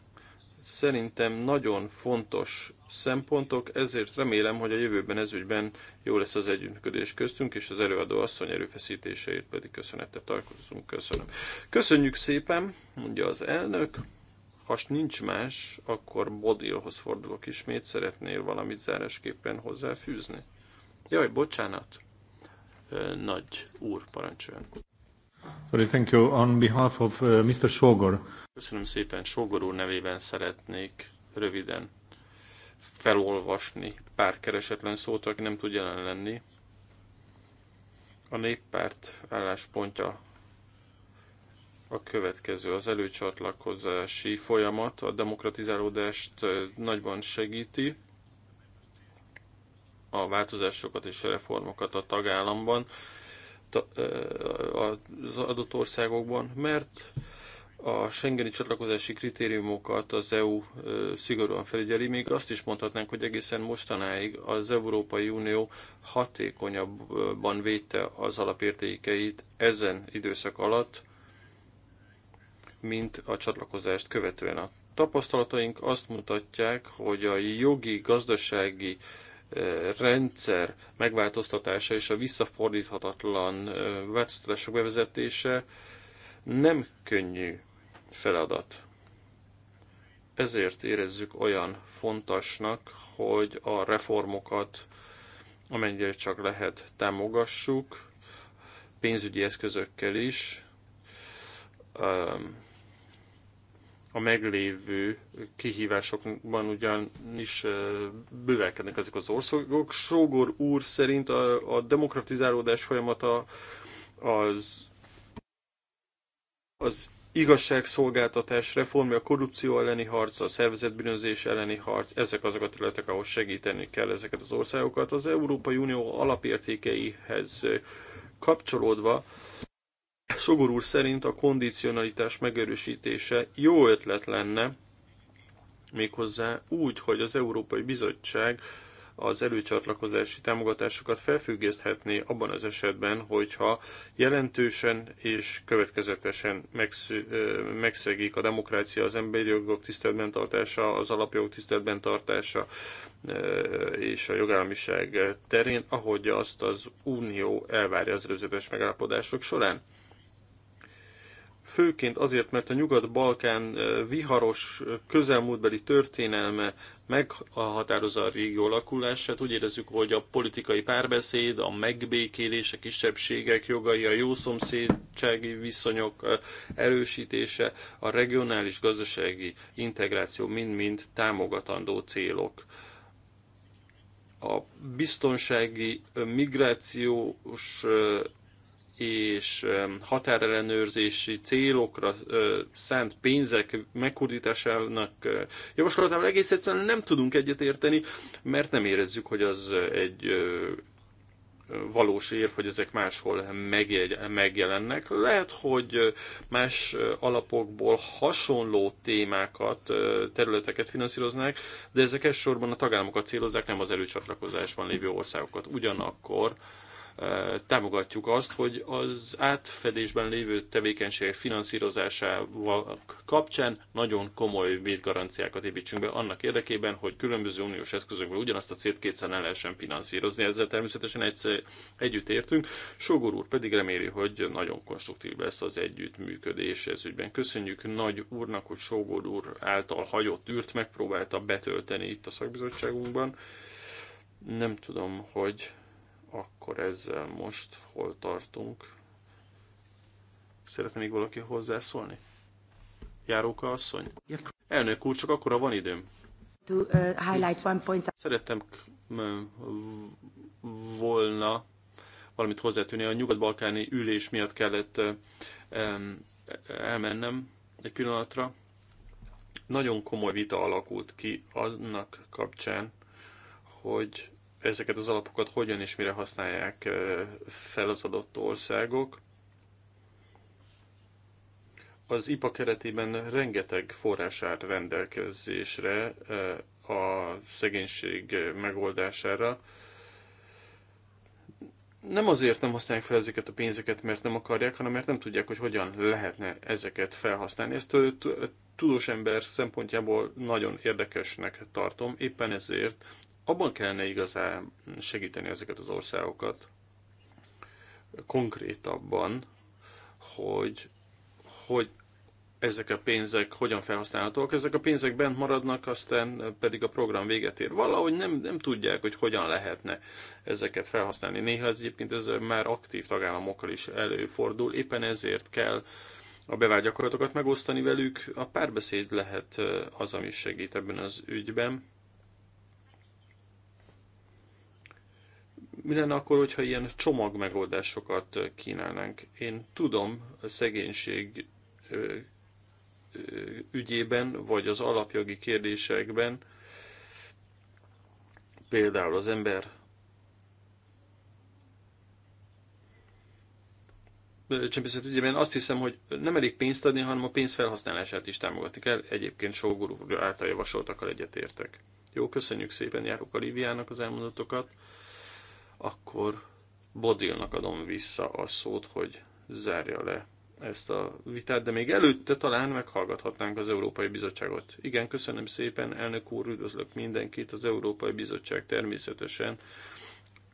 szerintem nagyon fontos szempontok, ezért remélem, hogy a jövőben ezügyben jó lesz az együttműködés köztünk, és az előadó asszony erőfeszítéseért pedig köszönettel tartozunk. Köszönöm. Köszönjük szépen, mondja az elnök. Ha nincs más, akkor Bodilhoz fordulok ismét. Szeretnél valamit zárásképpen hozzáfűzni? Jaj, bocsánat. Nagy úr, parancsoljon. Sorry, thank you. On behalf of uh, Mr. Sogor. Köszönöm szépen. Sogor úr nevében szeretnék röviden felolvasni pár keresetlen szót, aki nem tud jelen lenni. A néppárt álláspontja a következő. Az előcsatlakozási folyamat a demokratizálódást nagyban segíti, a változásokat és a reformokat a tagállamban, az adott országokban, mert a Schengeni csatlakozási kritériumokat az EU szigorúan felügyeli, még azt is mondhatnánk, hogy egészen mostanáig az Európai Unió hatékonyabban védte az alapértékeit ezen időszak alatt, mint a csatlakozást követően. A tapasztalataink azt mutatják, hogy a jogi, gazdasági rendszer megváltoztatása és a visszafordíthatatlan változtatások bevezetése nem könnyű feladat. Ezért érezzük olyan fontosnak, hogy a reformokat amennyire csak lehet támogassuk, pénzügyi eszközökkel is, a meglévő kihívásokban ugyanis bővelkednek ezek az országok. Sógor úr szerint a, a demokratizálódás folyamata az, az igazságszolgáltatás reformja, a korrupció elleni harc, a szervezetbűnözés elleni harc, ezek azok a területek, ahol segíteni kell ezeket az országokat. Az Európai Unió alapértékeihez kapcsolódva Sogor úr szerint a kondicionalitás megerősítése jó ötlet lenne, méghozzá úgy, hogy az Európai Bizottság az előcsatlakozási támogatásokat felfüggeszthetné abban az esetben, hogyha jelentősen és következetesen megszegik a demokrácia, az emberi jogok tiszteletben tartása, az alapjogok tiszteletben tartása és a jogállamiság terén, ahogy azt az Unió elvárja az előzetes megállapodások során főként azért, mert a Nyugat-Balkán viharos közelmúltbeli történelme meghatározza a régió alakulását. Úgy érezzük, hogy a politikai párbeszéd, a megbékélés, a kisebbségek jogai, a szomszédsági viszonyok erősítése, a regionális gazdasági integráció mind-mind támogatandó célok a biztonsági migrációs és határellenőrzési célokra szánt pénzek megkurdításának javaslatával egész egyszerűen nem tudunk egyetérteni, mert nem érezzük, hogy az egy valós érv, hogy ezek máshol megjelennek. Lehet, hogy más alapokból hasonló témákat, területeket finanszíroznak, de ezek elsősorban a tagállamokat célozzák, nem az előcsatlakozásban lévő országokat. Ugyanakkor támogatjuk azt, hogy az átfedésben lévő tevékenységek finanszírozásával kapcsán nagyon komoly védgaranciákat építsünk be annak érdekében, hogy különböző uniós eszközökből ugyanazt a célt kétszer ne lehessen finanszírozni. Ezzel természetesen egyszer együtt értünk. Sogor úr pedig reméli, hogy nagyon konstruktív lesz az együttműködés ez ügyben. Köszönjük Nagy úrnak, hogy Sogor úr által hagyott űrt megpróbálta betölteni itt a szakbizottságunkban. Nem tudom, hogy akkor ezzel most hol tartunk? Szeretne még valaki hozzászólni? Járóka asszony? Elnök úr, csak akkora van időm. To, uh, highlight one point. Szerettem volna valamit hozzátűni. A nyugat-balkáni ülés miatt kellett elmennem egy pillanatra. Nagyon komoly vita alakult ki annak kapcsán, hogy ezeket az alapokat hogyan és mire használják fel az adott országok. Az IPA keretében rengeteg forrás állt rendelkezésre a szegénység megoldására. Nem azért nem használják fel ezeket a pénzeket, mert nem akarják, hanem mert nem tudják, hogy hogyan lehetne ezeket felhasználni. Ezt tudós ember szempontjából nagyon érdekesnek tartom, éppen ezért abban kellene igazán segíteni ezeket az országokat konkrétabban, hogy, hogy ezek a pénzek hogyan felhasználhatók. Ezek a pénzek bent maradnak, aztán pedig a program véget ér. Valahogy nem, nem tudják, hogy hogyan lehetne ezeket felhasználni. Néha ez egyébként ez már aktív tagállamokkal is előfordul, éppen ezért kell a bevált gyakorlatokat megosztani velük. A párbeszéd lehet az, ami segít ebben az ügyben. mi lenne akkor, hogyha ilyen csomag megoldásokat kínálnánk? Én tudom, a szegénység ügyében, vagy az alapjogi kérdésekben, például az ember csempészet ügyében azt hiszem, hogy nem elég pénzt adni, hanem a pénz felhasználását is támogatni kell. Egyébként Sógor által javasoltakkal egyetértek. Jó, köszönjük szépen Járok Oliviának az elmondatokat akkor Bodilnak adom vissza a szót, hogy zárja le ezt a vitát, de még előtte talán meghallgathatnánk az Európai Bizottságot. Igen, köszönöm szépen, elnök úr, üdvözlök mindenkit. Az Európai Bizottság természetesen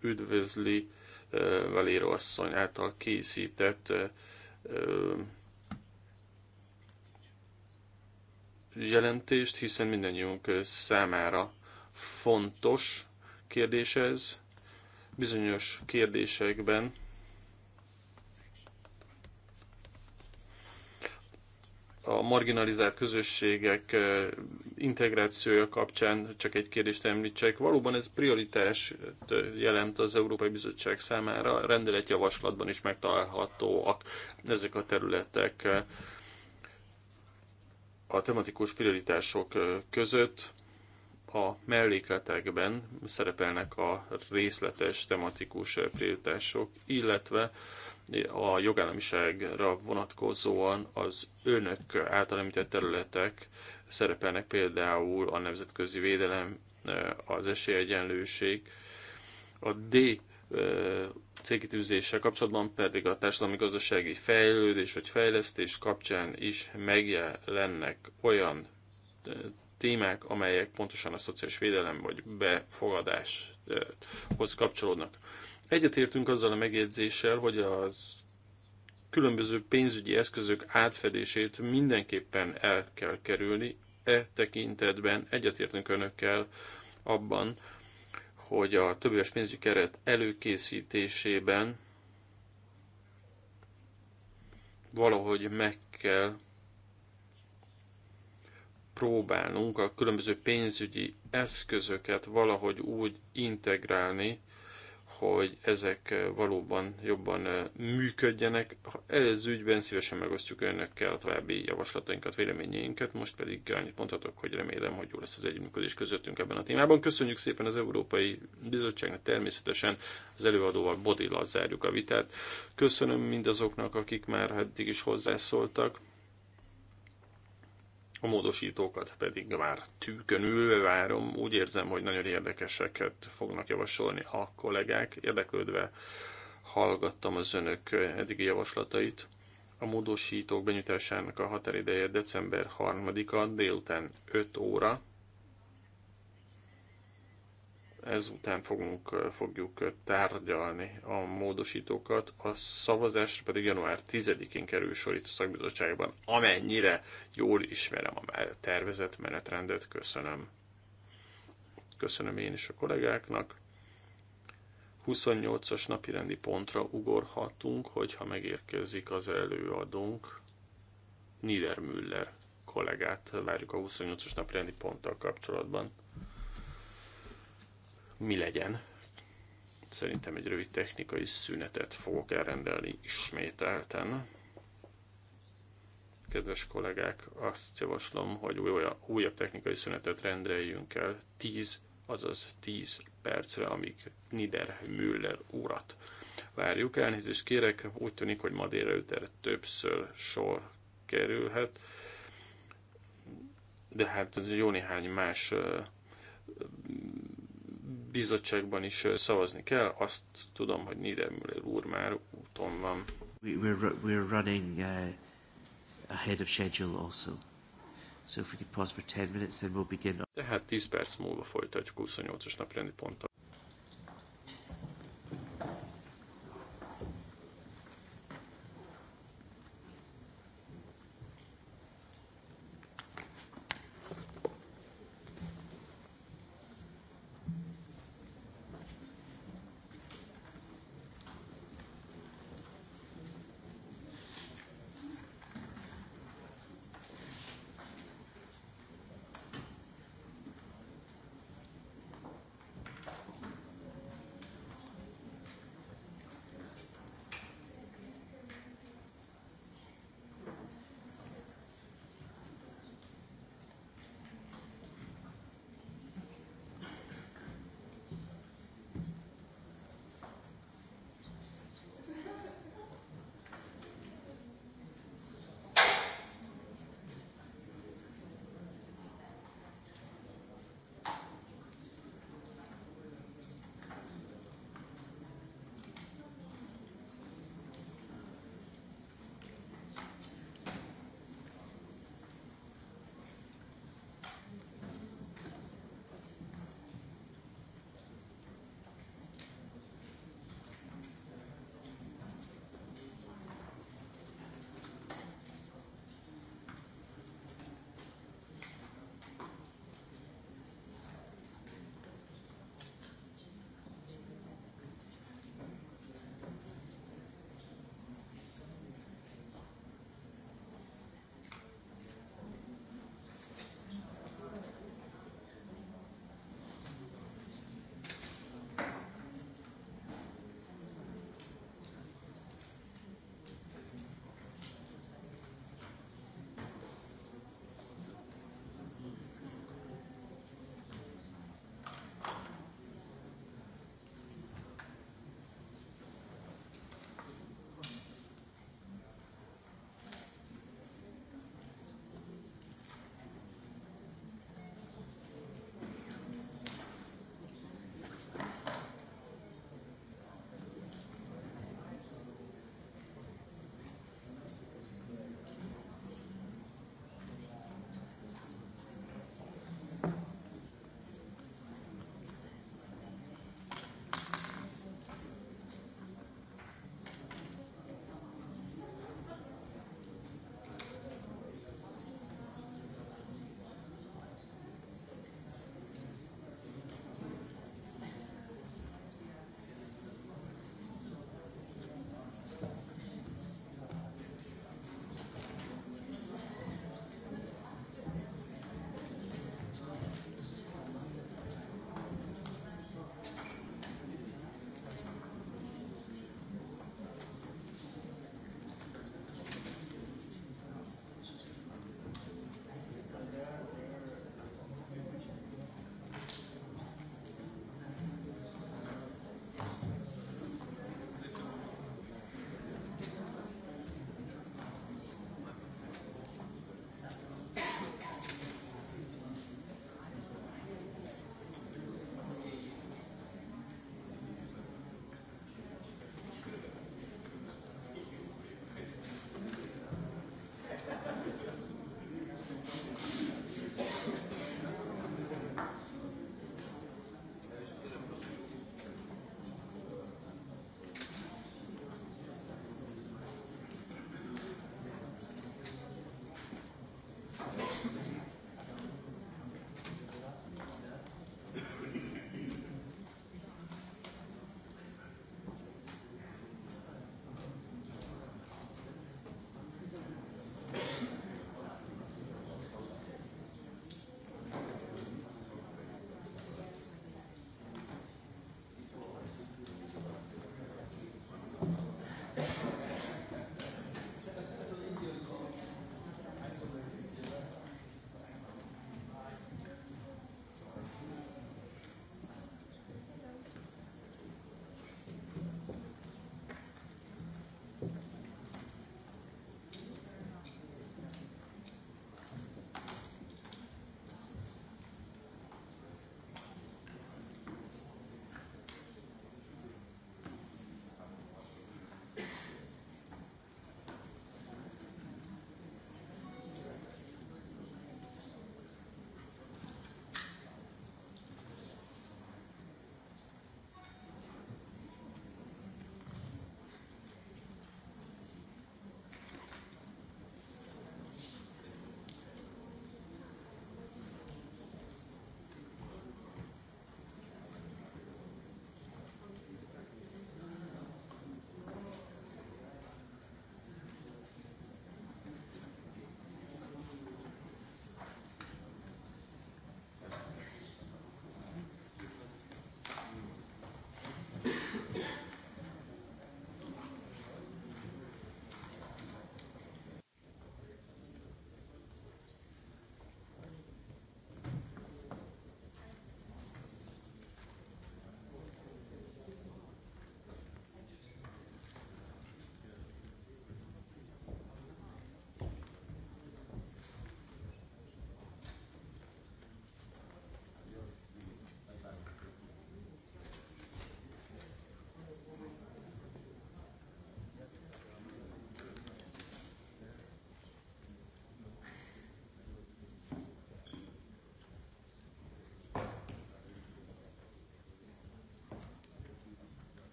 üdvözli eh, Valéro asszony által készített eh, eh, jelentést, hiszen mindannyiunk számára fontos kérdés ez bizonyos kérdésekben a marginalizált közösségek eh, integrációja kapcsán csak egy kérdést említsek. Valóban ez prioritás jelent az Európai Bizottság számára, rendeletjavaslatban is megtalálhatóak ezek a területek eh, a tematikus prioritások eh, között a mellékletekben szerepelnek a részletes tematikus prioritások, illetve a jogállamiságra vonatkozóan az önök által említett területek szerepelnek például a nemzetközi védelem, az esélyegyenlőség, a D cégkitűzéssel kapcsolatban pedig a társadalmi gazdasági fejlődés vagy fejlesztés kapcsán is megjelennek olyan témák, amelyek pontosan a szociális védelem vagy befogadáshoz kapcsolódnak. Egyetértünk azzal a megjegyzéssel, hogy az különböző pénzügyi eszközök átfedését mindenképpen el kell kerülni. E tekintetben egyetértünk önökkel abban, hogy a többéves pénzügyi keret előkészítésében valahogy meg kell próbálnunk a különböző pénzügyi eszközöket valahogy úgy integrálni, hogy ezek eh, valóban jobban eh, működjenek. Ez ügyben szívesen megosztjuk önökkel a további javaslatainkat, véleményeinket, most pedig annyit mondhatok, hogy remélem, hogy jó lesz az együttműködés közöttünk ebben a témában. Köszönjük szépen az Európai Bizottságnak, természetesen az előadóval Bodillal zárjuk a vitát. Köszönöm mindazoknak, akik már eddig is hozzászóltak a módosítókat pedig már tűkön várom. Úgy érzem, hogy nagyon érdekeseket fognak javasolni a kollégák. Érdeklődve hallgattam az önök eddigi javaslatait. A módosítók benyújtásának a határideje december 3-a délután 5 óra ezután fogunk, fogjuk tárgyalni a módosítókat, a szavazásra pedig január 10-én kerül sor itt a szakbizottságban, amennyire jól ismerem a tervezett menetrendet. Köszönöm. Köszönöm én is a kollégáknak. 28-as napirendi pontra ugorhatunk, hogyha megérkezik az előadónk, Niedermüller kollégát várjuk a 28-as napirendi ponttal kapcsolatban mi legyen. Szerintem egy rövid technikai szünetet fogok elrendelni ismételten. Kedves kollégák, azt javaslom, hogy újabb, újabb technikai szünetet rendeljünk el 10, azaz 10 percre, amíg Nider Müller urat várjuk. Elnézést kérek, úgy tűnik, hogy ma délelőtt erre többször sor kerülhet, de hát jó néhány más bizottságban is szavazni kell. Azt tudom, hogy Niedermüller úr már úton van. We're, we're running uh, ahead of schedule also. So if we could pause for 10 minutes, then we'll begin. Tehát 10 perc múlva folytatjuk 28-as naprendi ponttal.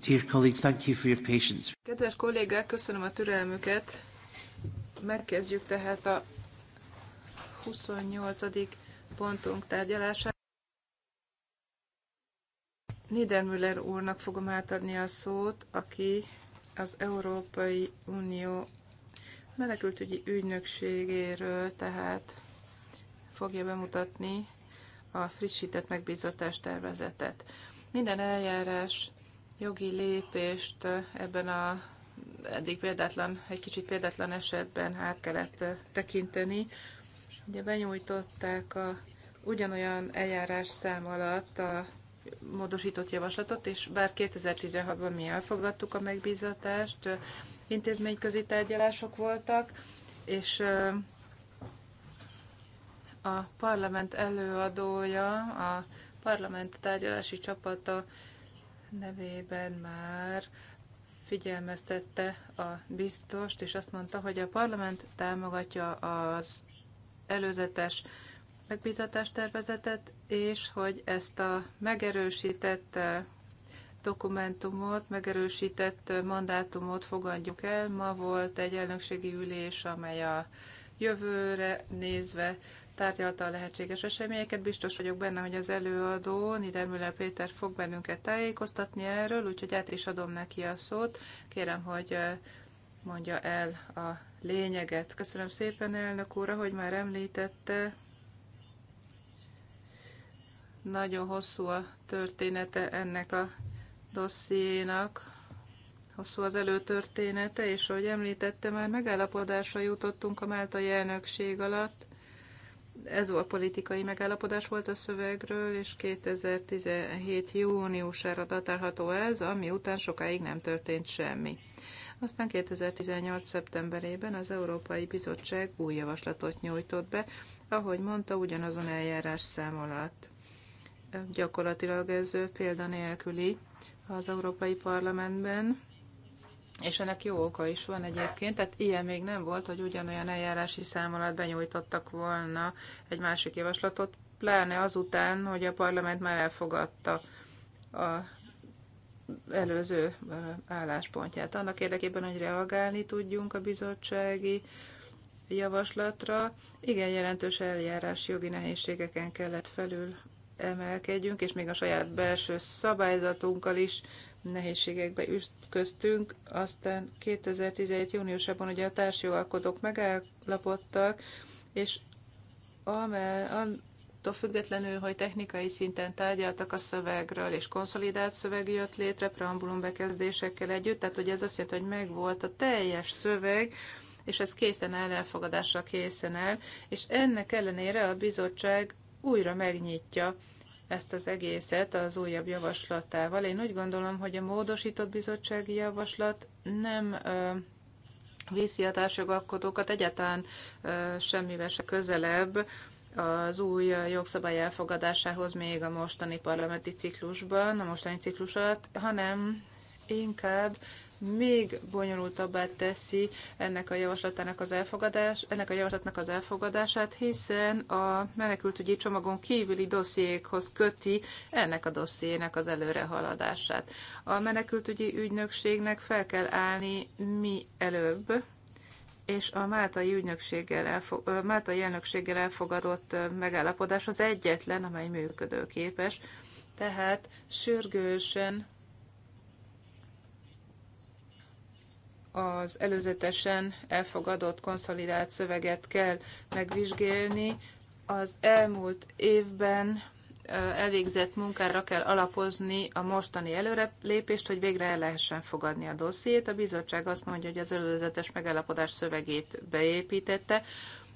Dear colleagues, thank you for your patience. Kedves kollégák, köszönöm a türelmüket. Megkezdjük tehát a 28. pontunk tárgyalását. Niedermüller úrnak fogom átadni a szót, aki az Európai Unió menekültügyi ügynökségéről tehát fogja bemutatni a frissített megbízatás tervezetet. Minden eljárás jogi lépést eh, ebben a eddig példátlan, egy kicsit példátlan esetben át kellett eh, tekinteni. Ugye benyújtották a ugyanolyan eljárás szám alatt a módosított javaslatot, és bár 2016-ban mi elfogadtuk a megbízatást, eh, intézményközi tárgyalások voltak, és a parlament előadója, a parlament tárgyalási csapata nevében már figyelmeztette a biztost, és azt mondta, hogy a parlament támogatja az előzetes megbízatás tervezetet, és hogy ezt a megerősített eh, dokumentumot, megerősített eh, mandátumot fogadjuk el. Ma volt egy elnökségi ülés, amely a jövőre nézve tárgyalta a lehetséges eseményeket. Biztos vagyok benne, hogy az előadó Niedermüller Péter fog bennünket tájékoztatni erről, úgyhogy át is adom neki a szót. Kérem, hogy eh, mondja el a lényeget. Köszönöm szépen, elnök úr, hogy már említette. Nagyon hosszú a története ennek a dossziénak, hosszú az előtörténete, és ahogy említette, már megállapodásra jutottunk a Máltai elnökség alatt ez volt politikai megállapodás volt a szövegről, és 2017. júniusára datálható ez, ami után sokáig nem történt semmi. Aztán 2018. szeptemberében az Európai Bizottság új javaslatot nyújtott be, ahogy mondta, ugyanazon eljárás szám alatt. Gyakorlatilag ez példanélküli az Európai Parlamentben, és ennek jó oka is van egyébként, tehát ilyen még nem volt, hogy ugyanolyan eljárási szám alatt benyújtottak volna egy másik javaslatot, pláne azután, hogy a parlament már elfogadta a előző álláspontját. Annak érdekében, hogy reagálni tudjunk a bizottsági javaslatra, igen jelentős eljárás jogi nehézségeken kellett felül emelkedjünk, és még a saját belső szabályzatunkkal is nehézségekbe ütköztünk. Aztán 2017. júniusában ugye a társjogalkodók megállapodtak, és amel, attól függetlenül, hogy technikai szinten tárgyaltak a szövegről, és konszolidált szöveg jött létre preambulum bekezdésekkel együtt, tehát hogy ez azt jelenti, hogy megvolt a teljes szöveg, és ez készen áll, elfogadásra készen áll, és ennek ellenére a bizottság újra megnyitja ezt az egészet az újabb javaslatával. Én úgy gondolom, hogy a módosított bizottsági javaslat nem ö, viszi a társjogalkotókat egyáltalán ö, semmivel se közelebb az új jogszabály elfogadásához még a mostani parlamenti ciklusban, a mostani ciklus alatt, hanem inkább még bonyolultabbá teszi ennek a javaslatának az elfogadás, ennek a javaslatnak az elfogadását, hiszen a menekültügyi csomagon kívüli dossziékhoz köti ennek a dossziének az előrehaladását. A menekültügyi ügynökségnek fel kell állni mi előbb, és a máltai, ügynökséggel elfog, máltai elnökséggel elfogadott megállapodás az egyetlen, amely működőképes. Tehát sürgősen az előzetesen elfogadott konszolidált szöveget kell megvizsgálni. Az elmúlt évben elvégzett munkára kell alapozni a mostani előrelépést, hogy végre el lehessen fogadni a dossziét. A bizottság azt mondja, hogy az előzetes megállapodás szövegét beépítette,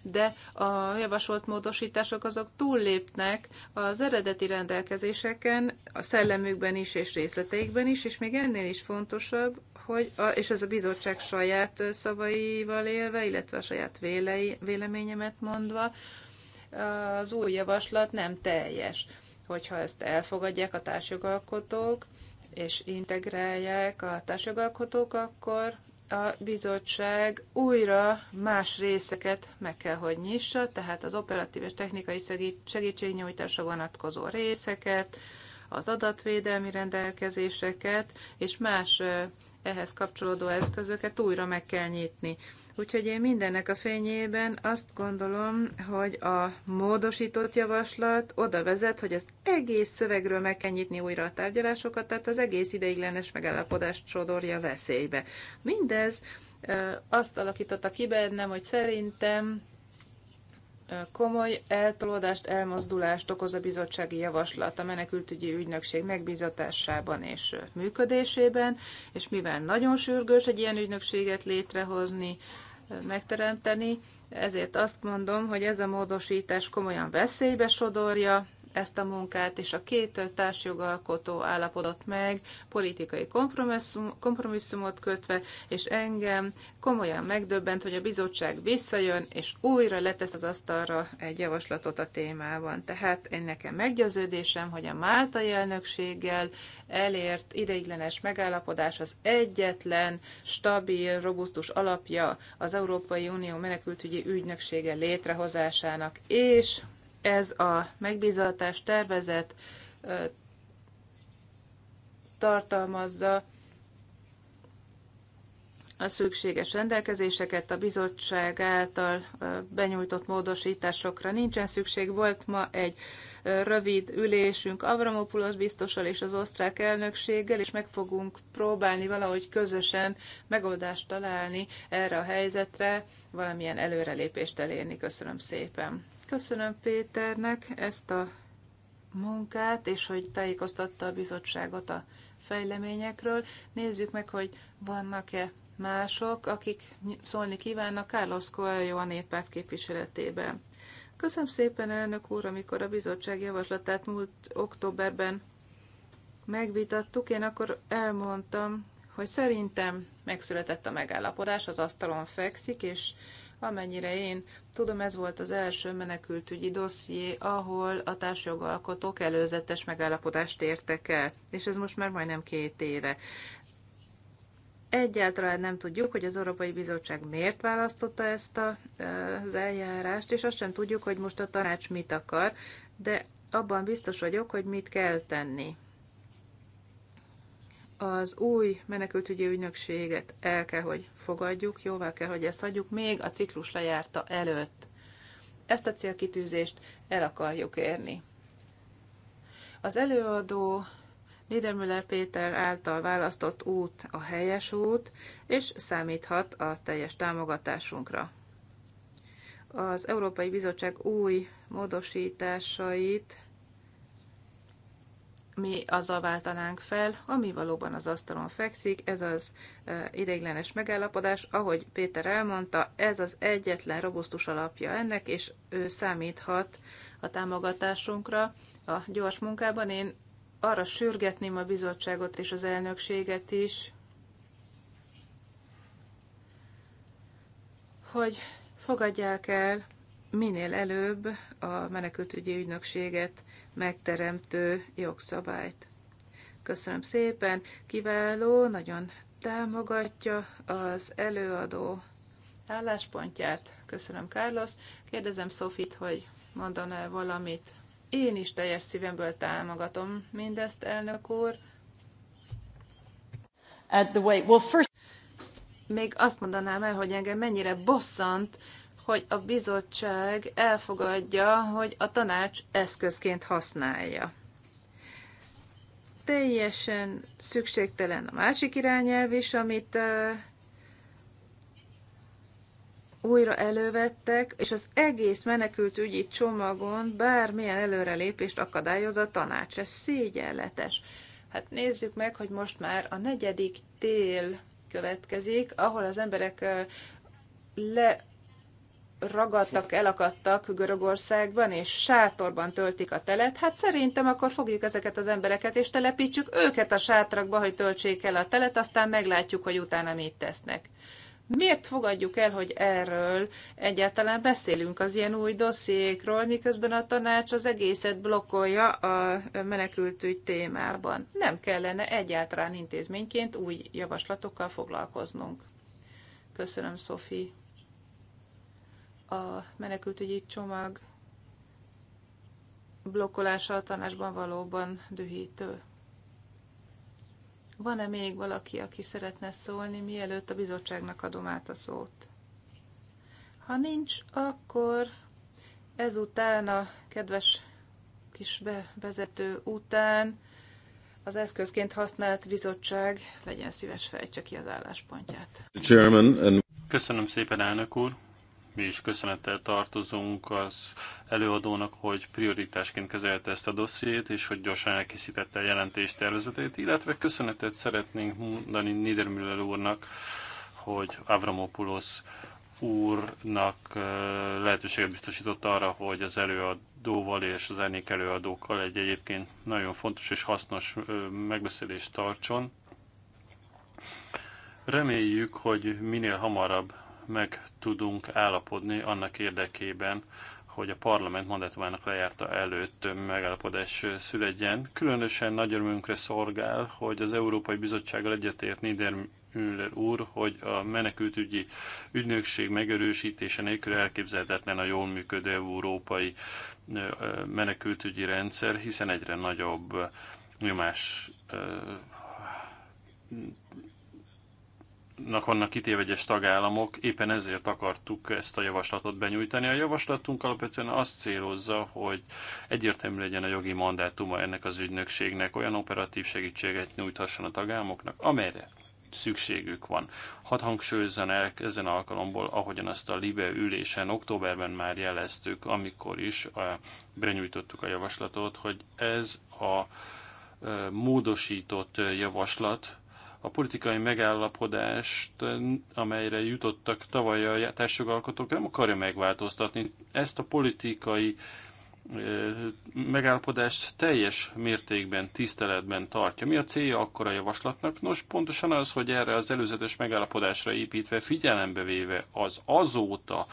de a javasolt módosítások azok túllépnek az eredeti rendelkezéseken, a szellemükben is és részleteikben is, és még ennél is fontosabb, hogy a, és ez a bizottság saját szavaival élve, illetve a saját vélei, véleményemet mondva, az új javaslat nem teljes. Hogyha ezt elfogadják a társjogalkotók, és integrálják a társjogalkotók, akkor a bizottság újra más részeket meg kell, hogy nyissa, tehát az operatív és technikai segítségnyújtásra vonatkozó részeket, az adatvédelmi rendelkezéseket és más ehhez kapcsolódó eszközöket újra meg kell nyitni. Úgyhogy én mindennek a fényében azt gondolom, hogy a módosított javaslat oda vezet, hogy az egész szövegről meg kell nyitni újra a tárgyalásokat, tehát az egész ideiglenes megállapodást sodorja veszélybe. Mindez azt alakította ki bennem, hogy szerintem Komoly eltolódást, elmozdulást okoz a bizottsági javaslat a menekültügyi ügynökség megbízatásában és működésében, és mivel nagyon sürgős egy ilyen ügynökséget létrehozni, megteremteni, ezért azt mondom, hogy ez a módosítás komolyan veszélybe sodorja ezt a munkát, és a két társjogalkotó állapodott meg, politikai kompromisszum, kompromisszumot kötve, és engem komolyan megdöbbent, hogy a bizottság visszajön, és újra letesz az asztalra egy javaslatot a témában. Tehát én nekem meggyőződésem, hogy a máltai elnökséggel elért ideiglenes megállapodás az egyetlen stabil, robusztus alapja az Európai Unió menekültügyi ügynöksége létrehozásának, és ez a megbízatás tervezet tartalmazza a szükséges rendelkezéseket a bizottság által benyújtott módosításokra nincsen szükség. Volt ma egy rövid ülésünk Avramopulos biztossal és az osztrák elnökséggel, és meg fogunk próbálni valahogy közösen megoldást találni erre a helyzetre, valamilyen előrelépést elérni. Köszönöm szépen! Köszönöm Péternek ezt a munkát, és hogy tájékoztatta a bizottságot a fejleményekről. Nézzük meg, hogy vannak-e mások, akik szólni kívánnak Carlos Coelho a néppárt képviseletében. Köszönöm szépen, elnök úr, amikor a bizottság javaslatát múlt októberben megvitattuk, én akkor elmondtam, hogy szerintem megszületett a megállapodás, az asztalon fekszik, és Amennyire én tudom, ez volt az első menekültügyi dosszié, ahol a társjogalkotók előzetes megállapodást értek el, és ez most már majdnem két éve. Egyáltalán nem tudjuk, hogy az Európai Bizottság miért választotta ezt a, az eljárást, és azt sem tudjuk, hogy most a tanács mit akar, de abban biztos vagyok, hogy mit kell tenni az új menekültügyi ügynökséget el kell, hogy fogadjuk, jóvá kell, hogy ezt adjuk, még a ciklus lejárta előtt. Ezt a célkitűzést el akarjuk érni. Az előadó Niedermüller Péter által választott út a helyes út, és számíthat a teljes támogatásunkra. Az Európai Bizottság új módosításait mi azzal váltanánk fel, ami valóban az asztalon fekszik, ez az e, ideiglenes megállapodás, ahogy Péter elmondta, ez az egyetlen robusztus alapja ennek, és ő számíthat a támogatásunkra a gyors munkában. Én arra sürgetném a bizottságot és az elnökséget is, hogy fogadják el minél előbb a menekültügyi ügynökséget megteremtő jogszabályt. Köszönöm szépen, kiváló, nagyon támogatja az előadó álláspontját. Köszönöm, Carlos. Kérdezem Sofit, hogy mondaná valamit. Én is teljes szívemből támogatom mindezt, elnök úr. At the way. Well, first... Még azt mondanám el, hogy engem mennyire bosszant, hogy a bizottság elfogadja, hogy a tanács eszközként használja. Teljesen szükségtelen a másik irányelv is, amit újra elővettek, és az egész menekült ügyi csomagon bármilyen előrelépést akadályoz a tanács. Ez szégyenletes. Hát nézzük meg, hogy most már a negyedik tél következik, ahol az emberek le ragadtak, elakadtak Görögországban, és sátorban töltik a telet, hát szerintem akkor fogjuk ezeket az embereket, és telepítsük őket a sátrakba, hogy töltsék el a telet, aztán meglátjuk, hogy utána mit tesznek. Miért fogadjuk el, hogy erről egyáltalán beszélünk az ilyen új dossziékról, miközben a tanács az egészet blokkolja a menekültügy témában? Nem kellene egyáltalán intézményként új javaslatokkal foglalkoznunk. Köszönöm, Sophie a menekültügyi csomag blokkolása a tanásban valóban dühítő. Van-e még valaki, aki szeretne szólni, mielőtt a bizottságnak adom át a szót? Ha nincs, akkor ezután a kedves kis bevezető után az eszközként használt bizottság legyen szíves fejtse ki az álláspontját. Köszönöm szépen, elnök úr! mi is köszönettel tartozunk az előadónak, hogy prioritásként kezelte ezt a dossziét, és hogy gyorsan elkészítette a jelentést tervezetét, illetve köszönetet szeretnénk mondani Niedermüller úrnak, hogy Avramopoulos úrnak lehetőséget biztosított arra, hogy az előadóval és az ennék előadókkal egy egyébként nagyon fontos és hasznos megbeszélést tartson. Reméljük, hogy minél hamarabb meg tudunk állapodni annak érdekében, hogy a parlament mandátumának lejárta előtt megállapodás születjen. Különösen nagy örömünkre szolgál, hogy az Európai Bizottsággal egyetért Niedermüller úr, hogy a menekültügyi ügynökség megerősítése nélkül elképzelhetetlen a jól működő európai menekültügyi rendszer, hiszen egyre nagyobb nyomás nak vannak kitéve egyes tagállamok, éppen ezért akartuk ezt a javaslatot benyújtani. A javaslatunk alapvetően azt célozza, hogy egyértelmű legyen a jogi mandátuma ennek az ügynökségnek, olyan operatív segítséget nyújthasson a tagállamoknak, amelyre szükségük van. Hadd hangsúlyozzon el ezen alkalomból, ahogyan azt a Libe ülésen októberben már jeleztük, amikor is benyújtottuk a javaslatot, hogy ez a módosított javaslat a politikai megállapodást, amelyre jutottak tavaly a társjogalkotók, nem akarja megváltoztatni. Ezt a politikai megállapodást teljes mértékben, tiszteletben tartja. Mi a célja akkor a javaslatnak? Nos, pontosan az, hogy erre az előzetes megállapodásra építve, figyelembe véve az azóta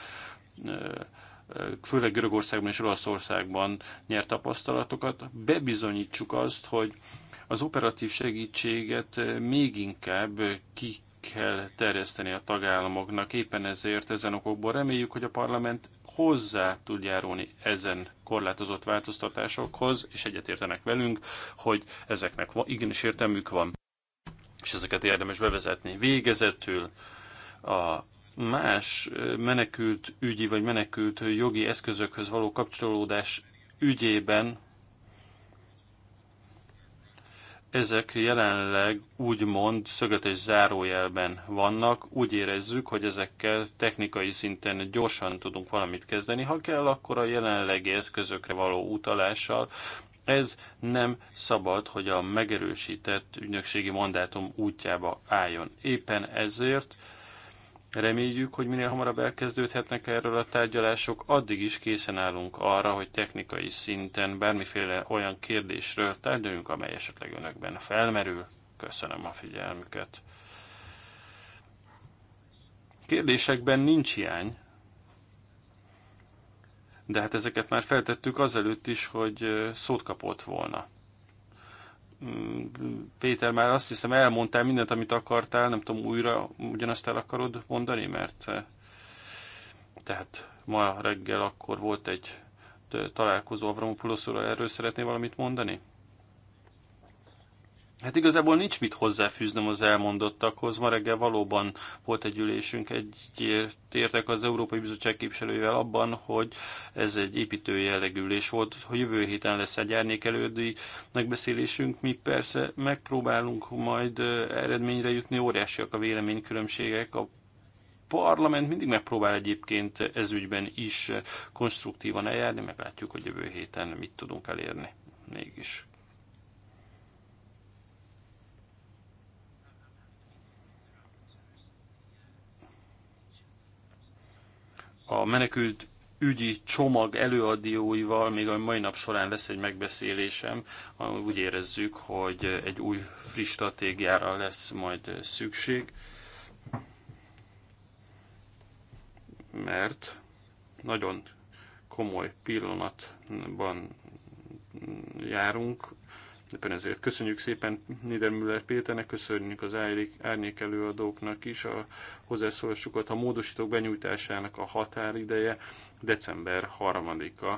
főleg Görögországban és Olaszországban nyert tapasztalatokat, bebizonyítsuk azt, hogy az operatív segítséget eh, még inkább ki kell terjeszteni a tagállamoknak. Éppen ezért ezen okokból reméljük, hogy a parlament hozzá tud járulni ezen korlátozott változtatásokhoz, és egyetértenek velünk, hogy ezeknek igenis értelmük van, és ezeket érdemes bevezetni. Végezetül a más eh, menekült ügyi vagy menekült jogi eszközökhöz való kapcsolódás ügyében ezek jelenleg úgymond szögetes zárójelben vannak. Úgy érezzük, hogy ezekkel technikai szinten gyorsan tudunk valamit kezdeni. Ha kell, akkor a jelenlegi eszközökre való utalással ez nem szabad, hogy a megerősített ügynökségi mandátum útjába álljon. Éppen ezért Reméljük, hogy minél hamarabb elkezdődhetnek erről a tárgyalások, addig is készen állunk arra, hogy technikai szinten bármiféle olyan kérdésről tárgyaljunk, amely esetleg önökben felmerül. Köszönöm a figyelmüket. Kérdésekben nincs hiány, de hát ezeket már feltettük azelőtt is, hogy szót kapott volna. Péter, már azt hiszem elmondtál mindent, amit akartál, nem tudom, újra ugyanazt el akarod mondani, mert eh, tehát ma reggel akkor volt egy eh, találkozó Avramopoulos erről szeretné valamit mondani? Hát igazából nincs mit hozzáfűznöm az elmondottakhoz. Ma reggel valóban volt egy ülésünk, értek az Európai Bizottság képviselőjével abban, hogy ez egy építő jellegű ülés volt, hogy jövő héten lesz egy árnyékelődői megbeszélésünk. Mi persze megpróbálunk majd eredményre jutni, óriásiak a véleménykülönbségek, a parlament mindig megpróbál egyébként ügyben is konstruktívan eljárni, meglátjuk, hogy jövő héten mit tudunk elérni mégis. a menekült ügyi csomag előadóival még a mai nap során lesz egy megbeszélésem. Úgy érezzük, hogy egy új, friss stratégiára lesz majd szükség. Mert nagyon komoly pillanatban járunk, Éppen ezért köszönjük szépen Niedermüller Péternek, köszönjük az árnyék előadóknak is a hozzászólásukat. A módosítók benyújtásának a határideje december 3-a,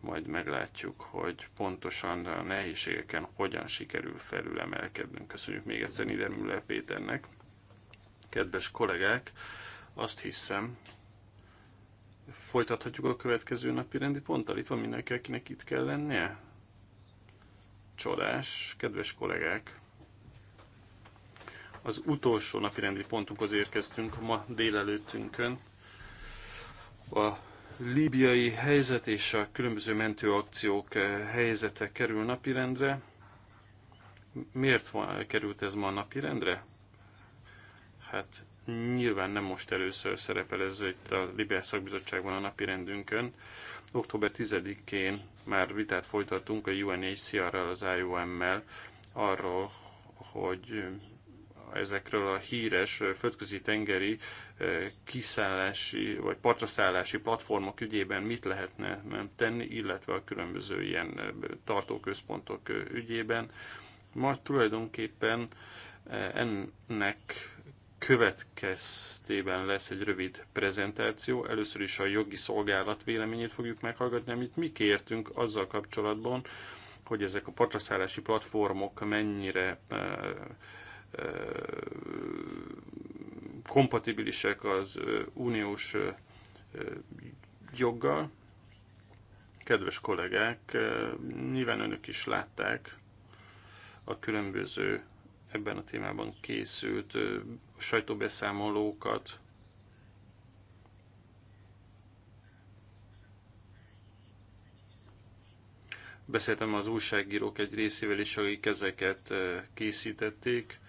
majd meglátjuk, hogy pontosan a nehézségeken hogyan sikerül felülemelkednünk. Köszönjük még egyszer Niedermüller Péternek. Kedves kollégák, azt hiszem, folytathatjuk a következő napi rendi ponttal. Itt van mindenki, akinek itt kell lennie? csodás, kedves kollégák! Az utolsó napi rendi pontunkhoz érkeztünk ma délelőttünkön. A líbiai helyzet és a különböző mentőakciók eh, helyzete kerül napirendre. Miért van, került ez ma napirendre? Hát nyilván nem most először szerepel ez itt a Libel Szakbizottságban a napirendünkön. Október 10-én már vitát folytattunk a UNHCR-rel, az IOM-mel arról, hogy ezekről a híres földközi tengeri eh, kiszállási vagy partraszállási platformok ügyében mit lehetne tenni, illetve a különböző ilyen eh, tartóközpontok eh, ügyében. Majd tulajdonképpen ennek következtében lesz egy rövid prezentáció. Először is a jogi szolgálat véleményét fogjuk meghallgatni, amit mi kértünk azzal kapcsolatban, hogy ezek a patraszállási platformok mennyire eh, eh, kompatibilisek az eh, uniós joggal. Kedves kollégák, nyilván önök is látták a különböző ebben a témában készült sajtóbeszámolókat, beszéltem az újságírók egy részével is, akik ezeket készítették,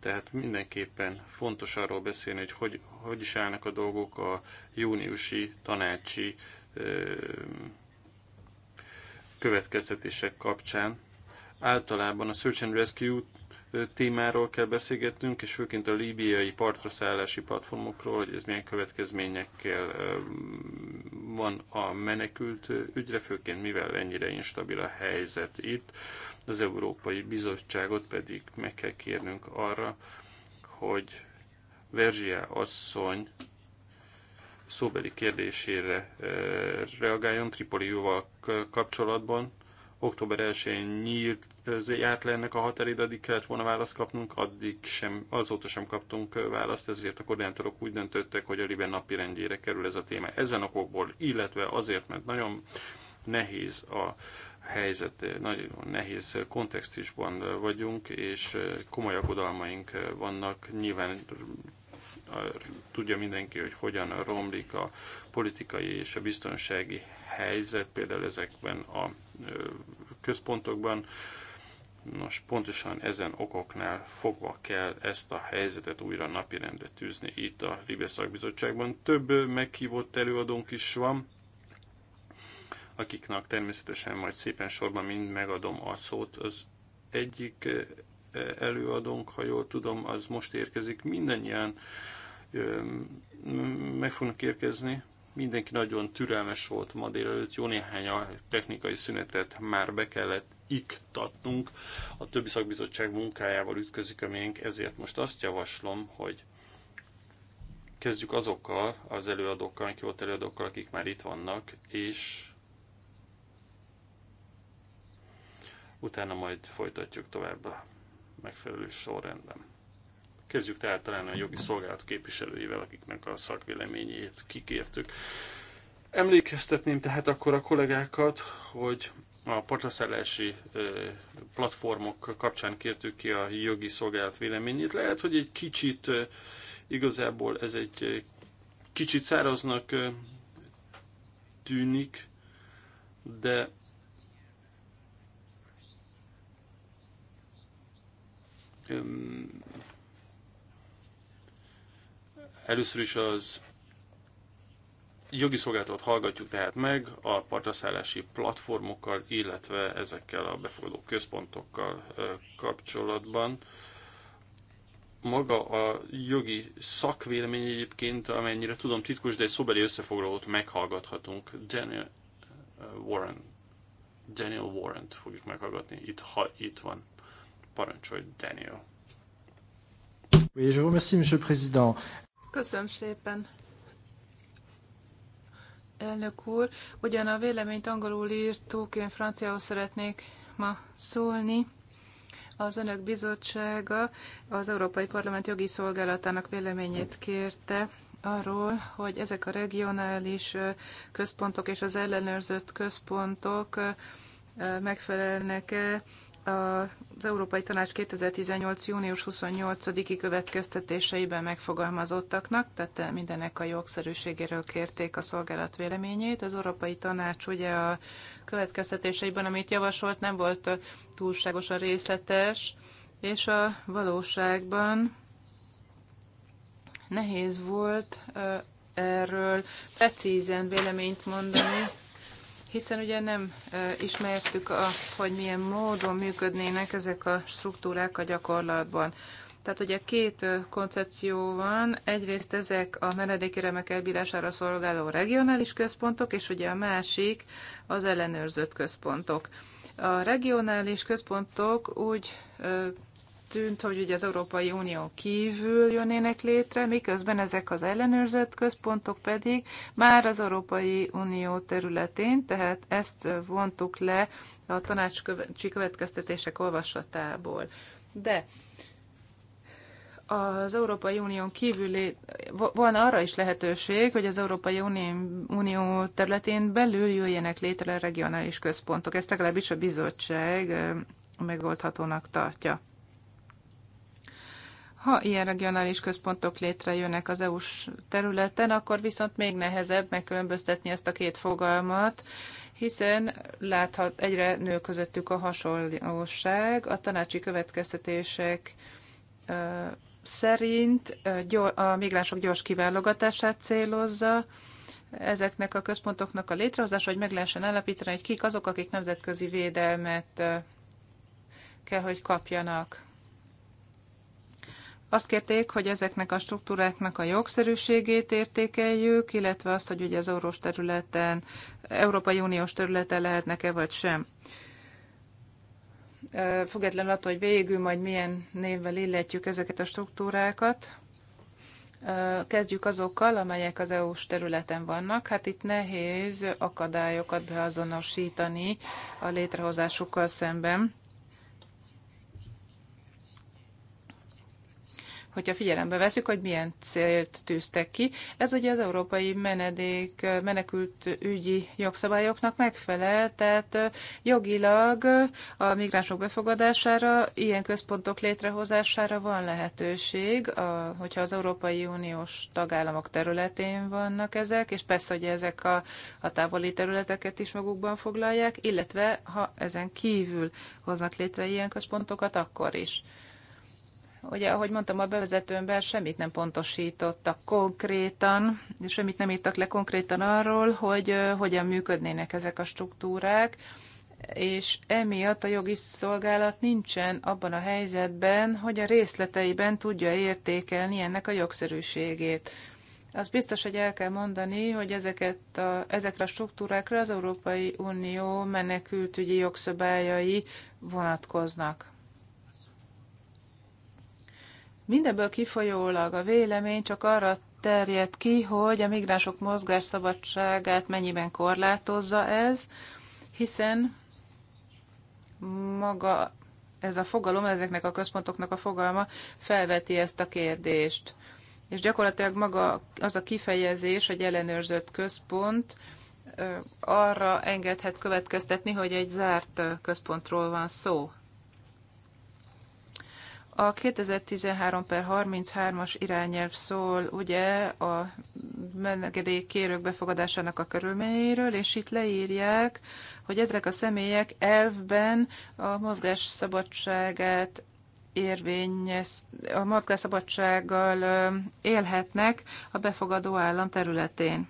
tehát mindenképpen fontos arról beszélni, hogy hogy, hogy is állnak a dolgok a júniusi tanácsi következtetések kapcsán. Általában a Search and Rescue témáról kell beszélgetnünk, és főként a líbiai partraszállási platformokról, hogy ez milyen következményekkel van a menekült ügyre, főként mivel ennyire instabil a helyzet itt. Az Európai Bizottságot pedig meg kell kérnünk arra, hogy Verzsia asszony szóbeli kérdésére reagáljon Tripolival kapcsolatban. Október 1-én nyílt járt le ennek a határid, addig kellett volna választ kapnunk, addig sem, azóta sem kaptunk választ, ezért a koordinátorok úgy döntöttek, hogy a Liben napi rendjére kerül ez a téma. Ezen okokból, illetve azért, mert nagyon nehéz a helyzet, nagyon nehéz kontextusban vagyunk, és komoly aggodalmaink vannak. Nyilván tudja mindenki, hogy hogyan romlik a politikai és a biztonsági helyzet, például ezekben a központokban. Nos, pontosan ezen okoknál fogva kell ezt a helyzetet újra napirendre tűzni itt a Libia Szakbizottságban. Több meghívott előadónk is van, akiknek természetesen majd szépen sorban mind megadom a szót. Az egyik eh, előadónk, ha jól tudom, az most érkezik. Mindannyian eh, meg fognak érkezni, Mindenki nagyon türelmes volt ma délelőtt, jó néhány a technikai szünetet már be kellett iktatnunk. A többi szakbizottság munkájával ütközik a miénk, ezért most azt javaslom, hogy kezdjük azokkal az előadókkal, aki volt előadókkal, akik már itt vannak, és utána majd folytatjuk tovább a megfelelő sorrendben. Kezdjük tehát talán a jogi szolgálat képviselőivel, akiknek a szakvéleményét kikértük. Emlékeztetném tehát akkor a kollégákat, hogy a partraszállási platformok kapcsán kértük ki a jogi szolgálat véleményét. Lehet, hogy egy kicsit igazából ez egy kicsit száraznak tűnik, de Először is az jogi szolgáltatót hallgatjuk tehát meg a partaszállási platformokkal, illetve ezekkel a befogadó központokkal kapcsolatban. Maga a jogi szakvélemény egyébként, amennyire tudom titkos, de egy szobeli összefoglalót meghallgathatunk. Daniel Warren. Daniel Warren-t fogjuk meghallgatni, itt, ha itt van. Parancsolj, Daniel. Oui, je vous remercie, Monsieur le Président. Köszönöm szépen. Elnök úr, ugyan a véleményt angolul írtuk, én franciául szeretnék ma szólni. Az Önök Bizottsága az Európai Parlament jogi szolgálatának véleményét kérte arról, hogy ezek a regionális központok és az ellenőrzött központok megfelelnek-e az Európai Tanács 2018. június 28-i következtetéseiben megfogalmazottaknak, tehát mindenek a jogszerűségéről kérték a szolgálat véleményét. Az Európai Tanács ugye a következtetéseiben, amit javasolt, nem volt túlságosan részletes, és a valóságban nehéz volt erről precízen véleményt mondani, hiszen ugye nem ismertük azt, hogy milyen módon működnének ezek a struktúrák a gyakorlatban. Tehát ugye két koncepció van, egyrészt ezek a menedékéremek elbírására szolgáló regionális központok, és ugye a másik az ellenőrzött központok. A regionális központok úgy tűnt, hogy ugye az Európai Unió kívül jönnének létre, miközben ezek az ellenőrzött központok pedig már az Európai Unió területén, tehát ezt vontuk le a tanácsi következtetések olvasatából. De az Európai Unión kívül volna arra is lehetőség, hogy az Európai Unió területén belül jöjjenek létre regionális központok. Ezt legalábbis a bizottság megoldhatónak tartja. Ha ilyen regionális központok létrejönnek az EU-s területen, akkor viszont még nehezebb megkülönböztetni ezt a két fogalmat, hiszen láthat, egyre nő közöttük a hasonlóság. A tanácsi következtetések szerint a migránsok gyors kiválogatását célozza, ezeknek a központoknak a létrehozása, hogy meg lehessen állapítani, hogy kik azok, akik nemzetközi védelmet kell, hogy kapjanak. Azt kérték, hogy ezeknek a struktúráknak a jogszerűségét értékeljük, illetve azt, hogy ugye az orvos területen, Európai Uniós területen lehetnek-e vagy sem. Függetlenül attól, hogy végül majd milyen névvel illetjük ezeket a struktúrákat, Kezdjük azokkal, amelyek az EU-s területen vannak. Hát itt nehéz akadályokat beazonosítani a létrehozásukkal szemben. hogyha figyelembe veszük, hogy milyen célt tűztek ki. Ez ugye az európai menedék, menekült ügyi jogszabályoknak megfelel, tehát jogilag a migránsok befogadására, ilyen központok létrehozására van lehetőség, a, hogyha az Európai Uniós tagállamok területén vannak ezek, és persze, hogy ezek a, a távoli területeket is magukban foglalják, illetve ha ezen kívül hoznak létre ilyen központokat, akkor is. Ugye, ahogy mondtam a bevezetőmben, semmit nem pontosítottak konkrétan, és semmit nem írtak le konkrétan arról, hogy hogyan működnének ezek a struktúrák, és emiatt a jogi szolgálat nincsen abban a helyzetben, hogy a részleteiben tudja értékelni ennek a jogszerűségét. Az biztos, hogy el kell mondani, hogy ezeket a, ezekre a struktúrákra az Európai Unió menekültügyi jogszabályai vonatkoznak. Mindebből kifolyólag a vélemény csak arra terjed ki, hogy a migránsok mozgásszabadságát mennyiben korlátozza ez, hiszen maga ez a fogalom, ezeknek a központoknak a fogalma felveti ezt a kérdést. És gyakorlatilag maga az a kifejezés, hogy ellenőrzött központ, arra engedhet következtetni, hogy egy zárt központról van szó. A 2013 per 33-as irányelv szól ugye a kérők befogadásának a körülményeiről, és itt leírják, hogy ezek a személyek elvben a mozgás szabadságát érvényes, a mozgásszabadsággal élhetnek a befogadó állam területén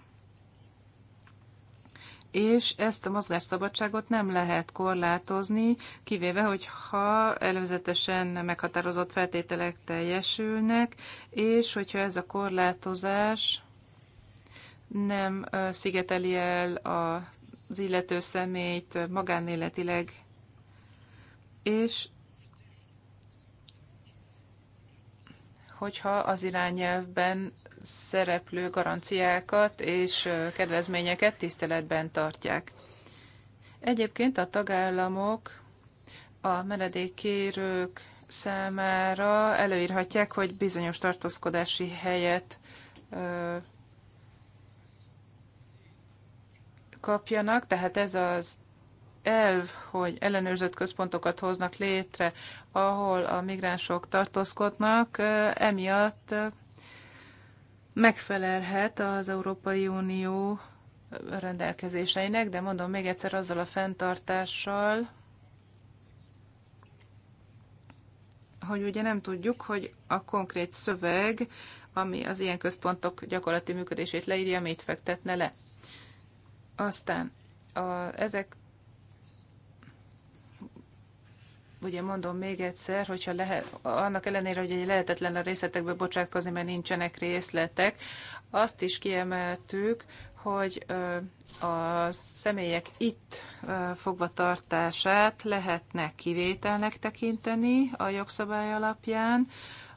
és ezt a mozgásszabadságot nem lehet korlátozni, kivéve, hogyha előzetesen meghatározott feltételek teljesülnek, és hogyha ez a korlátozás nem szigeteli el az illető személyt magánéletileg, és hogyha az irányelvben szereplő garanciákat és kedvezményeket tiszteletben tartják. Egyébként a tagállamok a menedékkérők számára előírhatják, hogy bizonyos tartózkodási helyet kapjanak, tehát ez az elv, hogy ellenőrzött központokat hoznak létre, ahol a migránsok tartózkodnak, emiatt megfelelhet az Európai Unió rendelkezéseinek, de mondom még egyszer azzal a fenntartással, hogy ugye nem tudjuk, hogy a konkrét szöveg, ami az ilyen központok gyakorlati működését leírja, mit fektetne le. Aztán a, ezek ugye mondom még egyszer, hogyha lehet, annak ellenére, hogy lehetetlen a részletekbe bocsátkozni, mert nincsenek részletek, azt is kiemeltük, hogy a személyek itt fogvatartását lehetnek kivételnek tekinteni a jogszabály alapján,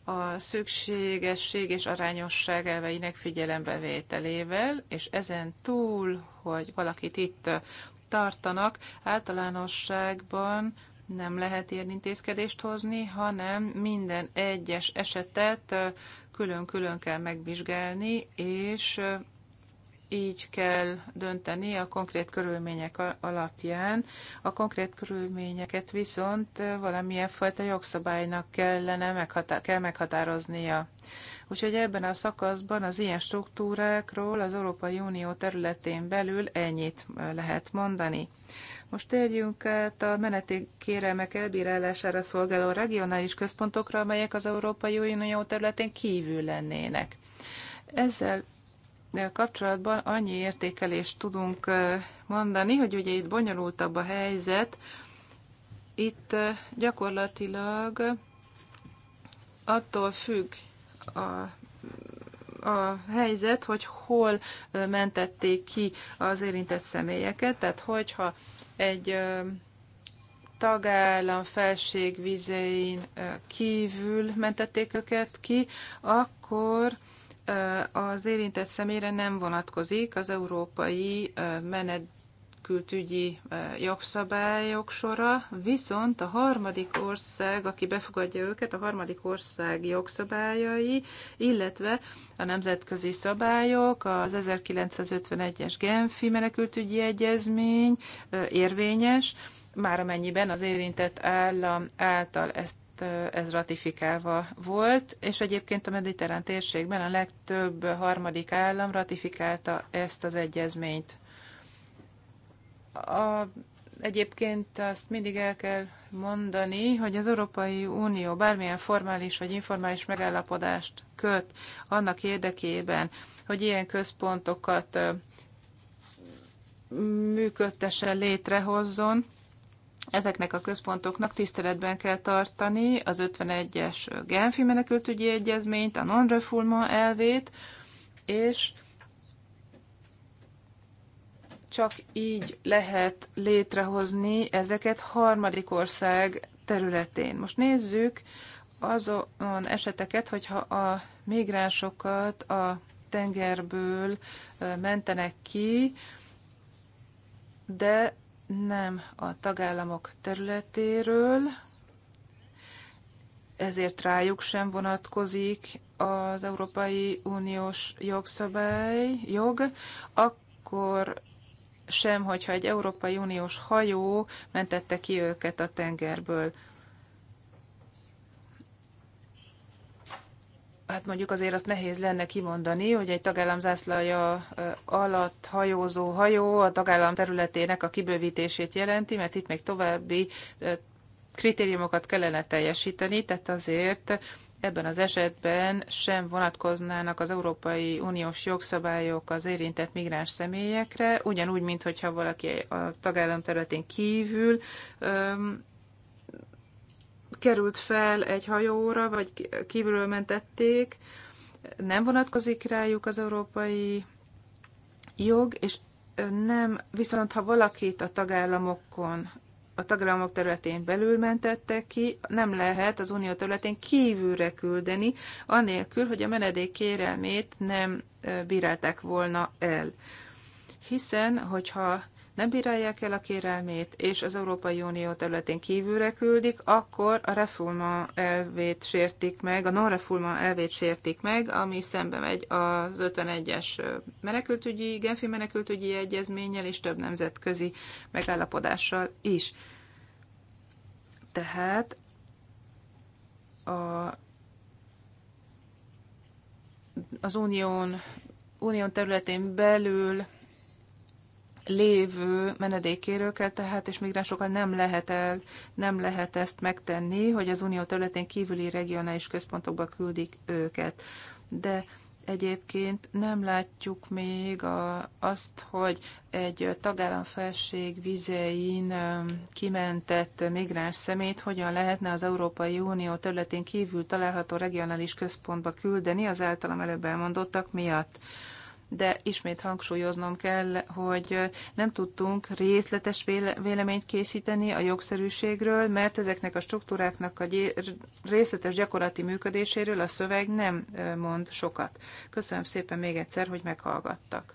a szükségesség és arányosság elveinek figyelembevételével, és ezen túl, hogy valakit itt tartanak, általánosságban nem lehet ilyen intézkedést hozni, hanem minden egyes esetet külön-külön kell megvizsgálni, és így kell dönteni a konkrét körülmények alapján. A konkrét körülményeket viszont valamilyen fajta jogszabálynak kellene meghatá- kell meghatároznia. Úgyhogy ebben a szakaszban az ilyen struktúrákról az Európai Unió területén belül ennyit lehet mondani. Most térjünk át a menetékkérelmek elbírálására szolgáló regionális központokra, amelyek az Európai Unió területén kívül lennének. Ezzel kapcsolatban annyi értékelést tudunk mondani, hogy ugye itt bonyolultabb a helyzet, itt gyakorlatilag attól függ a a helyzet, hogy hol mentették ki az érintett személyeket, tehát hogyha egy tagállam felségvizein kívül mentették őket ki, akkor az érintett személyre nem vonatkozik az európai menet menekültügyi e, jogszabályok sora, viszont a harmadik ország, aki befogadja őket, a harmadik ország jogszabályai, illetve a nemzetközi szabályok, az 1951-es Genfi menekültügyi egyezmény e, érvényes, már amennyiben az érintett állam által ezt e, ez ratifikálva volt, és egyébként a mediterrán térségben a legtöbb harmadik állam ratifikálta ezt az egyezményt. A, egyébként azt mindig el kell mondani, hogy az Európai Unió bármilyen formális vagy informális megállapodást köt annak érdekében, hogy ilyen központokat működtesen létrehozzon, Ezeknek a központoknak tiszteletben kell tartani az 51-es Genfi menekültügyi egyezményt, a non-refoulement elvét, és csak így lehet létrehozni ezeket harmadik ország területén. Most nézzük azon eseteket, hogyha a migránsokat a tengerből mentenek ki, de nem a tagállamok területéről, ezért rájuk sem vonatkozik az Európai Uniós jogszabály, jog, akkor sem, hogyha egy Európai Uniós hajó mentette ki őket a tengerből. Hát mondjuk azért azt nehéz lenne kimondani, hogy egy tagállam zászlaja alatt hajózó hajó a tagállam területének a kibővítését jelenti, mert itt még további kritériumokat kellene teljesíteni, tehát azért ebben az esetben sem vonatkoznának az Európai Uniós jogszabályok az érintett migráns személyekre, ugyanúgy, mint hogyha valaki a tagállam területén kívül öm, került fel egy hajóra, vagy kívülről mentették, nem vonatkozik rájuk az európai jog, és nem, viszont ha valakit a tagállamokon a tagállamok területén belül mentettek ki, nem lehet az unió területén kívülre küldeni, anélkül, hogy a menedék kérelmét nem bírálták volna el. Hiszen, hogyha nem bírálják el a kérelmét, és az Európai Unió területén kívülre küldik, akkor a reforma elvét sértik meg, a non-reforma elvét sértik meg, ami szembe megy az 51-es menekültügyi, Genfi menekültügyi egyezménnyel és több nemzetközi megállapodással is. Tehát a, az unión, unión területén belül lévő menedékkérőkkel, tehát és migránsokkal nem lehet, el, nem lehet ezt megtenni, hogy az unió területén kívüli regionális központokba küldik őket. De egyébként nem látjuk még a, azt, hogy egy tagállam felség vizein kimentett migráns szemét hogyan lehetne az Európai Unió területén kívül található regionális központba küldeni az általam előbb elmondottak miatt de ismét hangsúlyoznom kell, hogy nem tudtunk részletes véleményt készíteni a jogszerűségről, mert ezeknek a struktúráknak a részletes gyakorlati működéséről a szöveg nem mond sokat. Köszönöm szépen még egyszer, hogy meghallgattak.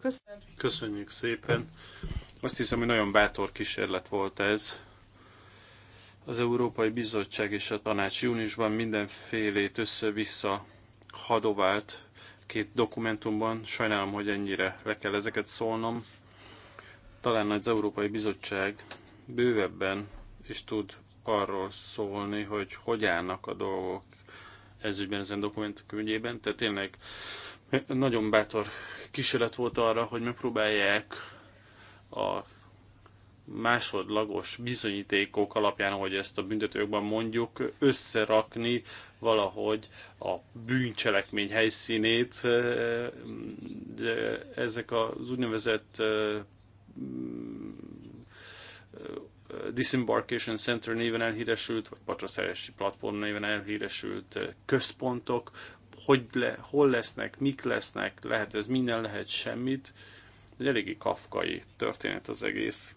Köszönöm. Köszönjük szépen. Azt hiszem, hogy nagyon bátor kísérlet volt ez. Az Európai Bizottság és a Tanács júniusban mindenfélét össze-vissza hadovált két dokumentumban. Sajnálom, hogy ennyire le kell ezeket szólnom. Talán az Európai Bizottság bővebben is tud arról szólni, hogy hogy állnak a dolgok ezügyben, ezen dokumentum ügyében. Tehát tényleg nagyon bátor kísérlet volt arra, hogy megpróbálják a másodlagos bizonyítékok alapján, ahogy ezt a büntetőkben mondjuk, összerakni valahogy a bűncselekmény helyszínét de ezek az úgynevezett Disembarkation Center néven elhíresült, vagy patraszeresi platform néven elhíresült központok, hogy le, hol lesznek, mik lesznek, lehet ez minden, lehet semmit. Egy eléggé kafkai történet az egész.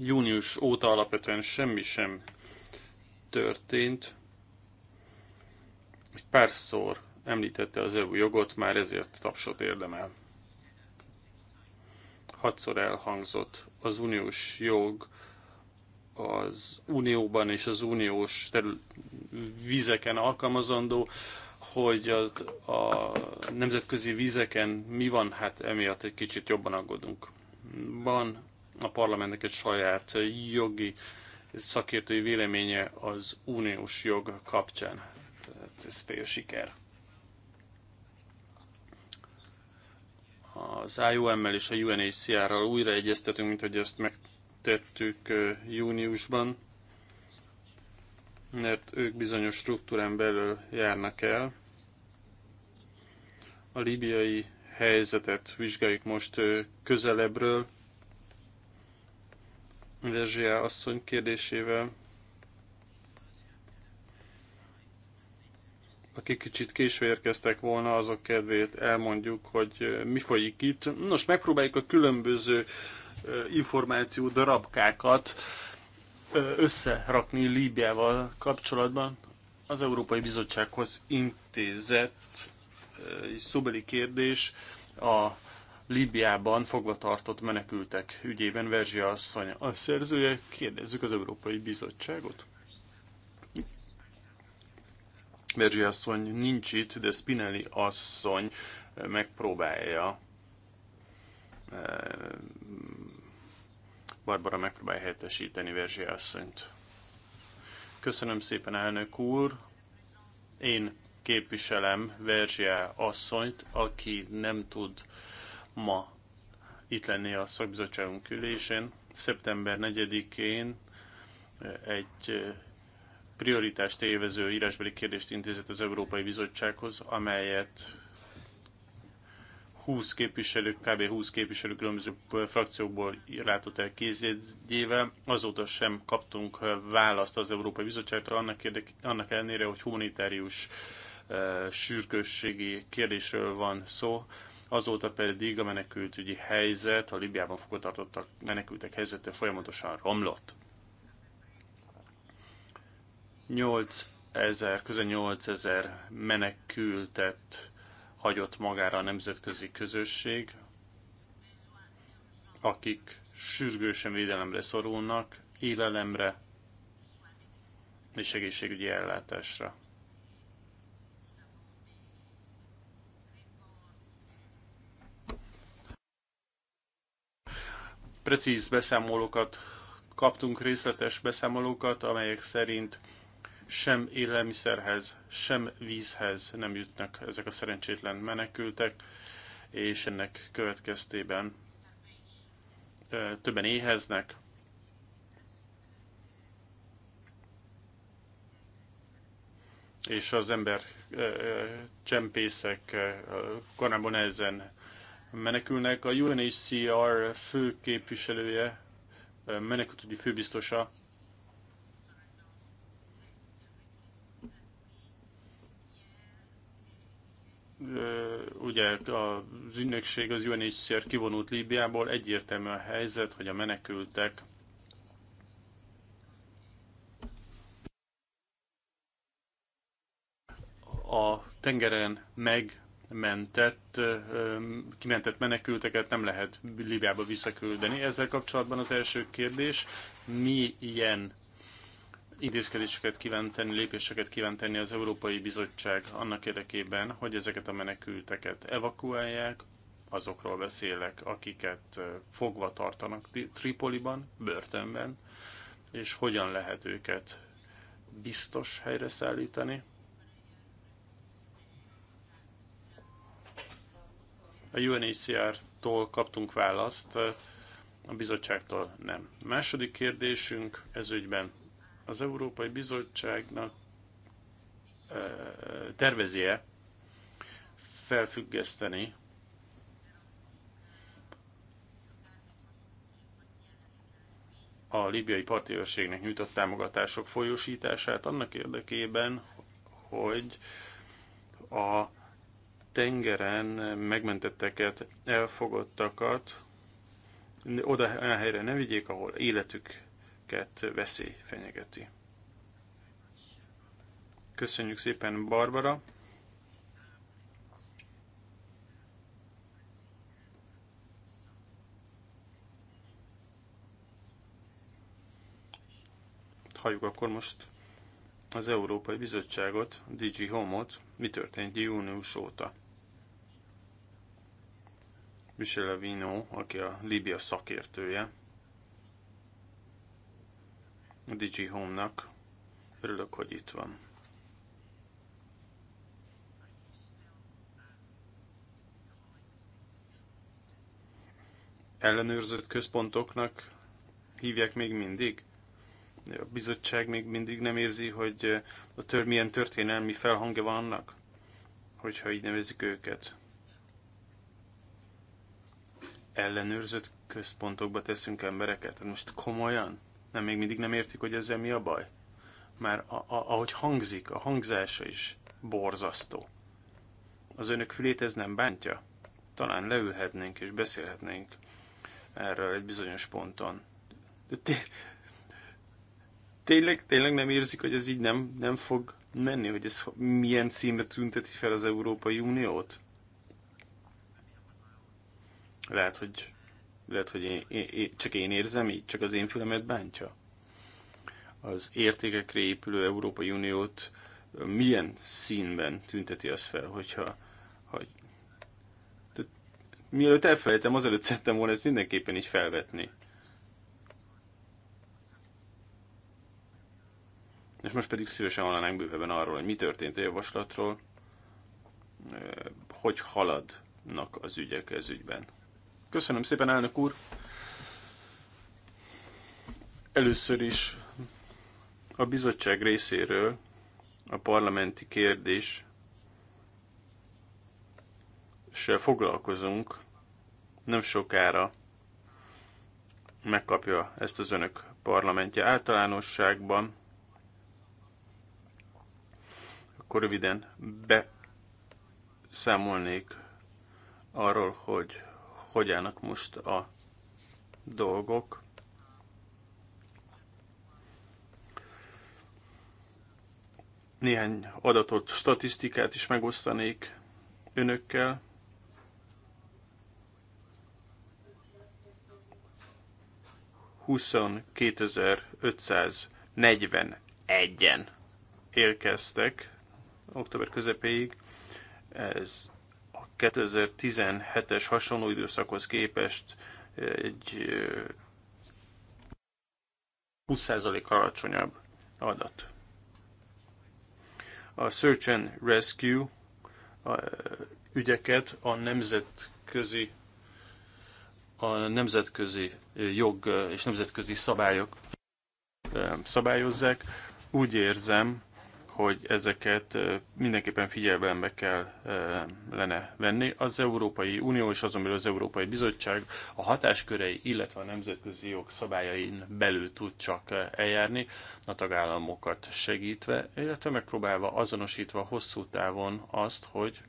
Június óta alapvetően semmi sem történt egy párszor említette az EU jogot, már ezért tapsot érdemel. Hatszor elhangzott az uniós jog, az unióban és az uniós terül- vizeken alkalmazandó, hogy az, a nemzetközi vizeken mi van, hát emiatt egy kicsit jobban aggódunk. Van a parlamentnek egy saját jogi szakértői véleménye az uniós jog kapcsán ez fél siker. Az IOM-mel és a UNHCR-ral újra egyeztetünk, mint hogy ezt megtettük júniusban, mert ők bizonyos struktúrán belül járnak el. A libiai helyzetet vizsgáljuk most közelebbről. Verzsia asszony kérdésével akik kicsit késve érkeztek volna, azok kedvéért elmondjuk, hogy mi folyik itt. Nos, megpróbáljuk a különböző információ darabkákat összerakni Líbiával kapcsolatban. Az Európai Bizottsághoz intézett szóbeli kérdés a Líbiában fogvatartott menekültek ügyében Verzsia asszony a szerzője. Kérdezzük az Európai Bizottságot. Bergyi asszony nincs itt, de Spinelli asszony eh, megpróbálja eh, Barbara megpróbál helyettesíteni Verzsi asszonyt. Köszönöm szépen, elnök úr. Én képviselem Verzsia asszonyt, aki nem tud ma itt lenni a szakbizottságunk ülésén. Szeptember 4-én eh, egy prioritást élvező írásbeli kérdést intézett az Európai Bizottsághoz, amelyet 20 képviselők, kb. 20 képviselő különböző frakciókból látott el kézjegyével. Azóta sem kaptunk választ az Európai Bizottságtól, annak, érdek, annak ellenére, hogy humanitárius uh, sürgősségi kérdésről van szó. Azóta pedig a menekültügyi helyzet, a Libiában fogvatartottak menekültek helyzete folyamatosan romlott. 8000, közel 8000 menekültet hagyott magára a nemzetközi közösség, akik sürgősen védelemre szorulnak, élelemre és egészségügyi ellátásra. Precíz beszámolókat kaptunk, részletes beszámolókat, amelyek szerint sem élelmiszerhez, sem vízhez nem jutnak ezek a szerencsétlen menekültek, és ennek következtében többen éheznek, és az ember csempészek korábban ezen menekülnek. A UNHCR fő képviselője, menekültügyi főbiztosa ugye az ügynökség, az UNHCR kivonult Líbiából, egyértelmű a helyzet, hogy a menekültek a tengeren megmentett, kimentett menekülteket nem lehet Líbiába visszaküldeni. Ezzel kapcsolatban az első kérdés, milyen intézkedéseket kíván tenni, lépéseket kíván tenni az Európai Bizottság annak érdekében, hogy ezeket a menekülteket evakuálják, azokról beszélek, akiket fogva tartanak Tripoliban, börtönben, és hogyan lehet őket biztos helyre szállítani. A UNHCR-tól kaptunk választ, a bizottságtól nem. A második kérdésünk ez ügyben az Európai Bizottságnak tervezie felfüggeszteni a libiai parti nyújtott támogatások folyósítását annak érdekében, hogy a tengeren megmentetteket, elfogottakat oda helyre ne vigyék, ahol életük őket veszély fenyegeti. Köszönjük szépen, Barbara! Halljuk akkor most az Európai Bizottságot, DG Home-ot, mi történt június óta. Michel Vino, aki a Líbia szakértője, a Digi Home-nak. Örülök, hogy itt van. Ellenőrzött központoknak hívják még mindig? A bizottság még mindig nem érzi, hogy a tör milyen történelmi felhangja van annak, hogyha így nevezik őket. Ellenőrzött központokba teszünk embereket? Most komolyan? Nem, még mindig nem értik, hogy ezzel mi a baj. Már a, a, ahogy hangzik, a hangzása is borzasztó. Az önök fülét ez nem bántja? Talán leülhetnénk és beszélhetnénk erről egy bizonyos ponton. De té- tényleg, tényleg nem érzik, hogy ez így nem, nem fog menni, hogy ez milyen címet tünteti fel az Európai Uniót? Lehet, hogy lehet, hogy én, én, csak én érzem így, csak az én fülemet bántja. Az értékekre épülő Európai Uniót milyen színben tünteti az fel, hogyha hogy... De, mielőtt elfelejtem, azelőtt szerettem volna ezt mindenképpen így felvetni. És most pedig szívesen hallanánk bővebben arról, hogy mi történt a javaslatról, hogy haladnak az ügyek ez ügyben. Köszönöm szépen, elnök úr! Először is a bizottság részéről a parlamenti kérdés se foglalkozunk, nem sokára megkapja ezt az önök parlamentje általánosságban. Akkor röviden beszámolnék arról, hogy hogy állnak most a dolgok. Néhány adatot, statisztikát is megosztanék önökkel. egyen érkeztek október közepéig. Ez 2017-es hasonló időszakhoz képest eh, egy 20% eh, alacsonyabb adat. A Search and Rescue eh, ügyeket a nemzetközi a nemzetközi jog és nemzetközi szabályok szabályozzák. Úgy érzem, hogy ezeket mindenképpen figyelembe kell lenne venni. Az Európai Unió és azon belül az Európai Bizottság a hatáskörei, illetve a nemzetközi jog szabályain belül tud csak eljárni, a tagállamokat segítve, illetve megpróbálva azonosítva hosszú távon azt, hogy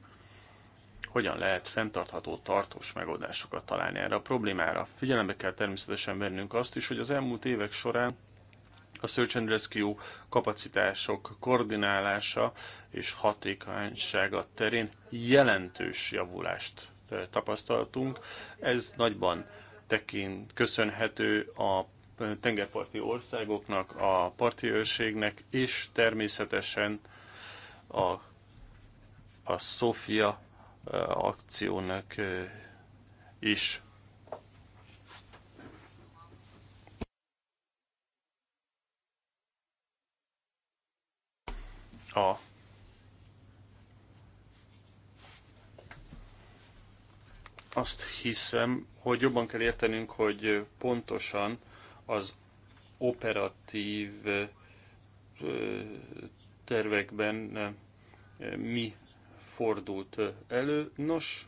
hogyan lehet fenntartható, tartós megoldásokat találni erre a problémára. Figyelembe kell természetesen vennünk azt is, hogy az elmúlt évek során a Search and Rescue kapacitások koordinálása és hatékonysága terén jelentős javulást tapasztaltunk. Ez nagyban tekint, köszönhető a tengerparti országoknak, a parti őrségnek, és természetesen a, a Sofia akciónak is a azt hiszem, hogy jobban kell értenünk, hogy pontosan az operatív tervekben mi fordult elő. Nos,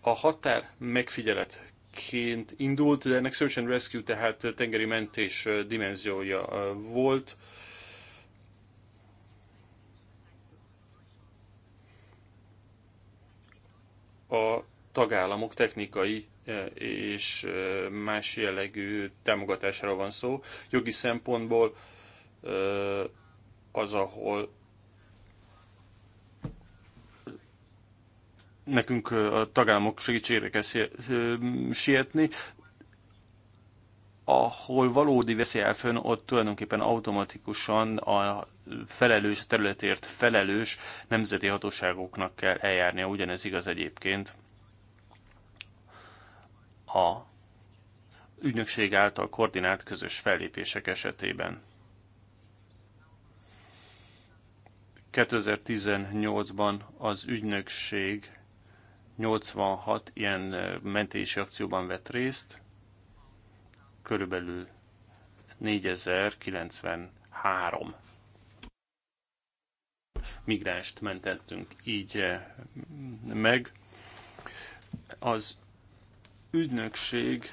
a határ megfigyeletként indult, de ennek Search and Rescue, tehát tengeri mentés dimenziója volt. a tagállamok technikai e, és e, más jellegű támogatására van szó. Jogi szempontból e, az, ahol nekünk a tagállamok segítségére kell sietni, ahol valódi veszély áll fönn, ott tulajdonképpen automatikusan a felelős, a területért felelős nemzeti hatóságoknak kell eljárnia. Ugyanez igaz egyébként a ügynökség által koordinált közös fellépések esetében. 2018-ban az ügynökség 86 ilyen mentési akcióban vett részt, körülbelül 4093 migránst mentettünk így eh, meg. Az ügynökség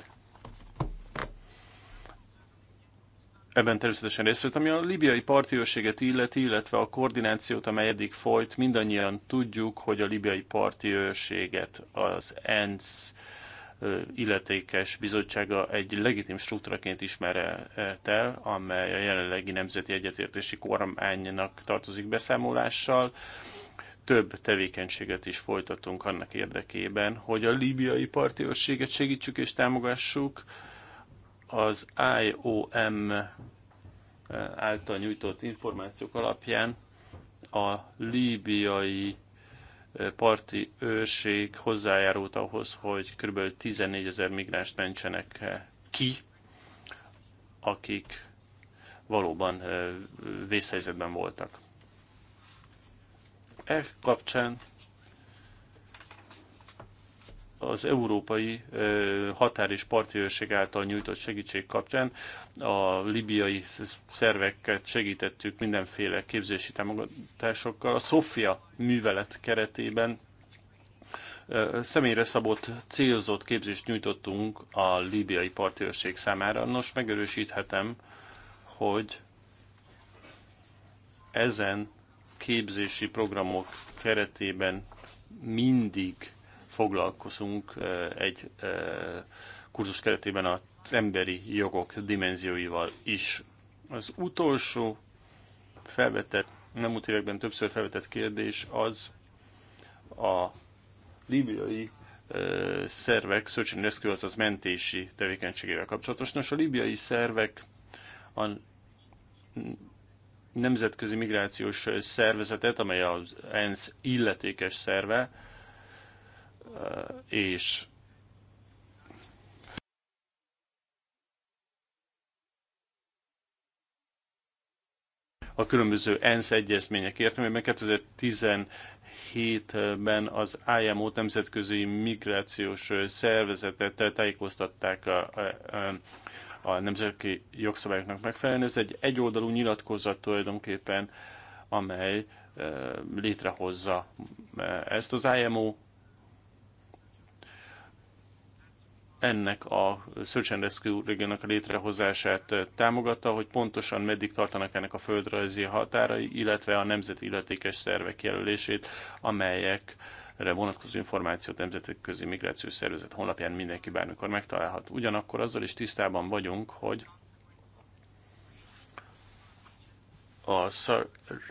ebben természetesen részt vett, ami a libiai partiőrséget illeti, illetve a koordinációt, amely eddig folyt, mindannyian tudjuk, hogy a libiai partiőrséget az ENSZ illetékes bizottsága egy legitim struktúraként ismer el, amely a jelenlegi nemzeti egyetértési kormánynak tartozik beszámolással. Több tevékenységet is folytatunk annak érdekében, hogy a líbiai parti őrséget segítsük és támogassuk. Az IOM által nyújtott információk alapján a líbiai parti őrség hozzájárult ahhoz, hogy kb. 14 ezer migránst mentsenek eh, ki, akik valóban eh, vészhelyzetben voltak. E kapcsán az európai határ és parti őrség által nyújtott segítség kapcsán a libiai szerveket segítettük mindenféle képzési támogatásokkal. A Sofia művelet keretében személyre szabott, célzott képzést nyújtottunk a libiai parti őrség számára. Nos, megerősíthetem, hogy ezen képzési programok keretében mindig foglalkozunk egy kurzus keretében az emberi jogok dimenzióival is. Az utolsó felvetett, nem években többször felvetett kérdés az a libiai szervek search and rescue, azaz mentési tevékenységével kapcsolatos. Nos, a libiai szervek a nemzetközi migrációs szervezetet, amely az ENSZ illetékes szerve, és a különböző ENSZ egyezmények értelmében 2017-ben az IMO nemzetközi migrációs szervezetet tájékoztatták a, a, a nemzeti jogszabályoknak megfelelően. Ez egy egyoldalú nyilatkozat tulajdonképpen, amely létrehozza ezt az IMO ennek a Search and Rescue a létrehozását támogatta, hogy pontosan meddig tartanak ennek a földrajzi határai, illetve a nemzeti illetékes szervek jelölését, amelyek vonatkozó információt Nemzetközi Migrációs Szervezet honlapján mindenki bármikor megtalálhat. Ugyanakkor azzal is tisztában vagyunk, hogy a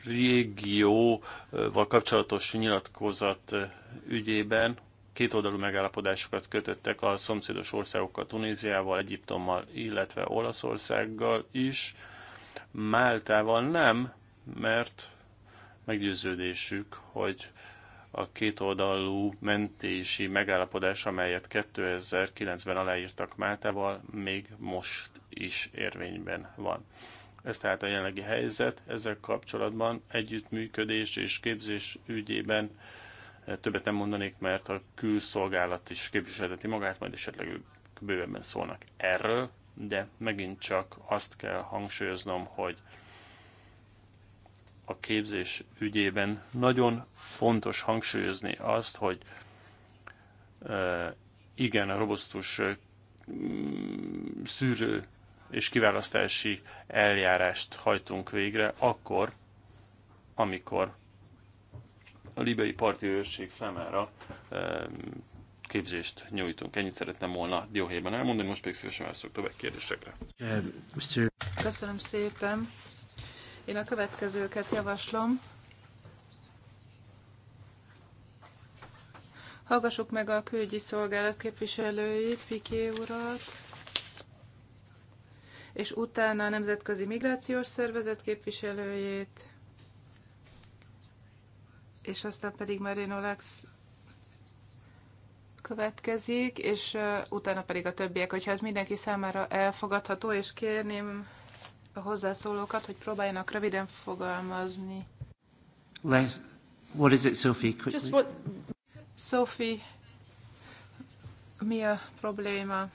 régióval kapcsolatos nyilatkozat ügyében kétoldalú megállapodásokat kötöttek a szomszédos országokkal, Tunéziával, Egyiptommal, illetve Olaszországgal is. Máltával nem, mert meggyőződésük, hogy a kétoldalú mentési megállapodás, amelyet 2009-ben aláírtak Máltával, még most is érvényben van. Ez tehát a jelenlegi helyzet, ezzel kapcsolatban együttműködés és képzés ügyében Többet nem mondanék, mert a külszolgálat is képviselteti magát, majd esetleg ők bővebben szólnak erről, de megint csak azt kell hangsúlyoznom, hogy a képzés ügyében nagyon fontos hangsúlyozni azt, hogy igen, a robosztus mm, szűrő és kiválasztási eljárást hajtunk végre, akkor, amikor a libai parti őrség számára képzést nyújtunk. Ennyit szeretném volna dióhéjban elmondani, most pedig szívesen válaszolok tovább kérdésekre. Köszönöm szépen. Én a következőket javaslom. Hallgassuk meg a külügyi szolgálat képviselőit, Fiké urat, és utána a Nemzetközi Migrációs Szervezet képviselőjét, és aztán pedig Merino Lex következik, és utána pedig a többiek, hogyha ez mindenki számára elfogadható, és kérném a hozzászólókat, hogy próbáljanak röviden fogalmazni. Les, what is it, Sophie? Quickly. Just what... Sophie, mi a probléma?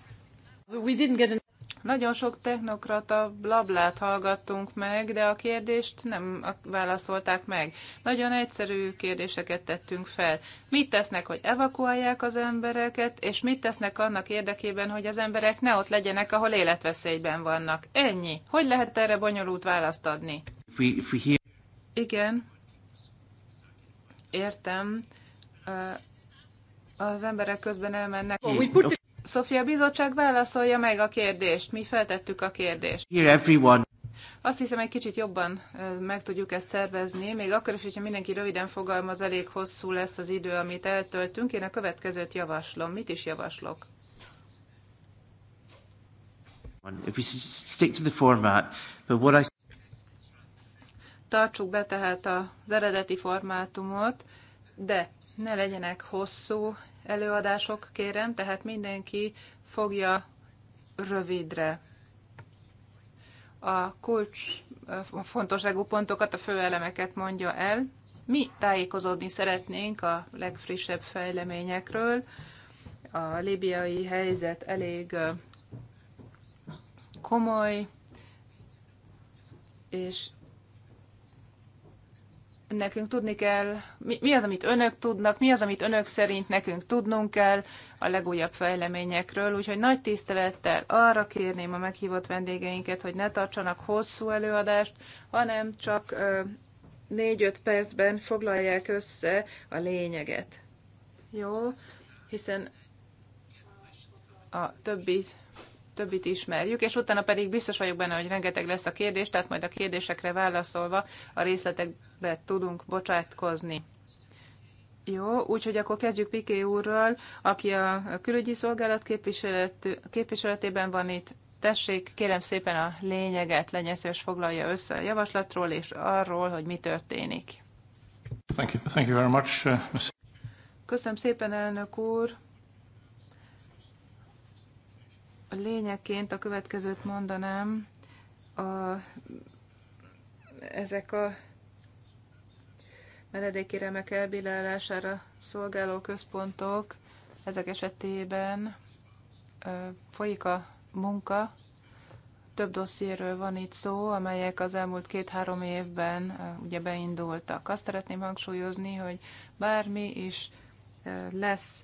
We didn't get an... Nagyon sok technokrata blablát hallgattunk meg, de a kérdést nem válaszolták meg. Nagyon egyszerű kérdéseket tettünk fel. Mit tesznek, hogy evakuálják az embereket, és mit tesznek annak érdekében, hogy az emberek ne ott legyenek, ahol életveszélyben vannak? Ennyi. Hogy lehet erre bonyolult választ adni? Igen. Értem. Az emberek közben elmennek. Oh, Sofia bizottság válaszolja meg a kérdést. Mi feltettük a kérdést. Here everyone. Azt hiszem, egy kicsit jobban meg tudjuk ezt szervezni, még akkor is, hogyha mindenki röviden fogalmaz, elég hosszú lesz az idő, amit eltöltünk. Én a következőt javaslom. Mit is javaslok? stick to the format, but what I... Tartsuk be tehát az eredeti formátumot, de ne legyenek hosszú előadások, kérem, tehát mindenki fogja rövidre a kulcs fontosságú pontokat, a fő elemeket mondja el. Mi tájékozódni szeretnénk a legfrissebb fejleményekről. A libiai helyzet elég komoly, és nekünk tudni kell, mi, mi az, amit önök tudnak, mi az, amit önök szerint nekünk tudnunk kell a legújabb fejleményekről. Úgyhogy nagy tisztelettel arra kérném a meghívott vendégeinket, hogy ne tartsanak hosszú előadást, hanem csak 4-5 percben foglalják össze a lényeget. Jó? Hiszen a többi többit ismerjük, és utána pedig biztos vagyok benne, hogy rengeteg lesz a kérdés, tehát majd a kérdésekre válaszolva a részletekbe tudunk bocsátkozni. Jó, úgyhogy akkor kezdjük Piké úrral, aki a külügyi szolgálat képviselet, képviseletében van itt. Tessék, kérem szépen a lényeget, legyen szíves, foglalja össze a javaslatról és arról, hogy mi történik. Thank you, thank you very much, uh, Köszönöm szépen, elnök úr. A lényeként a következőt mondanám, a, ezek a remek elbírálására szolgáló központok, ezek esetében folyik a munka, több dossziéről van itt szó, amelyek az elmúlt két-három évben ugye beindultak. Azt szeretném hangsúlyozni, hogy bármi is lesz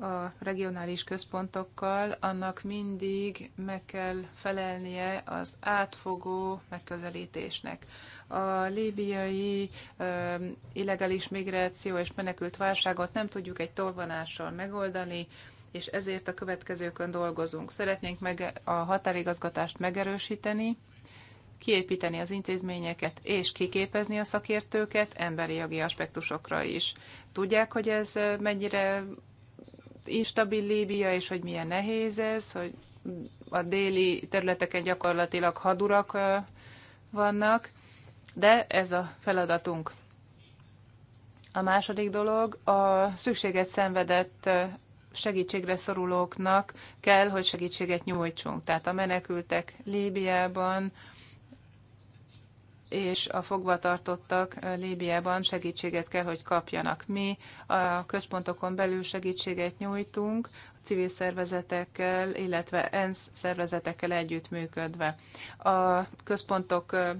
a regionális központokkal, annak mindig meg kell felelnie az átfogó megközelítésnek. A líbiai illegális migráció és menekült válságot nem tudjuk egy tolvanással megoldani, és ezért a következőkön dolgozunk. Szeretnénk meg a határigazgatást megerősíteni, kiépíteni az intézményeket és kiképezni a szakértőket emberi jogi aspektusokra is. Tudják, hogy ez mennyire instabil Líbia, és hogy milyen nehéz ez, hogy a déli területeken gyakorlatilag hadurak vannak, de ez a feladatunk. A második dolog, a szükséget szenvedett segítségre szorulóknak kell, hogy segítséget nyújtsunk. Tehát a menekültek Líbiában, és a fogvatartottak eh, Líbiában segítséget kell, hogy kapjanak. Mi a központokon belül segítséget nyújtunk, civil szervezetekkel, illetve ENSZ szervezetekkel együttműködve. A központok eh,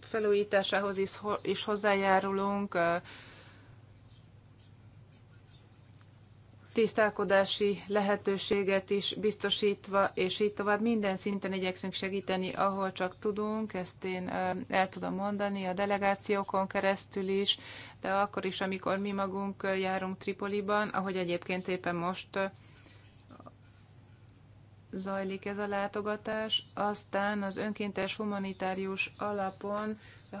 felújításához is hozzájárulunk, eh, tisztálkodási lehetőséget is biztosítva, és így tovább minden szinten igyekszünk segíteni, ahol csak tudunk, ezt én el tudom mondani, a delegációkon keresztül is, de akkor is, amikor mi magunk járunk Tripoliban, ahogy egyébként éppen most zajlik ez a látogatás, aztán az önkéntes humanitárius alapon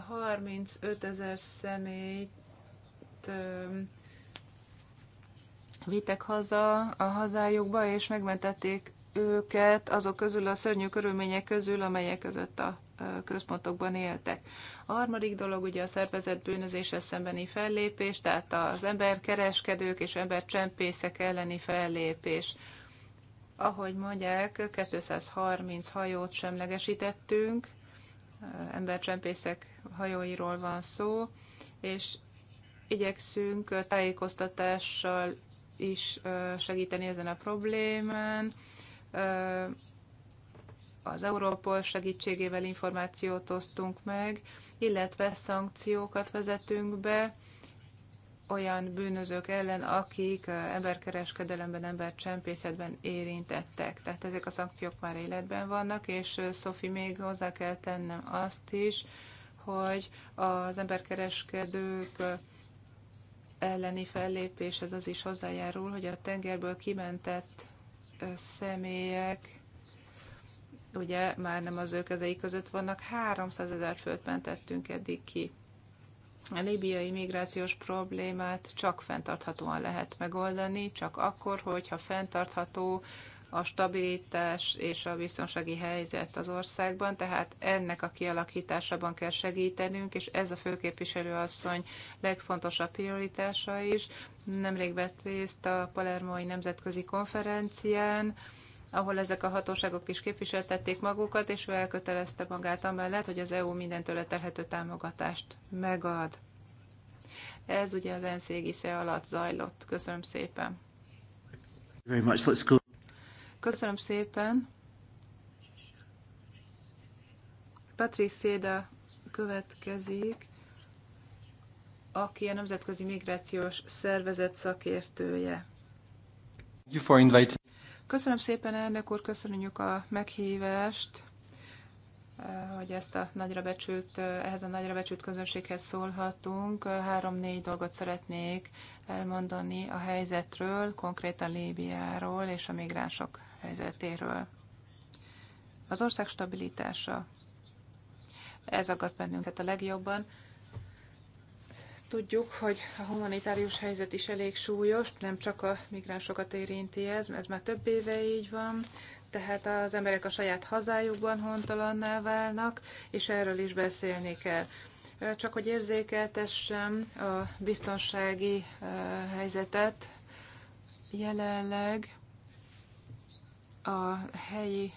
35 ezer személyt vittek haza a hazájukba, és megmentették őket azok közül a szörnyű körülmények közül, amelyek között a központokban éltek. A harmadik dolog ugye a szervezett bűnözéssel szembeni fellépés, tehát az emberkereskedők és embercsempészek elleni fellépés. Ahogy mondják, 230 hajót semlegesítettünk, embercsempészek hajóiról van szó, és igyekszünk tájékoztatással is segíteni ezen a problémán. Az Európol segítségével információt osztunk meg, illetve szankciókat vezetünk be olyan bűnözők ellen, akik emberkereskedelemben, embercsempészetben érintettek. Tehát ezek a szankciók már életben vannak, és Szofi, még hozzá kell tennem azt is, hogy az emberkereskedők elleni fellépéshez az is hozzájárul, hogy a tengerből kimentett személyek ugye már nem az ő kezei között vannak, 300 ezer főt mentettünk eddig ki. A libiai migrációs problémát csak fenntarthatóan lehet megoldani, csak akkor, hogyha fenntartható a stabilitás és a biztonsági helyzet az országban, tehát ennek a kialakításában kell segítenünk, és ez a főképviselő asszony legfontosabb prioritása is. Nemrég vett részt a Palermoi Nemzetközi Konferencián, ahol ezek a hatóságok is képviseltették magukat, és ő elkötelezte magát amellett, hogy az EU mindentől terhető támogatást megad. Ez ugye az ENSZ alatt zajlott. Köszönöm szépen. Very much. Let's go. Köszönöm szépen. Patrice Széda következik, aki a Nemzetközi Migrációs Szervezet szakértője. Köszönöm szépen, elnök úr, köszönjük a meghívást, eh, hogy ezt a nagyra becsült, eh, ehhez a nagyra becsült közönséghez szólhatunk. Eh, három-négy dolgot szeretnék elmondani a helyzetről, konkrétan Líbiáról és a migránsok helyzetéről. Az ország stabilitása. Ez aggaszt bennünket a legjobban. Tudjuk, hogy a humanitárius helyzet is elég súlyos, nem csak a migránsokat érinti ez, ez már több éve így van, tehát az emberek a saját hazájukban hontalanná válnak, és erről is beszélni kell csak hogy érzékeltessem a biztonsági eh, helyzetet jelenleg a helyi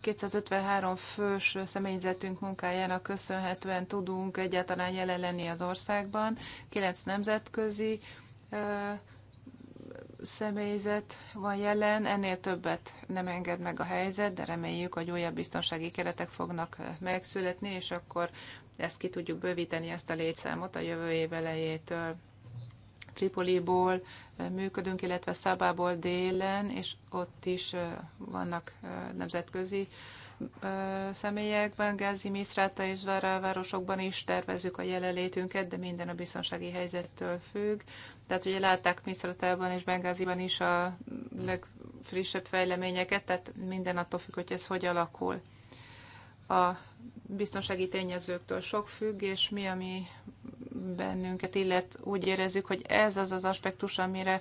253 fős személyzetünk munkájának köszönhetően tudunk egyáltalán jelen lenni az országban. Kilenc nemzetközi személyzet van jelen, ennél többet nem enged meg a helyzet, de reméljük, hogy újabb biztonsági keretek fognak megszületni, és akkor ezt ki tudjuk bővíteni, ezt a létszámot a jövő év elejétől. Tripoliból eh, működünk, illetve Szabából délen, és ott is eh, vannak eh, nemzetközi személyek, Bengázi, Misráta és Zvárá városokban is tervezzük a jelenlétünket, de minden a biztonsági helyzettől függ. Tehát ugye látták Misrátában és Bengáziban is a legfrissebb fejleményeket, tehát minden attól függ, hogy ez hogy alakul. A biztonsági tényezőktől sok függ, és mi, ami bennünket, illet úgy érezzük, hogy ez az az aspektus, amire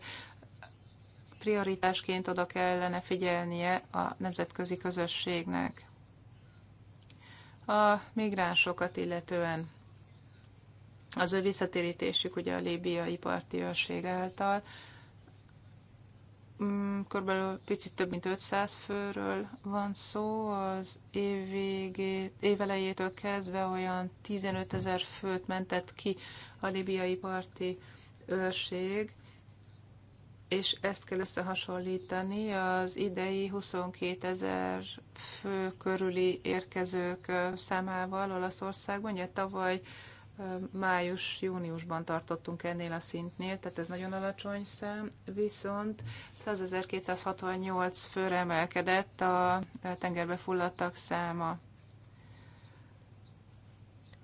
prioritásként oda kellene figyelnie a nemzetközi közösségnek. A migránsokat illetően az ő visszatérítésük ugye a líbiai parti őrség által, Mm, körülbelül picit több mint 500 főről van szó, az év év évelejétől kezdve olyan 15 ezer főt mentett ki a libiai parti őrség, és ezt kell összehasonlítani az idei 22 ezer fő körüli érkezők számával Olaszországban, ugye tavaly május-júniusban tartottunk ennél a szintnél, tehát ez nagyon alacsony szám, viszont 100.268 főre emelkedett a tengerbe fulladtak száma.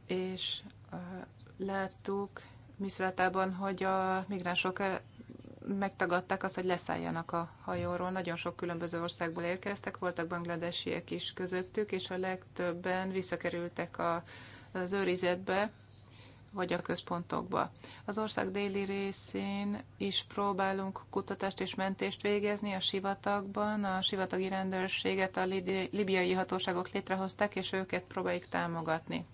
És láttuk Misrátában, hogy a migránsok megtagadták azt, hogy leszálljanak a hajóról. Nagyon sok különböző országból érkeztek, voltak bangladesiek is közöttük, és a legtöbben visszakerültek a, az őrizetbe, vagy a központokba. Az ország déli részén is próbálunk kutatást és mentést végezni a sivatagban. A sivatagi rendőrséget a libiai hatóságok létrehozták, és őket próbáljuk támogatni.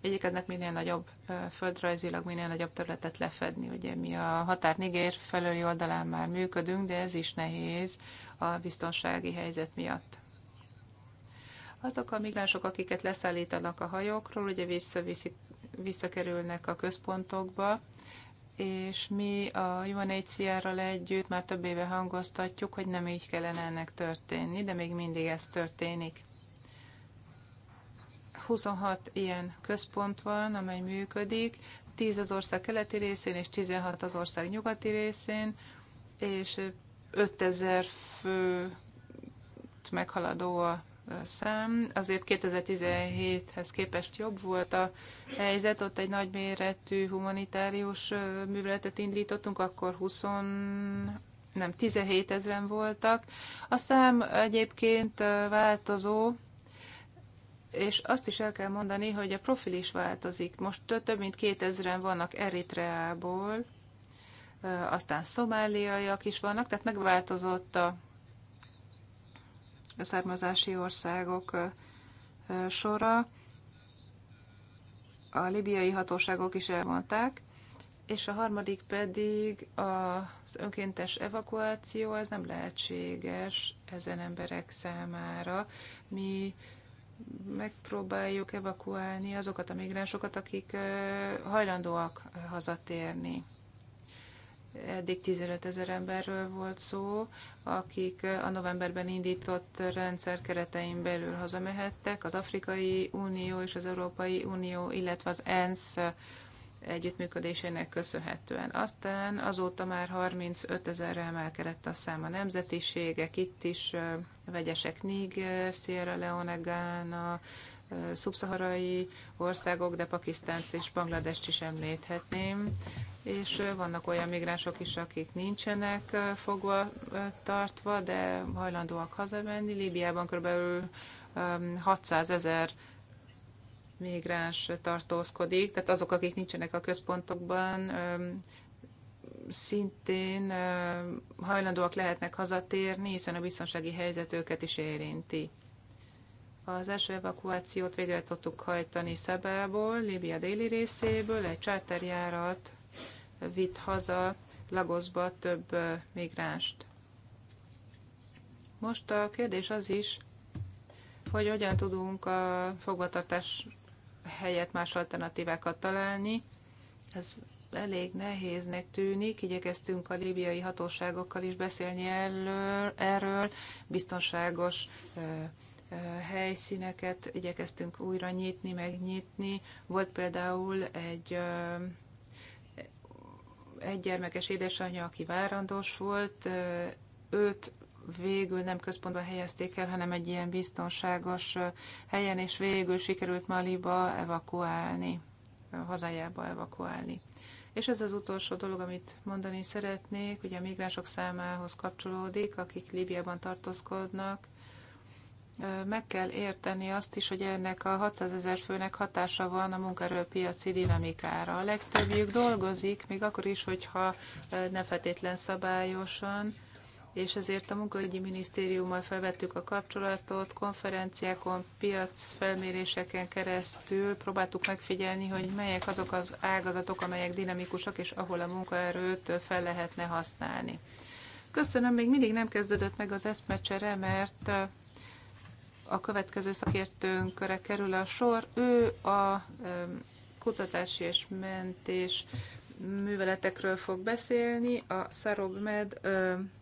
Igyekeznek minél nagyobb földrajzilag, minél nagyobb területet lefedni. Ugye mi a határ Niger felőli oldalán már működünk, de ez is nehéz a biztonsági helyzet miatt azok a migránsok, akiket leszállítanak a hajókról, ugye visszaviszik visszakerülnek a központokba, és mi a UNHCR-ral együtt már több éve hangoztatjuk, hogy nem így kellene ennek történni, de még mindig ez történik. 26 ilyen központ van, amely működik, 10 az ország keleti részén és 16 az ország nyugati részén, és 5000 fő meghaladó a szám. Azért 2017-hez képest jobb volt a helyzet, ott egy nagyméretű humanitárius műveletet indítottunk, akkor 20 nem, 17 ezeren voltak. A szám egyébként változó, és azt is el kell mondani, hogy a profil is változik. Most több mint 2000-en vannak Eritreából, aztán szomáliaiak is vannak, tehát megváltozott a származási országok sora. A libiai hatóságok is elmondták, és a harmadik pedig az önkéntes evakuáció, ez nem lehetséges ezen emberek számára. Mi megpróbáljuk evakuálni azokat a migránsokat, akik hajlandóak hazatérni. Eddig 15 ezer emberről volt szó, akik a novemberben indított rendszer keretein belül hazamehettek. Az Afrikai Unió és az Európai Unió, illetve az ENSZ együttműködésének köszönhetően. Aztán azóta már 35 ezerre emelkedett a szám a nemzetiségek, itt is vegyesek Niger, Sierra Leone, Ghana, szubszaharai országok, de Pakisztánt és Bangladest is említhetném. És vannak olyan migránsok is, akik nincsenek fogva tartva, de hajlandóak hazamenni. Líbiában körülbelül 600 ezer migráns tartózkodik, tehát azok, akik nincsenek a központokban, szintén hajlandóak lehetnek hazatérni, hiszen a biztonsági helyzet őket is érinti. Az első evakuációt végre tudtuk hajtani Szebából, Líbia déli részéből, egy charterjárat vitt haza Lagosba több migránst. Most a kérdés az is, hogy hogyan tudunk a fogvatartás helyett más alternatívákat találni. Ez elég nehéznek tűnik. Igyekeztünk a líbiai hatóságokkal is beszélni erről, erről biztonságos helyszíneket igyekeztünk újra nyitni, megnyitni. Volt például egy egy gyermekes édesanyja, aki várandós volt, őt végül nem központba helyezték el, hanem egy ilyen biztonságos helyen, és végül sikerült Maliba evakuálni, hazájába evakuálni. És ez az utolsó dolog, amit mondani szeretnék, ugye a migránsok számához kapcsolódik, akik Líbiában tartózkodnak, meg kell érteni azt is, hogy ennek a 600 ezer főnek hatása van a munkaerőpiaci dinamikára. A legtöbbjük dolgozik, még akkor is, hogyha ne feltétlen szabályosan, és ezért a munkaügyi minisztériummal felvettük a kapcsolatot, konferenciákon, piacfelméréseken keresztül próbáltuk megfigyelni, hogy melyek azok az ágazatok, amelyek dinamikusak, és ahol a munkaerőt fel lehetne használni. Köszönöm, még mindig nem kezdődött meg az eszmecsere, mert a következő szakértőnkre kerül a sor. Ő a kutatási és mentés műveletekről fog beszélni, a Szarobmed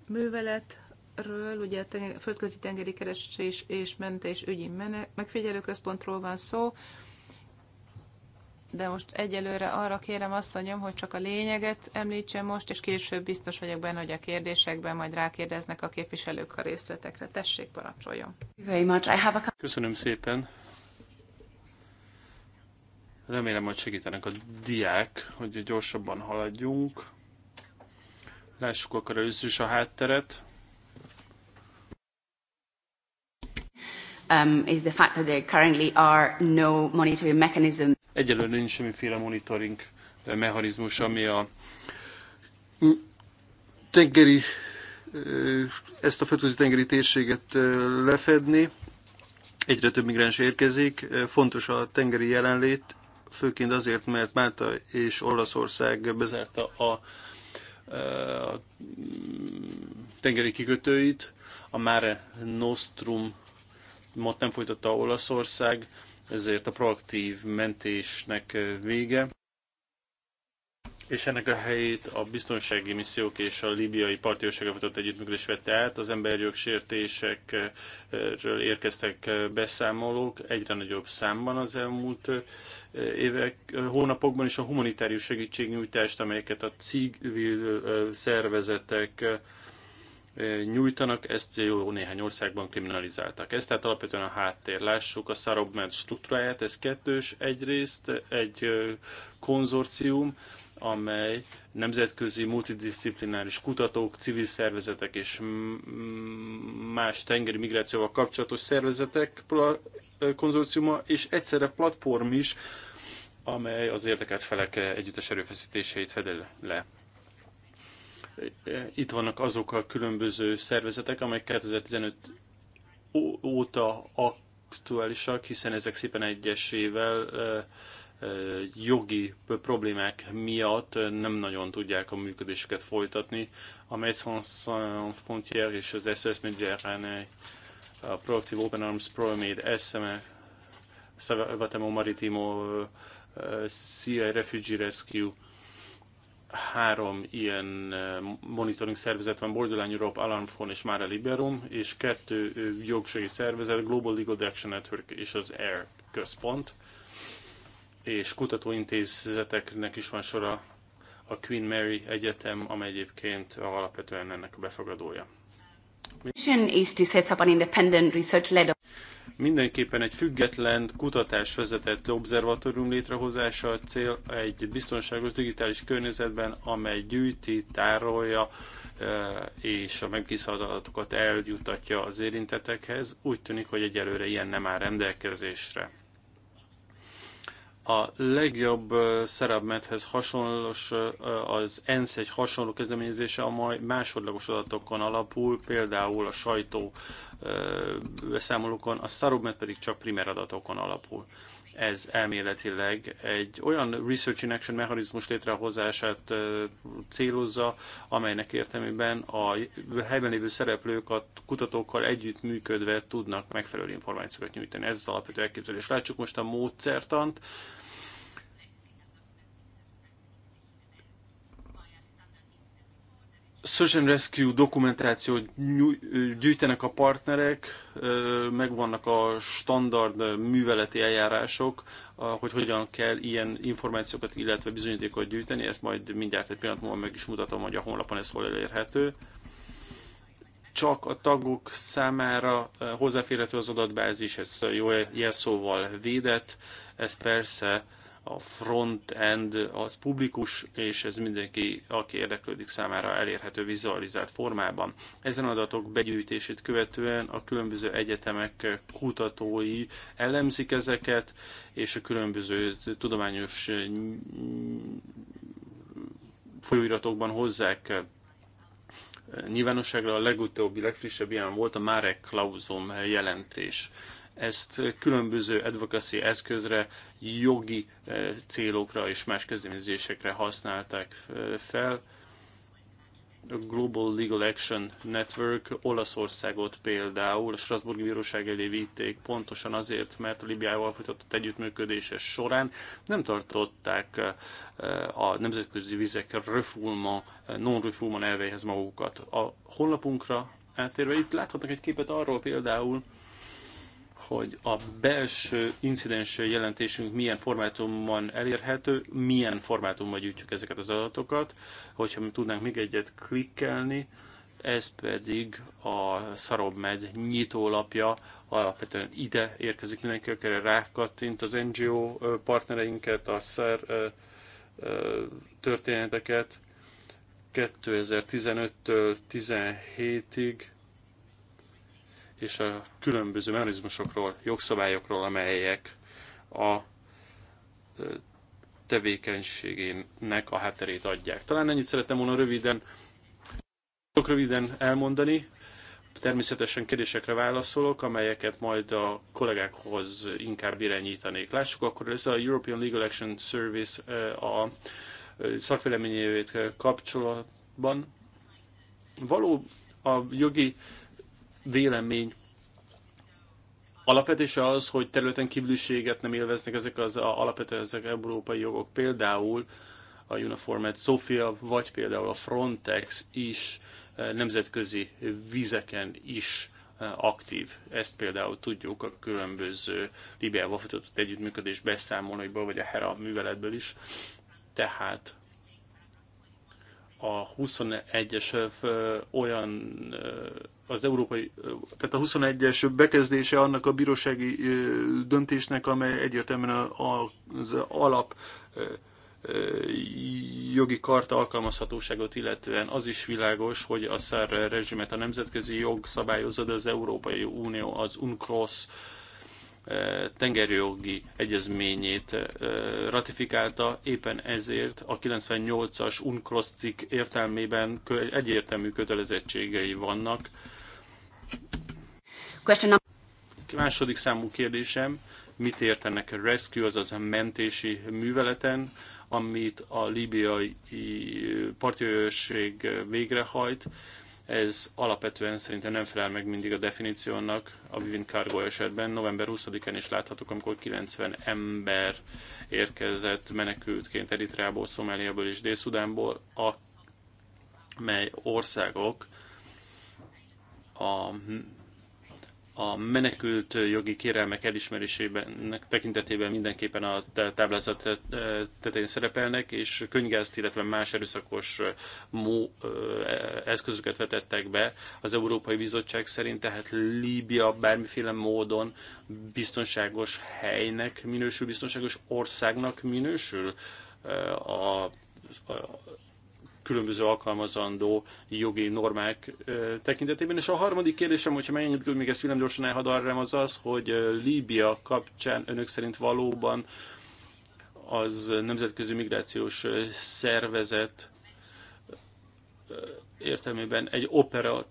műveletről, ugye a Földközi Tengeri Keresés és Mentés Ügyi Megfigyelőközpontról van szó, de most egyelőre arra kérem asszonyom, hogy csak a lényeget említse most, és később biztos vagyok benne, hogy a kérdésekben majd rákérdeznek a képviselők a részletekre. Tessék, parancsoljon. Köszönöm szépen. Remélem, hogy segítenek a diák, hogy gyorsabban haladjunk. Lássuk akkor először is a hátteret. Um, is the fact that there currently are no monetary mechanism Egyelőre nincs semmiféle monitoring mechanizmus, ami a tengeri, ezt a földközi tengeri térséget lefedni. Egyre több migráns érkezik, fontos a tengeri jelenlét, főként azért, mert Málta és Olaszország bezárta a, a tengeri kikötőit, a Mare Nostrum mot nem folytatta Olaszország, ezért a proaktív mentésnek vége, és ennek a helyét a biztonsági missziók és a libiai partiőrséggel vetett együttműködés vette át. Az sértésekről érkeztek beszámolók egyre nagyobb számban az elmúlt évek, hónapokban, és a humanitárius segítségnyújtást, amelyeket a civil szervezetek nyújtanak, ezt jó néhány országban kriminalizálták. Ezt tehát alapvetően a háttér. Lássuk a szarabment struktúráját, ez kettős egyrészt, egy konzorcium, amely nemzetközi multidisziplináris kutatók, civil szervezetek és más tengeri migrációval kapcsolatos szervezetek konzorciuma, és egyszerre platform is, amely az érdekelt felek együttes erőfeszítéseit fedel le. Itt vannak azok a különböző szervezetek, amelyek 2015 óta aktuálisak, hiszen ezek szépen egyesével jogi problémák miatt nem nagyon tudják a működésüket folytatni. A Médecins Sans Frontières és az SS Mediterrane, a Proactive Open Arms ProMade, SME, Savatemo Maritimo, CIA Refugee Rescue, három ilyen monitoring szervezet van, Borderline Europe, Alarm Phone és Mare Liberum, és kettő jogsági szervezet, Global Legal Action Network és az AIR központ, és kutatóintézeteknek is van sora a Queen Mary Egyetem, amely egyébként alapvetően ennek a befogadója. is to set up an independent research led Mindenképpen egy független kutatás vezetett obszervatórium létrehozása a cél egy biztonságos digitális környezetben, amely gyűjti, tárolja e, és a megbízható adatokat eljutatja az érintetekhez. Úgy tűnik, hogy egyelőre ilyen nem áll rendelkezésre a legjobb szerepmethez hasonlós, az ENSZ egy hasonló kezdeményezése, amely másodlagos adatokon alapul, például a sajtó beszámolókon, a Sarubmet pedig csak primer adatokon alapul. Ez elméletileg egy olyan Research in Action mechanizmus létrehozását célozza, amelynek értelmében a helyben lévő szereplők a kutatókkal együttműködve tudnak megfelelő információkat nyújtani. Ez az alapvető elképzelés. Látsuk most a módszertant, Search and Rescue dokumentációt gyűjtenek a partnerek, megvannak a standard műveleti eljárások, hogy hogyan kell ilyen információkat, illetve bizonyítékot gyűjteni, ezt majd mindjárt egy pillanat múlva meg is mutatom, hogy a honlapon ez hol elérhető. Csak a tagok számára hozzáférhető az adatbázis, ez jó jelszóval védett, ez persze a front-end az publikus, és ez mindenki, aki érdeklődik számára elérhető vizualizált formában. Ezen adatok begyűjtését követően a különböző egyetemek kutatói elemzik ezeket, és a különböző tudományos folyóiratokban hozzák nyilvánosságra. A legutóbbi, legfrissebb ilyen volt a Marek Klauzum jelentés ezt különböző advokaci eszközre, jogi eh, célokra és más kezdeményezésekre használták eh, fel. A Global Legal Action Network Olaszországot például a Strasburgi Bíróság elé vitték pontosan azért, mert a Libiával folytatott együttműködése során nem tartották eh, a nemzetközi vizek refulma, non-refulma elvéhez magukat. A honlapunkra átérve itt láthatnak egy képet arról például, hogy a belső incidens jelentésünk milyen formátumban elérhető, milyen formátumban gyűjtjük ezeket az adatokat, hogyha mi tudnánk még egyet klikkelni, ez pedig a Szarob megy nyitólapja, alapvetően ide érkezik mindenki, akire rákattint az NGO partnereinket, a szer történeteket 2015-től 17-ig és a különböző mechanizmusokról, jogszabályokról, amelyek a tevékenységének a hátterét adják. Talán ennyit szerettem volna röviden, röviden elmondani. Természetesen kérdésekre válaszolok, amelyeket majd a kollégákhoz inkább irányítanék. Lássuk akkor ez a European Legal Action Service a szakvéleményévét kapcsolatban. Való a jogi vélemény alapvetése az, hogy területen kívüliséget nem élveznek ezek az alapvető ezek európai jogok. Például a Uniformed Sofia, vagy például a Frontex is eh, nemzetközi vizeken is eh, aktív. Ezt például tudjuk a különböző Libiával folytatott együttműködés beszámolóiból, vagy a HERA műveletből is. Tehát a 21-es eh, olyan az európai, tehát a 21-es bekezdése annak a bírósági döntésnek, amely egyértelműen az alap jogi karta alkalmazhatóságot illetően az is világos, hogy a szár rezsimet a nemzetközi jog szabályozza, de az Európai Unió az UNCLOS tengerjogi egyezményét ratifikálta, éppen ezért a 98-as UNCLOS cikk értelmében egyértelmű kötelezettségei vannak Question Második számú kérdésem, mit értenek a rescue, azaz a mentési műveleten, amit a libiai partjőrség végrehajt. Ez alapvetően szerintem nem felel meg mindig a definíciónak a Vivint Cargo esetben. November 20-án is láthatok, amikor 90 ember érkezett menekültként Eritreából, Szomáliából és Dél-Szudánból, amely mely országok a a menekült jogi kérelmek elismerésében tekintetében mindenképpen a táblázat eh, tetején szerepelnek, és könygázt, illetve más erőszakos eh, mó, eh, eszközöket vetettek be az Európai Bizottság szerint, tehát Líbia bármiféle módon biztonságos helynek minősül, biztonságos országnak minősül a, a különböző alkalmazandó jogi normák tekintetében. És a harmadik kérdésem, hogyha megengedik, még ezt vilem gyorsan elhadarrám, az az, hogy Líbia kapcsán önök szerint valóban az nemzetközi migrációs szervezet értelmében egy opera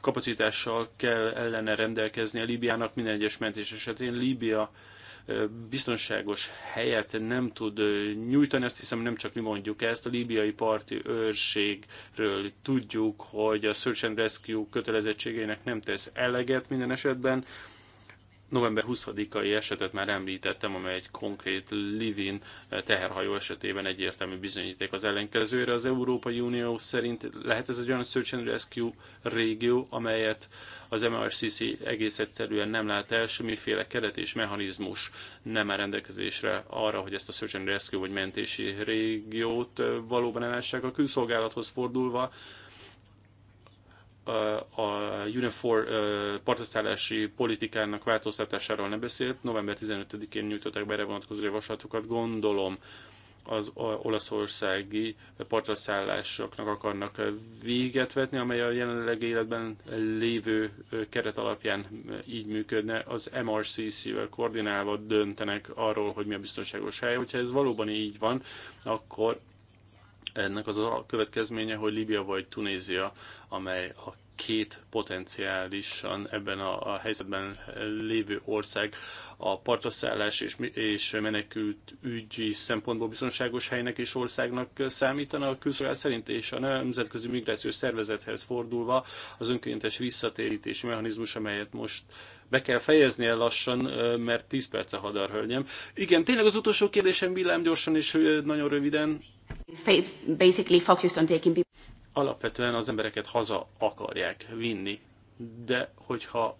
kapacitással kell ellene rendelkezni a Líbiának minden egyes mentés esetén. Líbia biztonságos helyet nem tud nyújtani. Azt hiszem, nem csak mi mondjuk ezt, a líbiai parti őrségről tudjuk, hogy a Search and Rescue kötelezettségeinek nem tesz eleget minden esetben, november 20-ai esetet már említettem, amely egy konkrét Livin teherhajó esetében egyértelmű bizonyíték az ellenkezőre. Az Európai Unió szerint lehet ez egy olyan search and rescue régió, amelyet az MRCC egész egyszerűen nem lát el, semmiféle keret és mechanizmus nem áll rendelkezésre arra, hogy ezt a search and rescue vagy mentési régiót valóban elássák a külszolgálathoz fordulva a Unifor partaszállási politikának változtatásáról nem beszélt. November 15-én nyújtották be erre vonatkozó javaslatokat. Gondolom az olaszországi partaszállásoknak akarnak véget vetni, amely a jelenleg életben lévő keret alapján így működne. Az MRCC-vel koordinálva döntenek arról, hogy mi a biztonságos hely. Hogyha ez valóban így van, akkor ennek az a következménye, hogy Líbia vagy Tunézia, amely a két potenciálisan ebben a, a helyzetben lévő ország a partaszállás és, és menekült ügyi szempontból biztonságos helynek és országnak számítana a külszolgálat szerint, és a Nemzetközi Migrációs Szervezethez fordulva az önkéntes visszatérítési mechanizmus, amelyet most be kell fejeznie lassan, mert 10 perc a hadarhölgyem. Igen, tényleg az utolsó kérdésem villám gyorsan és nagyon röviden. Alapvetően az embereket haza akarják vinni, de hogyha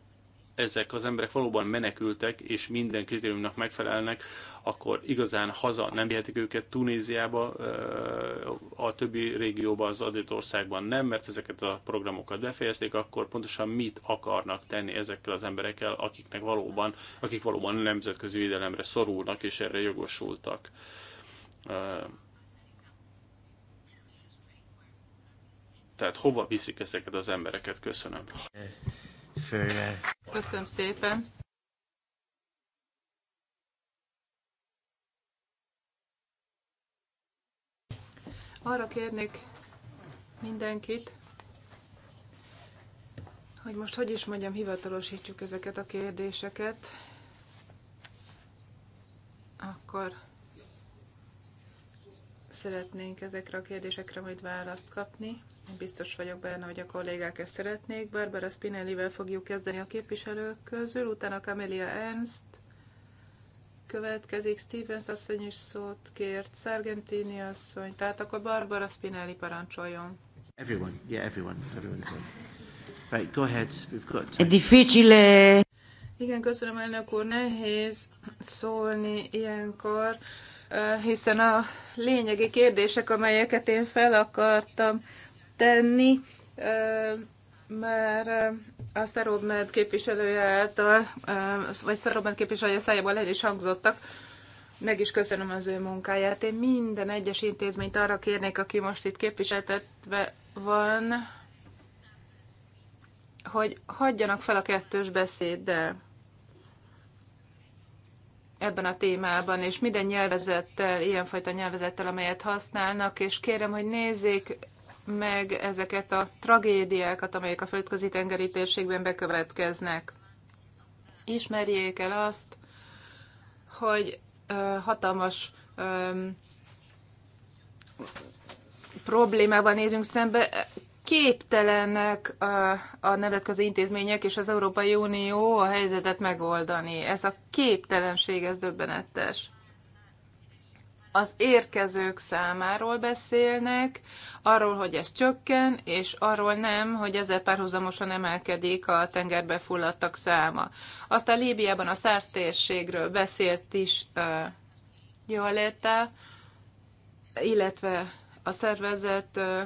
ezek az emberek valóban menekültek, és minden kritériumnak megfelelnek, akkor igazán haza nem vihetik őket Tunéziába, a többi régióba, az adott országban nem, mert ezeket a programokat befejezték, akkor pontosan mit akarnak tenni ezekkel az emberekkel, akiknek valóban, akik valóban nemzetközi védelemre szorulnak, és erre jogosultak. Tehát hova viszik ezeket az embereket? Köszönöm. Köszönöm szépen. Arra kérnék mindenkit, hogy most hogy is mondjam, hivatalosítsuk ezeket a kérdéseket. Akkor szeretnénk ezekre a kérdésekre majd választ kapni. Biztos vagyok benne, hogy a kollégák ezt szeretnék. Barbara Spinelli-vel fogjuk kezdeni a képviselők közül, utána Camelia Ernst, következik Stevens asszony is szót kért, Sargentini asszony, tehát akkor Barbara Spinelli parancsoljon. Everyone, yeah, everyone, everyone is on. Right, go ahead, we've got time. Difficile. Igen, köszönöm, elnök úr, nehéz szólni ilyenkor, eh, hiszen a lényegi kérdések, amelyeket én fel akartam tenni, már a Szerobmed képviselője által, vagy Szerobmed képviselője szájából el is hangzottak, meg is köszönöm az ő munkáját. Én minden egyes intézményt arra kérnék, aki most itt képviseltetve van, hogy hagyjanak fel a kettős beszéddel ebben a témában, és minden nyelvezettel, ilyenfajta nyelvezettel, amelyet használnak, és kérem, hogy nézzék meg ezeket a tragédiákat, amelyek a földközi tengeri térségben bekövetkeznek. Ismerjék el azt, hogy hatalmas um, problémában nézünk szembe, képtelenek a, a nemzetközi intézmények és az Európai Unió a helyzetet megoldani. Ez a képtelenség, ez döbbenetes az érkezők számáról beszélnek, arról, hogy ez csökken, és arról nem, hogy ezzel párhuzamosan emelkedik a tengerbe fulladtak száma. Aztán Líbiában a szártérségről beszélt is uh, Joletta, illetve a szervezet uh,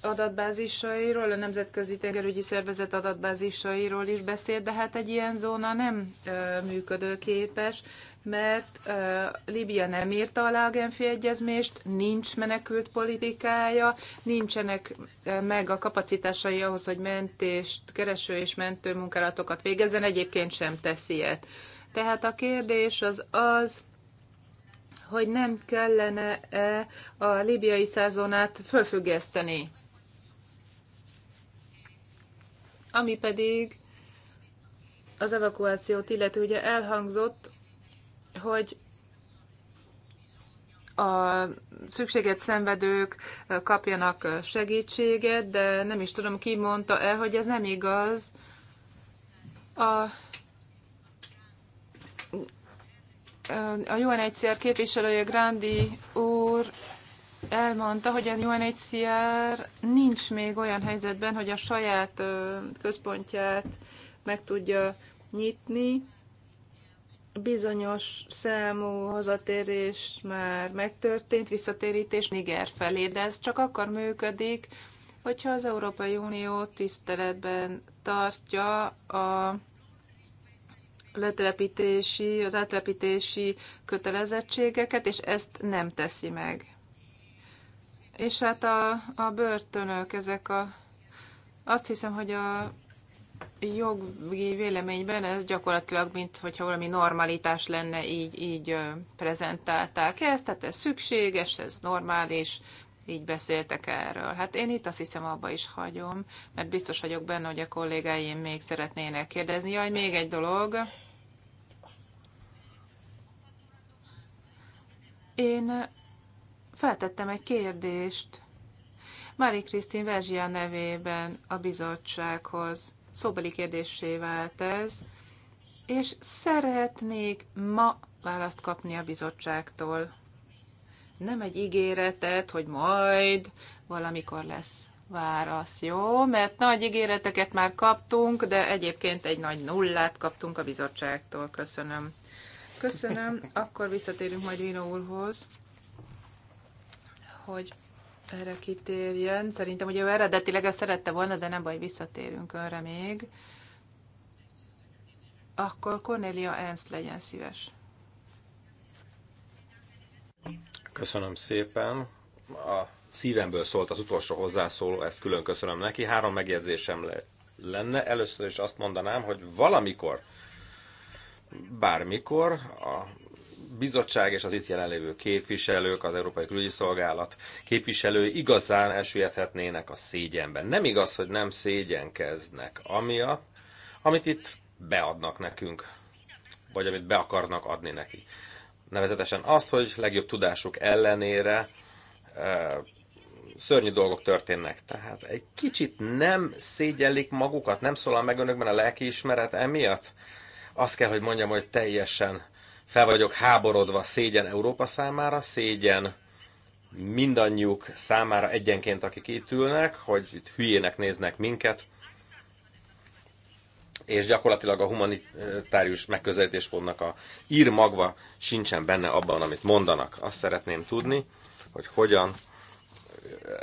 adatbázisairól, a Nemzetközi Tengerügyi Szervezet adatbázisairól is beszélt, de hát egy ilyen zóna nem uh, működőképes, mert uh, Líbia nem írta alá a Genfi egyezmést, nincs menekült politikája, nincsenek uh, meg a kapacitásai ahhoz, hogy mentést, kereső és mentő munkálatokat végezzen, egyébként sem teszi ilyet. Tehát a kérdés az az, hogy nem kellene-e a libiai szárzónát fölfüggeszteni. Ami pedig az evakuációt illeti, ugye elhangzott, hogy a szükséget szenvedők kapjanak segítséget, de nem is tudom, ki mondta el, hogy ez nem igaz. A a UNHCR képviselője Grandi úr elmondta, hogy a UNHCR nincs még olyan helyzetben, hogy a saját központját meg tudja nyitni, bizonyos számú hazatérés már megtörtént, visszatérítés Niger felé, de ez csak akkor működik, hogyha az Európai Unió tiszteletben tartja a letelepítési, az átlepítési kötelezettségeket, és ezt nem teszi meg. És hát a, a börtönök, ezek a... Azt hiszem, hogy a jogi véleményben ez gyakorlatilag, mint hogyha valami normalitás lenne, így, így prezentálták ezt, tehát ez szükséges, ez normális, így beszéltek erről. Hát én itt azt hiszem abba is hagyom, mert biztos vagyok benne, hogy a kollégáim még szeretnének kérdezni. Jaj, még egy dolog. Én feltettem egy kérdést Mári Krisztin Verzsia nevében a bizottsághoz szóbeli kérdésé vált ez, és szeretnék ma választ kapni a bizottságtól. Nem egy ígéretet, hogy majd valamikor lesz válasz, jó? Mert nagy ígéreteket már kaptunk, de egyébként egy nagy nullát kaptunk a bizottságtól. Köszönöm. Köszönöm. Akkor visszatérünk majd Vino úrhoz, hogy erre kitérjen. Szerintem ugye ő eredetileg ezt szerette volna, de nem baj, visszatérünk önre még. Akkor Cornelia Ernst legyen szíves. Köszönöm szépen. A szívemből szólt az utolsó hozzászóló, ezt külön köszönöm neki. Három megjegyzésem le, lenne. Először is azt mondanám, hogy valamikor, bármikor a bizottság és az itt jelenlévő képviselők, az Európai Külügyi Szolgálat képviselői igazán elsüllyedhetnének a szégyenben. Nem igaz, hogy nem szégyenkeznek amiatt, amit itt beadnak nekünk, vagy amit be akarnak adni neki. Nevezetesen azt, hogy legjobb tudásuk ellenére szörnyű dolgok történnek. Tehát egy kicsit nem szégyellik magukat, nem szólal meg önökben a lelkiismeret emiatt? Azt kell, hogy mondjam, hogy teljesen fel vagyok háborodva szégyen Európa számára, szégyen mindannyiuk számára egyenként, akik itt ülnek, hogy itt hülyének néznek minket, és gyakorlatilag a humanitárius megközelítéspontnak a ír magva sincsen benne abban, amit mondanak. Azt szeretném tudni, hogy hogyan eh,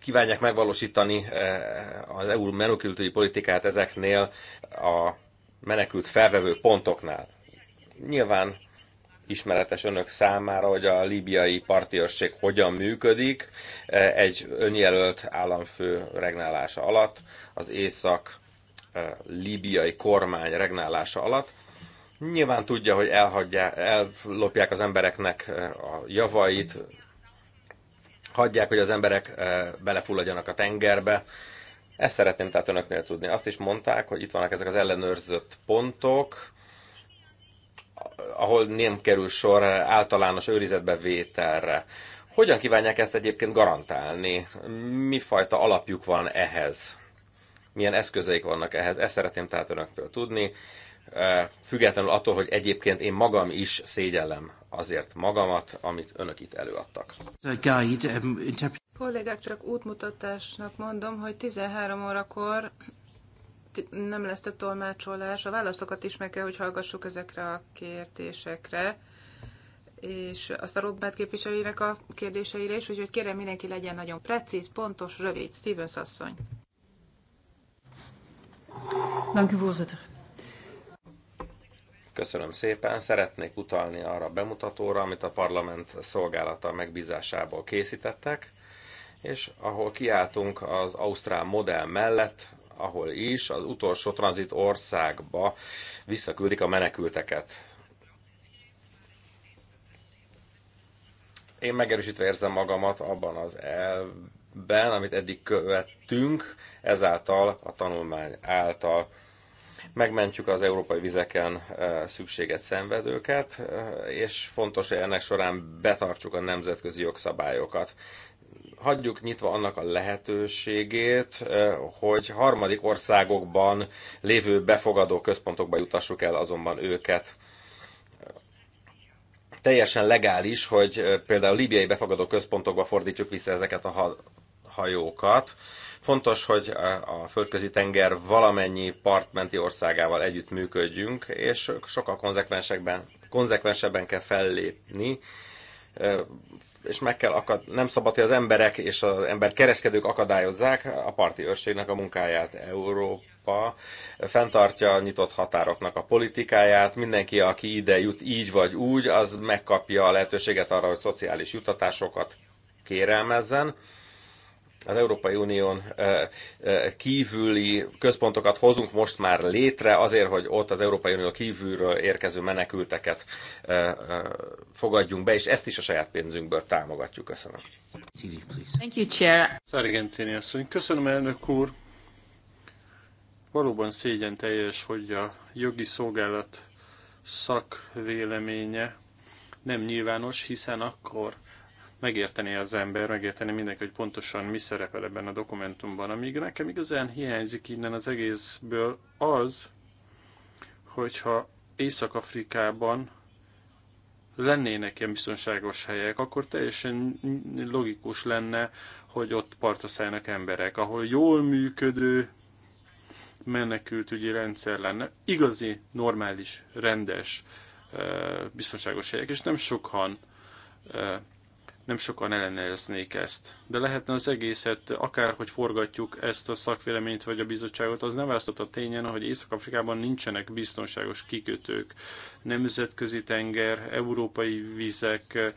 kívánják megvalósítani eh, az EU menekültügyi politikát ezeknél a menekült felvevő pontoknál. Nyilván ismeretes önök számára, hogy a libiai partiőrség hogyan működik e, egy önjelölt államfő regnálása alatt, az észak e, libiai kormány regnálása alatt. Nyilván tudja, hogy elhagyja, ellopják az embereknek e, a javait, hagyják, hogy az emberek belefulladjanak a tengerbe. Ezt szeretném tehát önöknél tudni. Azt is mondták, hogy itt vannak ezek az ellenőrzött pontok, ahol nem kerül sor általános őrizetbe vételre. Hogyan kívánják ezt egyébként garantálni? Mi fajta alapjuk van ehhez? Milyen eszközeik vannak ehhez? Ezt szeretném tehát önöktől tudni. E, függetlenül attól, hogy egyébként én magam is szégyellem azért magamat, amit önök itt előadtak. Um, Kollégák, csak útmutatásnak mondom, hogy 13 órakor nem lesz több tolmácsolás. A válaszokat is meg kell, hogy hallgassuk ezekre a kérdésekre és azt a Robert képviselőjének a kérdéseire is, úgyhogy kérem mindenki legyen nagyon precíz, pontos, rövid. Stevens asszony. Köszönöm szépen. Szeretnék utalni arra a bemutatóra, amit a parlament szolgálata megbízásából készítettek és ahol kiálltunk az Ausztrál modell mellett, ahol is az utolsó tranzit országba visszaküldik a menekülteket. Én megerősítve érzem magamat abban az elben, amit eddig követtünk, ezáltal a tanulmány által megmentjük az európai vizeken e, szükséget szenvedőket, e, és fontos, hogy ennek során betartsuk a nemzetközi jogszabályokat hagyjuk nyitva annak a lehetőségét, eh, hogy harmadik országokban lévő befogadó központokba jutassuk el azonban őket. Teljesen legális, hogy eh, például libiai befogadó központokba fordítjuk vissza ezeket a hajókat. Fontos, hogy eh, a földközi tenger valamennyi partmenti országával együtt működjünk, és sokkal konzekvensebben, konzekvensebben kell fellépni, és meg kell akad, nem szabad, hogy az emberek és az emberkereskedők akadályozzák a parti őrségnek a munkáját. Európa fenntartja a nyitott határoknak a politikáját, mindenki, aki ide jut így vagy úgy, az megkapja a lehetőséget arra, hogy szociális jutatásokat kérelmezzen az Európai Unión kívüli központokat hozunk most már létre, azért, hogy ott az Európai Unió kívülről érkező menekülteket fogadjunk be, és ezt is a saját pénzünkből támogatjuk. Köszönöm. Thank you, Chair. Szergentini asszony, köszönöm elnök úr. Valóban szégyen teljes, hogy a jogi szolgálat szakvéleménye nem nyilvános, hiszen akkor megérteni az ember, megérteni mindenki, hogy pontosan mi szerepel ebben a dokumentumban. Amíg nekem igazán hiányzik innen az egészből az, hogyha Észak-Afrikában lennének ilyen biztonságos helyek, akkor teljesen logikus lenne, hogy ott partra szállnak emberek, ahol jól működő menekültügyi rendszer lenne, igazi, normális, rendes, eh, biztonságos helyek, és nem sokan eh, nem sokan ellenőrznék ezt. De lehetne az egészet, akárhogy forgatjuk ezt a szakvéleményt vagy a bizottságot, az nem választott a tényen, hogy Észak-Afrikában nincsenek biztonságos kikötők, nemzetközi tenger, európai vizek,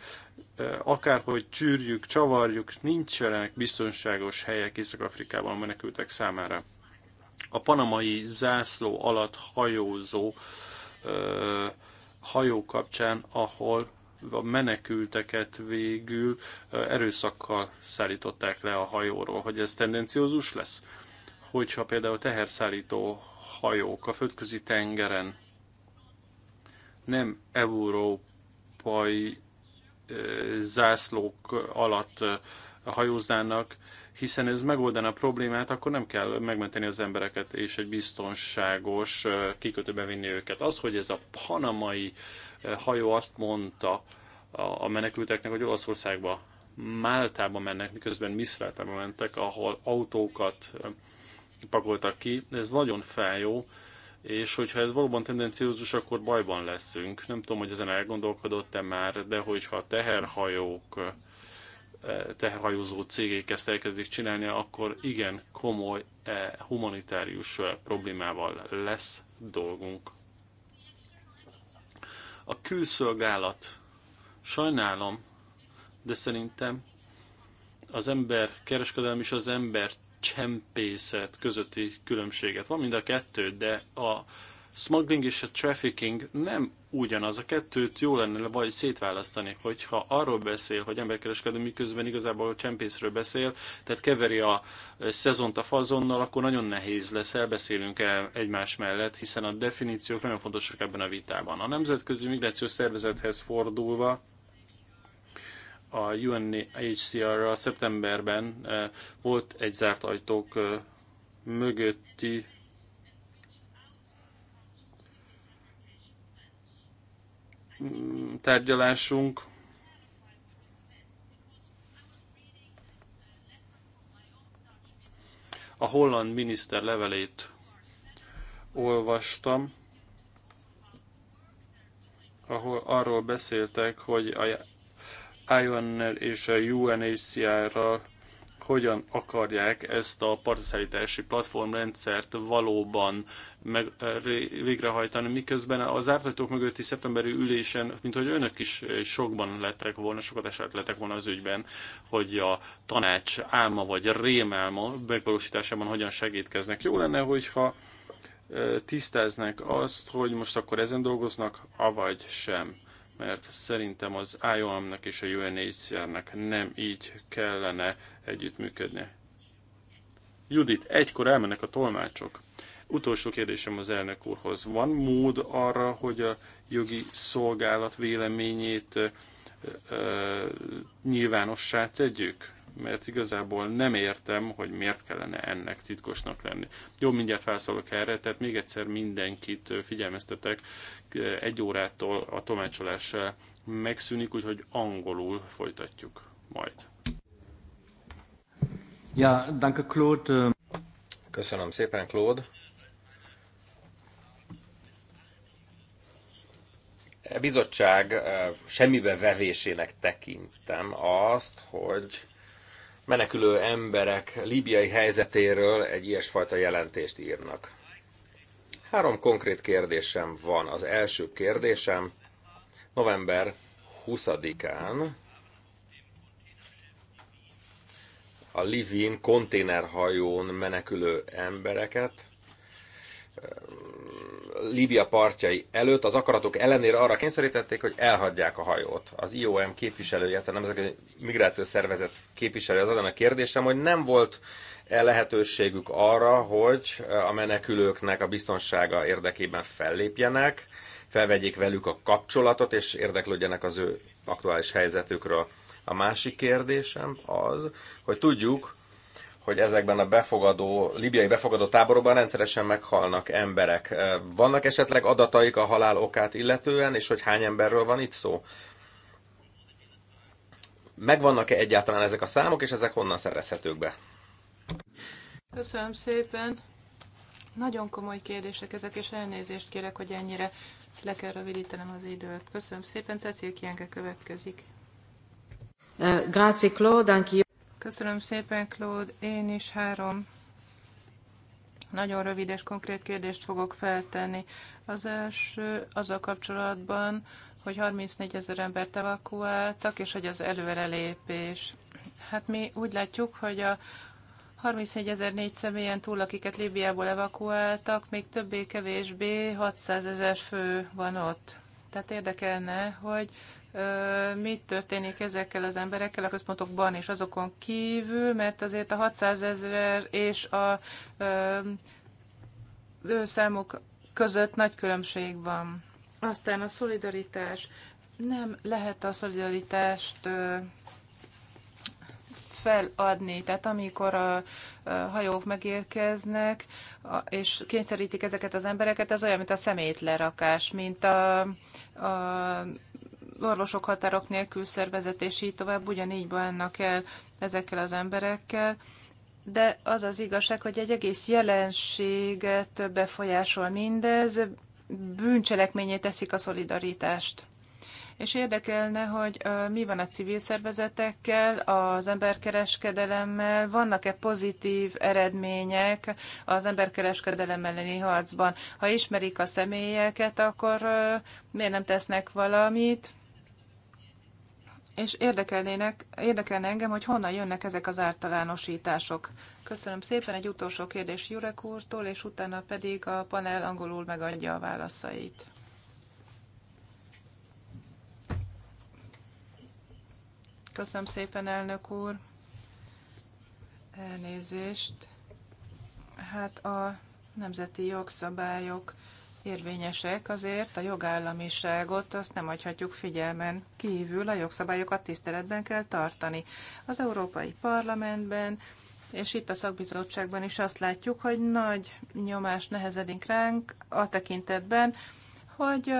akárhogy csűrjük, csavarjuk, nincsenek biztonságos helyek Észak-Afrikában a menekültek számára. A panamai zászló alatt hajózó hajó kapcsán, ahol a menekülteket végül erőszakkal szállították le a hajóról, hogy ez tendenciózus lesz? Hogyha például teherszállító hajók a földközi tengeren nem európai zászlók alatt hajóznának, hiszen ez megoldaná a problémát, akkor nem kell megmenteni az embereket és egy biztonságos kikötőbe vinni őket. Az, hogy ez a panamai hajó azt mondta a menekülteknek, hogy Olaszországba, Máltába mennek, miközben Misztrátába mentek, ahol autókat pakoltak ki. Ez nagyon feljó, és hogyha ez valóban tendenciózus, akkor bajban leszünk. Nem tudom, hogy ezen elgondolkodott-e már, de hogyha teherhajók, teherhajózó cégek ezt elkezdik csinálni, akkor igen komoly humanitárius problémával lesz dolgunk. A külszolgálat. Sajnálom, de szerintem az ember kereskedelem és az ember csempészet közötti különbséget. Van mind a kettő, de a smuggling és a trafficking nem ugyanaz. A kettőt jó lenne vagy szétválasztani, hogyha arról beszél, hogy emberkereskedő miközben igazából a csempészről beszél, tehát keveri a szezont a fazonnal, akkor nagyon nehéz lesz, elbeszélünk el egymás mellett, hiszen a definíciók nagyon fontosak ebben a vitában. A Nemzetközi Migrációs Szervezethez fordulva, a UNHCR-ra szeptemberben volt egy zárt ajtók mögötti tárgyalásunk. A holland miniszter levelét olvastam, ahol arról beszéltek, hogy a ion és a UNHCR-ral hogyan akarják ezt a partaszállítási platformrendszert valóban meg, végrehajtani, miközben az ártajtók mögötti szeptemberi ülésen, mint hogy önök is sokban lettek volna, sokat eset lettek volna az ügyben, hogy a tanács álma vagy rémálma megvalósításában hogyan segítkeznek. Jó lenne, hogyha tisztáznak azt, hogy most akkor ezen dolgoznak, avagy sem mert szerintem az IOM-nak és a UNHCR-nek nem így kellene együttműködni. Judit, egykor elmennek a tolmácsok. Utolsó kérdésem az elnök úrhoz. Van mód arra, hogy a jogi szolgálat véleményét ö, ö, nyilvánossá tegyük? mert igazából nem értem, hogy miért kellene ennek titkosnak lenni. Jó, mindjárt felszólok erre, tehát még egyszer mindenkit figyelmeztetek, egy órától a tomácsolás megszűnik, úgyhogy angolul folytatjuk majd. Ja, danke Claude. Köszönöm szépen, Claude. E bizottság semmibe vevésének tekintem azt, hogy menekülő emberek líbiai helyzetéről egy ilyesfajta jelentést írnak. Három konkrét kérdésem van. Az első kérdésem november 20-án a Livin konténerhajón menekülő embereket Líbia partjai előtt az akaratok ellenére arra kényszerítették, hogy elhagyják a hajót. Az IOM képviselője, ezt a Nemzetközi Migrációs Szervezet képviselője az a kérdésem, hogy nem volt -e lehetőségük arra, hogy a menekülőknek a biztonsága érdekében fellépjenek, felvegyék velük a kapcsolatot, és érdeklődjenek az ő aktuális helyzetükről. A másik kérdésem az, hogy tudjuk, hogy ezekben a befogadó, libiai befogadó táborokban rendszeresen meghalnak emberek. Vannak esetleg adataik a halál okát illetően, és hogy hány emberről van itt szó? Megvannak-e egyáltalán ezek a számok, és ezek honnan szerezhetők be? Köszönöm szépen. Nagyon komoly kérdések ezek, és elnézést kérek, hogy ennyire le kell rövidítenem az időt. Köszönöm szépen, Cecil Kienke következik. Grazie, Claude, anche Köszönöm szépen, Claude. Én is három nagyon rövid és konkrét kérdést fogok feltenni. Az első az a kapcsolatban, hogy 34 ezer embert evakuáltak, és hogy az előrelépés. Hát mi úgy látjuk, hogy a 34.004 személyen túl, akiket Líbiából evakuáltak, még többé-kevésbé 600 ezer fő van ott. Tehát érdekelne, hogy mi történik ezekkel az emberekkel a központokban és azokon kívül, mert azért a 600 ezer és a, az ő számuk között nagy különbség van. Aztán a szolidaritás. Nem lehet a szolidaritást feladni. Tehát amikor a hajók megérkeznek, és kényszerítik ezeket az embereket, ez olyan, mint a szemétlerakás, mint a, a orvosok határok nélkül szervezet, és így tovább ugyanígy bánnak el ezekkel az emberekkel. De az az igazság, hogy egy egész jelenséget befolyásol mindez, bűncselekményé teszik a szolidaritást. És érdekelne, hogy mi van a civil szervezetekkel, az emberkereskedelemmel, vannak-e pozitív eredmények az emberkereskedelem elleni harcban? Ha ismerik a személyeket, akkor miért nem tesznek valamit? és érdekelnének, érdekelne engem, hogy honnan jönnek ezek az általánosítások. Köszönöm szépen, egy utolsó kérdés Jurek úrtól, és utána pedig a panel angolul megadja a válaszait. Köszönöm szépen, elnök úr. Elnézést. Hát a nemzeti jogszabályok érvényesek, azért a jogállamiságot azt nem hagyhatjuk figyelmen kívül, a jogszabályokat tiszteletben kell tartani. Az Európai Parlamentben és itt a szakbizottságban is azt látjuk, hogy nagy nyomás nehezedik ránk a tekintetben, hogy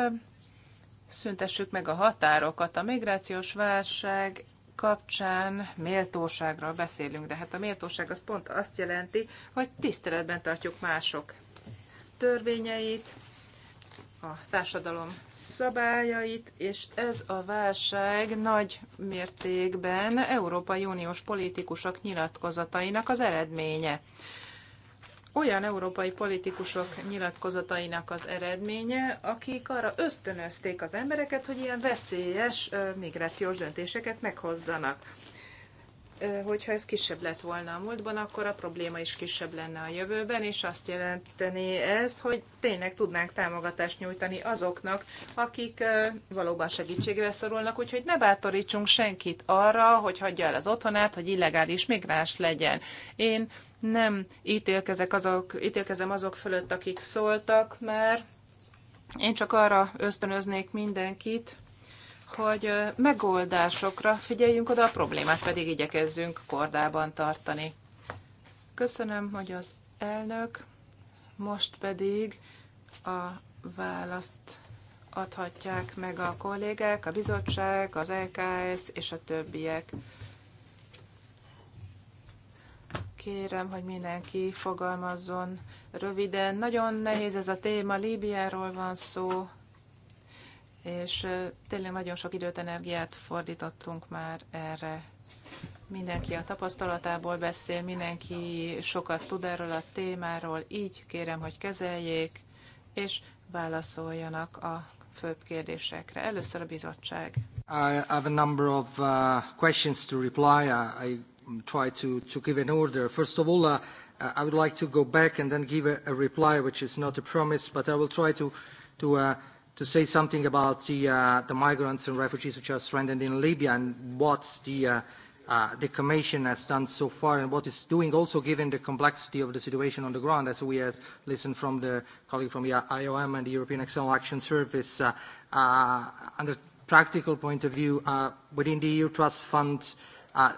szüntessük meg a határokat. A migrációs válság kapcsán méltóságra beszélünk, de hát a méltóság az pont azt jelenti, hogy tiszteletben tartjuk mások törvényeit, a társadalom szabályait, és ez a válság nagy mértékben Európai Uniós politikusok nyilatkozatainak az eredménye olyan európai politikusok nyilatkozatainak az eredménye, akik arra ösztönözték az embereket, hogy ilyen veszélyes migrációs döntéseket meghozzanak hogyha ez kisebb lett volna a múltban, akkor a probléma is kisebb lenne a jövőben, és azt jelenteni ez, hogy tényleg tudnánk támogatást nyújtani azoknak, akik valóban segítségre szorulnak, úgyhogy ne bátorítsunk senkit arra, hogy hagyja el az otthonát, hogy illegális migráns legyen. Én nem ítélkezek azok, ítélkezem azok fölött, akik szóltak, mert én csak arra ösztönöznék mindenkit, hogy megoldásokra figyeljünk oda, a problémát pedig igyekezzünk kordában tartani. Köszönöm, hogy az elnök, most pedig a választ adhatják meg a kollégák, a bizottság, az LKS és a többiek. Kérem, hogy mindenki fogalmazzon röviden. Nagyon nehéz ez a téma, Líbiáról van szó, és tényleg nagyon sok időt, energiát fordítottunk már erre. Mindenki a tapasztalatából beszél, mindenki sokat tud erről a témáról, így kérem, hogy kezeljék, és válaszoljanak a főbb kérdésekre. Először a bizottság. I have a number of uh, questions to reply. I try to, to give an order. First of all, uh, I would like to go back and then give a, a reply, which is not a promise, but I will try to, to uh, to say something about the, uh, the migrants and refugees which are stranded in Libya and what the, uh, uh, the Commission has done so far and what it's doing also given the complexity of the situation on the ground as we have listened from the colleague from the IOM and the European External Action Service uh, uh, the practical point of view uh, within the EU Trust Fund uh,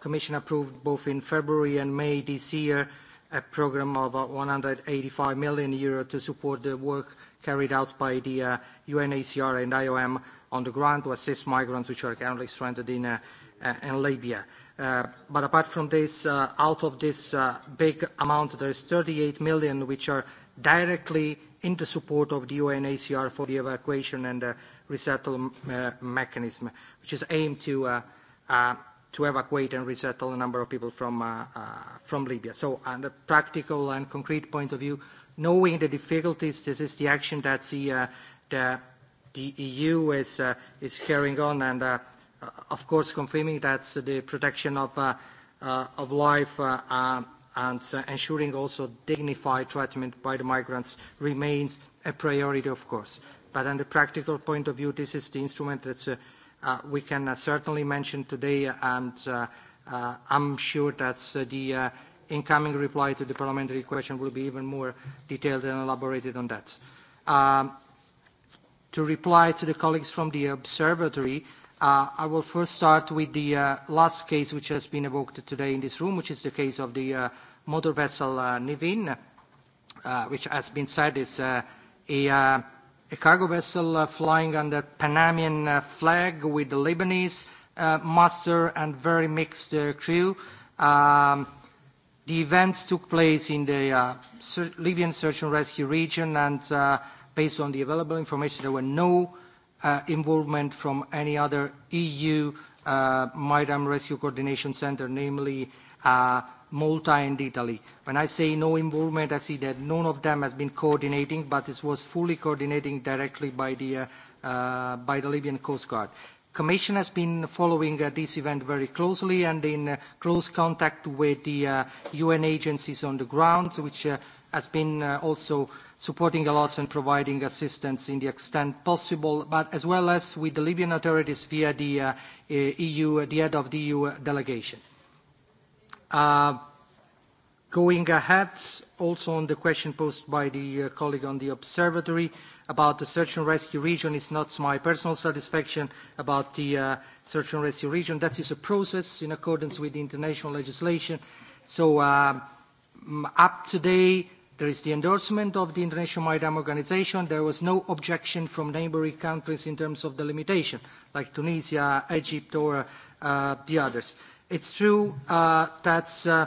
Commission approved both in February and May this year a program of uh, 185 million euro to support the work carried out by the uh, UNHCR and IOM on the ground to assist migrants which are currently stranded in, uh, uh, in Libya. Uh, but apart from this, uh, out of this uh, big amount, there is 38 million which are directly in the support of the UNHCR for the evacuation and uh, resettlement uh, mechanism, which is aimed to, uh, uh, to evacuate and resettle a number of people from, uh, uh, from Libya. So on the practical and concrete point of view, knowing the difficulties, this is the action that the, uh, the, the EU is, uh, is carrying on and, uh, uh, of course, confirming that the protection of, uh, uh, of life uh, uh, and uh, ensuring also dignified treatment by the migrants remains a priority, of course. But on the practical point of view, this is the instrument that uh, uh, we can uh, certainly mention today, and uh, uh, I'm sure that uh, the uh, incoming reply to the parliamentary question will be even more detailed and elaborated on that. Um, to reply to the colleagues from the observatory, uh, I will first start with the uh, last case which has been evoked today in this room, which is the case of the uh, motor vessel uh, Nivin, uh, which has been said is uh, a, uh, a cargo vessel uh, flying under Panamian uh, flag with the Lebanese uh, master and very mixed uh, crew. Um, The events took place in the uh, Sur Libyan search and rescue region and uh, based on the available information, there were no uh, involvement from any other EU uh, Maritime Rescue Coordination Center, namely uh, Malta and Italy. When I say no involvement, I see that none of them has been coordinating, but this was fully coordinating directly by the, uh, uh, by the Libyan Coast Guard. Commission has been following uh, this event very closely and in uh, close contact with the uh, UN agencies on the ground, which uh, has been uh, also supporting a lot and providing assistance in the extent possible, but as well as with the Libyan authorities via the uh, uh EU, uh, the head of the EU uh, delegation. Uh, going ahead, also on the question posed by the uh, colleague on the observatory, uh, about the search and rescue region. It's not my personal satisfaction about the uh, search and rescue region. That is a process in accordance with international legislation. So uh, up today, there is the endorsement of the International Maritime Organization. There was no objection from neighboring countries in terms of the limitation, like Tunisia, Egypt, or uh, the others. It's true uh, that uh,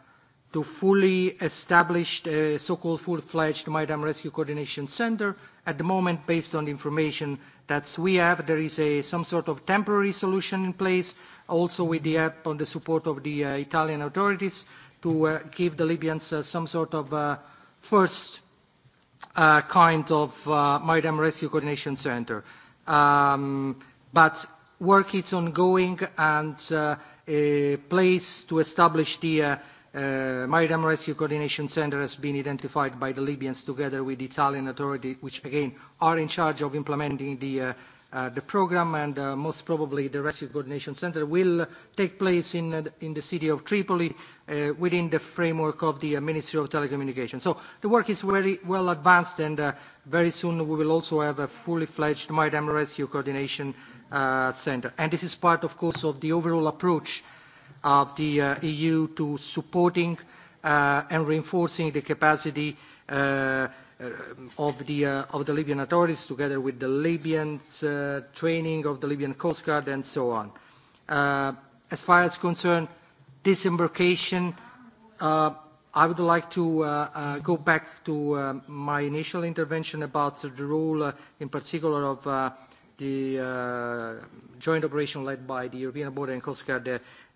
to fully establish a uh, so-called full-fledged maritime rescue coordination center. At the moment, based on the information that we have, there is a, some sort of temporary solution in place, also with the help and the support of the uh, Italian authorities, to uh, give the Libyans uh, some sort of uh, first uh, kind of uh, maritime rescue coordination center. Um, but work is ongoing and uh, a place to establish the uh, Uh, Maritime Rescue Coordination Center has been identified by the Libyans together with the Italian authority, which again are in charge of implementing the, uh, uh, the program, and uh, most probably the Rescue Coordination Center will take place in, uh, in the city of Tripoli uh, within the framework of the uh, Ministry of Telecommunications. So the work is very well advanced, and uh, very soon we will also have a fully fledged Maritime Rescue Coordination uh, Center. And this is part, of course, of the overall approach of the uh, EU to supporting uh, and reinforcing the capacity uh, uh, of, the, uh, of the Libyan authorities together with the Libyan uh, training of the Libyan Coast Guard and so on. Uh, as far as concerned disembarkation, uh, I would like to uh, uh, go back to uh, my initial intervention about the role uh, in particular of uh, the uh, joint operation led by the European Border and Coast Guard uh,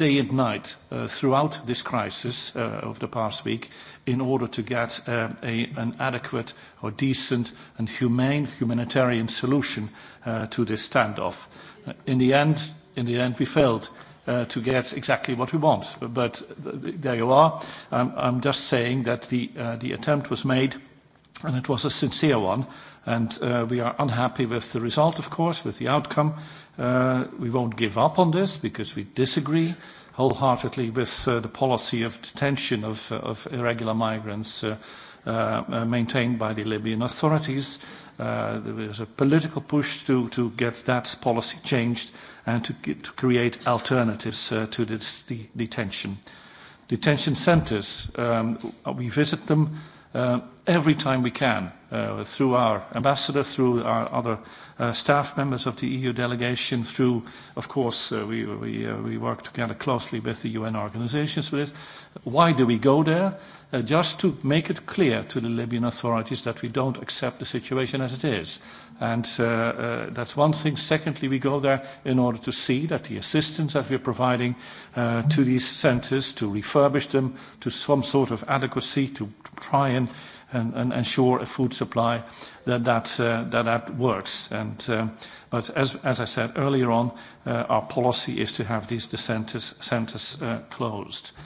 day and night uh, throughout this crisis uh, of the past week in order to get uh, a, an adequate or decent and humane humanitarian solution uh, to this standoff. Uh, in the end, in the end, we failed. Uh, to get exactly what we want. But there you are. I'm, I'm just saying that the, uh, the attempt was made and it was a sincere one. And uh, we are unhappy with the result, of course, with the outcome. Uh, we won't give up on this because we disagree wholeheartedly with uh, the policy of detention of, uh, of irregular migrants uh, uh, uh maintained by the Libyan authorities. Uh, there is a political push to, to get that policy changed and to, get, to create alternatives uh, to this de- detention. Detention centres, um, we visit them uh, every time we can uh, through our ambassador, through our other uh, staff members of the EU delegation, through, of course, uh, we, we, uh, we work together closely with the UN organizations for this. Why do we go there? uh, just to make it clear to the Libyan authorities that we don't accept the situation as it is. And uh, uh, that's one thing. Secondly, we go there in order to see that the assistance that we're providing uh, to these centres, to refurbish them to some sort of adequacy, to try and, and, and ensure a food supply, that that, uh, that, that works. And, um, but as, as I said earlier on, uh, our policy is to have these the centres, centres uh, closed. Uh,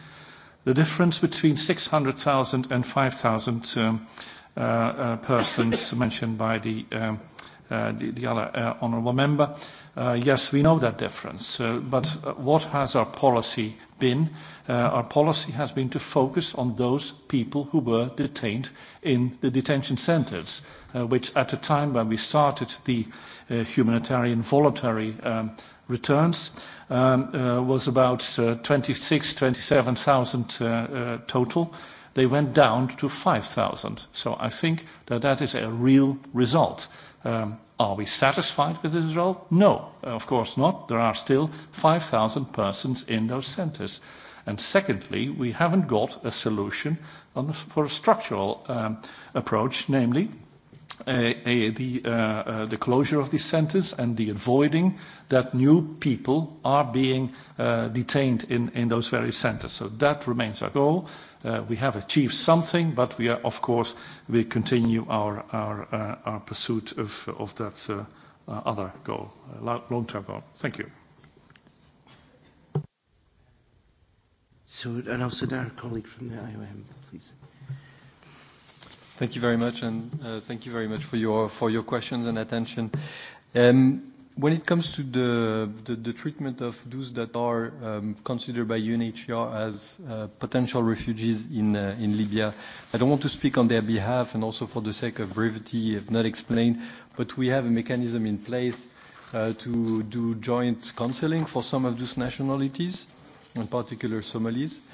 The difference between 600,000 and 5,000 um, uh, uh, persons mentioned by the, um, uh, the, the other uh, honourable member. Uh, yes, we know that difference, uh, but uh, what has our policy been? Uh, our policy has been to focus on those people who were detained in the detention centres, uh, which at the time when we started the uh, humanitarian voluntary um, returns, Um, uh, was about 26000 26, 27,000 total. They went down to 5,000. So I think that that is a real result. Um, are we satisfied with this result? No, of course not. There are still 5,000 persons in those centres. And secondly, we haven't got a solution for a structural um, approach, namely the, uh, uh, the closure of these centers and the avoiding that new people are being uh, detained in, in those various centers. So that remains our goal. Uh, we have achieved something, but we are, of course, we continue our, our, uh, our pursuit of, of that uh, other goal, long-term goal. Thank you. So, and also now our colleague from the IOM, please. Thank you very much, and uh, thank you very much for your for your questions and attention. Um, when it comes to the, the, the treatment of those that are um, considered by UNHCR as uh, potential refugees in, uh, in Libya, I don't want to speak on their behalf and also for the sake of brevity, if not explained, but we have a mechanism in place uh, to do joint counseling for some of those nationalities, in particular Somalis. Uh,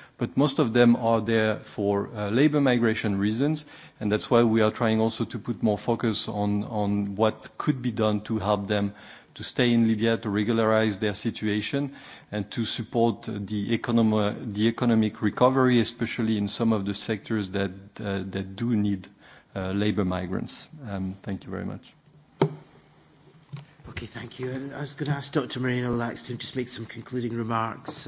but most of them are there for uh, labor migration reasons, and that's why we are trying also to put more focus on, what could be done to help them to stay in Libya, to regularize their situation, and to support the, economic recovery, especially in some of the sectors that, uh, do need uh, labor migrants. Um, thank you very much. Okay, thank you. I was gonna ask Dr. Marina Laxton to just make some concluding remarks.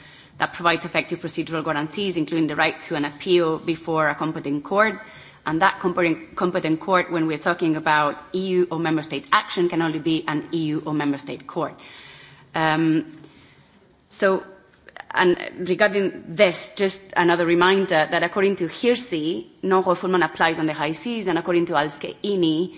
that provides effective procedural guarantees, including the right to an appeal before a competent court. And that competent court, when we're talking about EU or member state action, can only be an EU or member state court. Um, so, and regarding this, just another reminder that according to Hirsi, non-refoulement applies on the high seas, and according to Al-Skeini,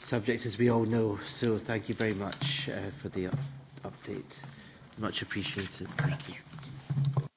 subject, as we all know. So thank you very much uh, for the up update. Much appreciated. Thank you.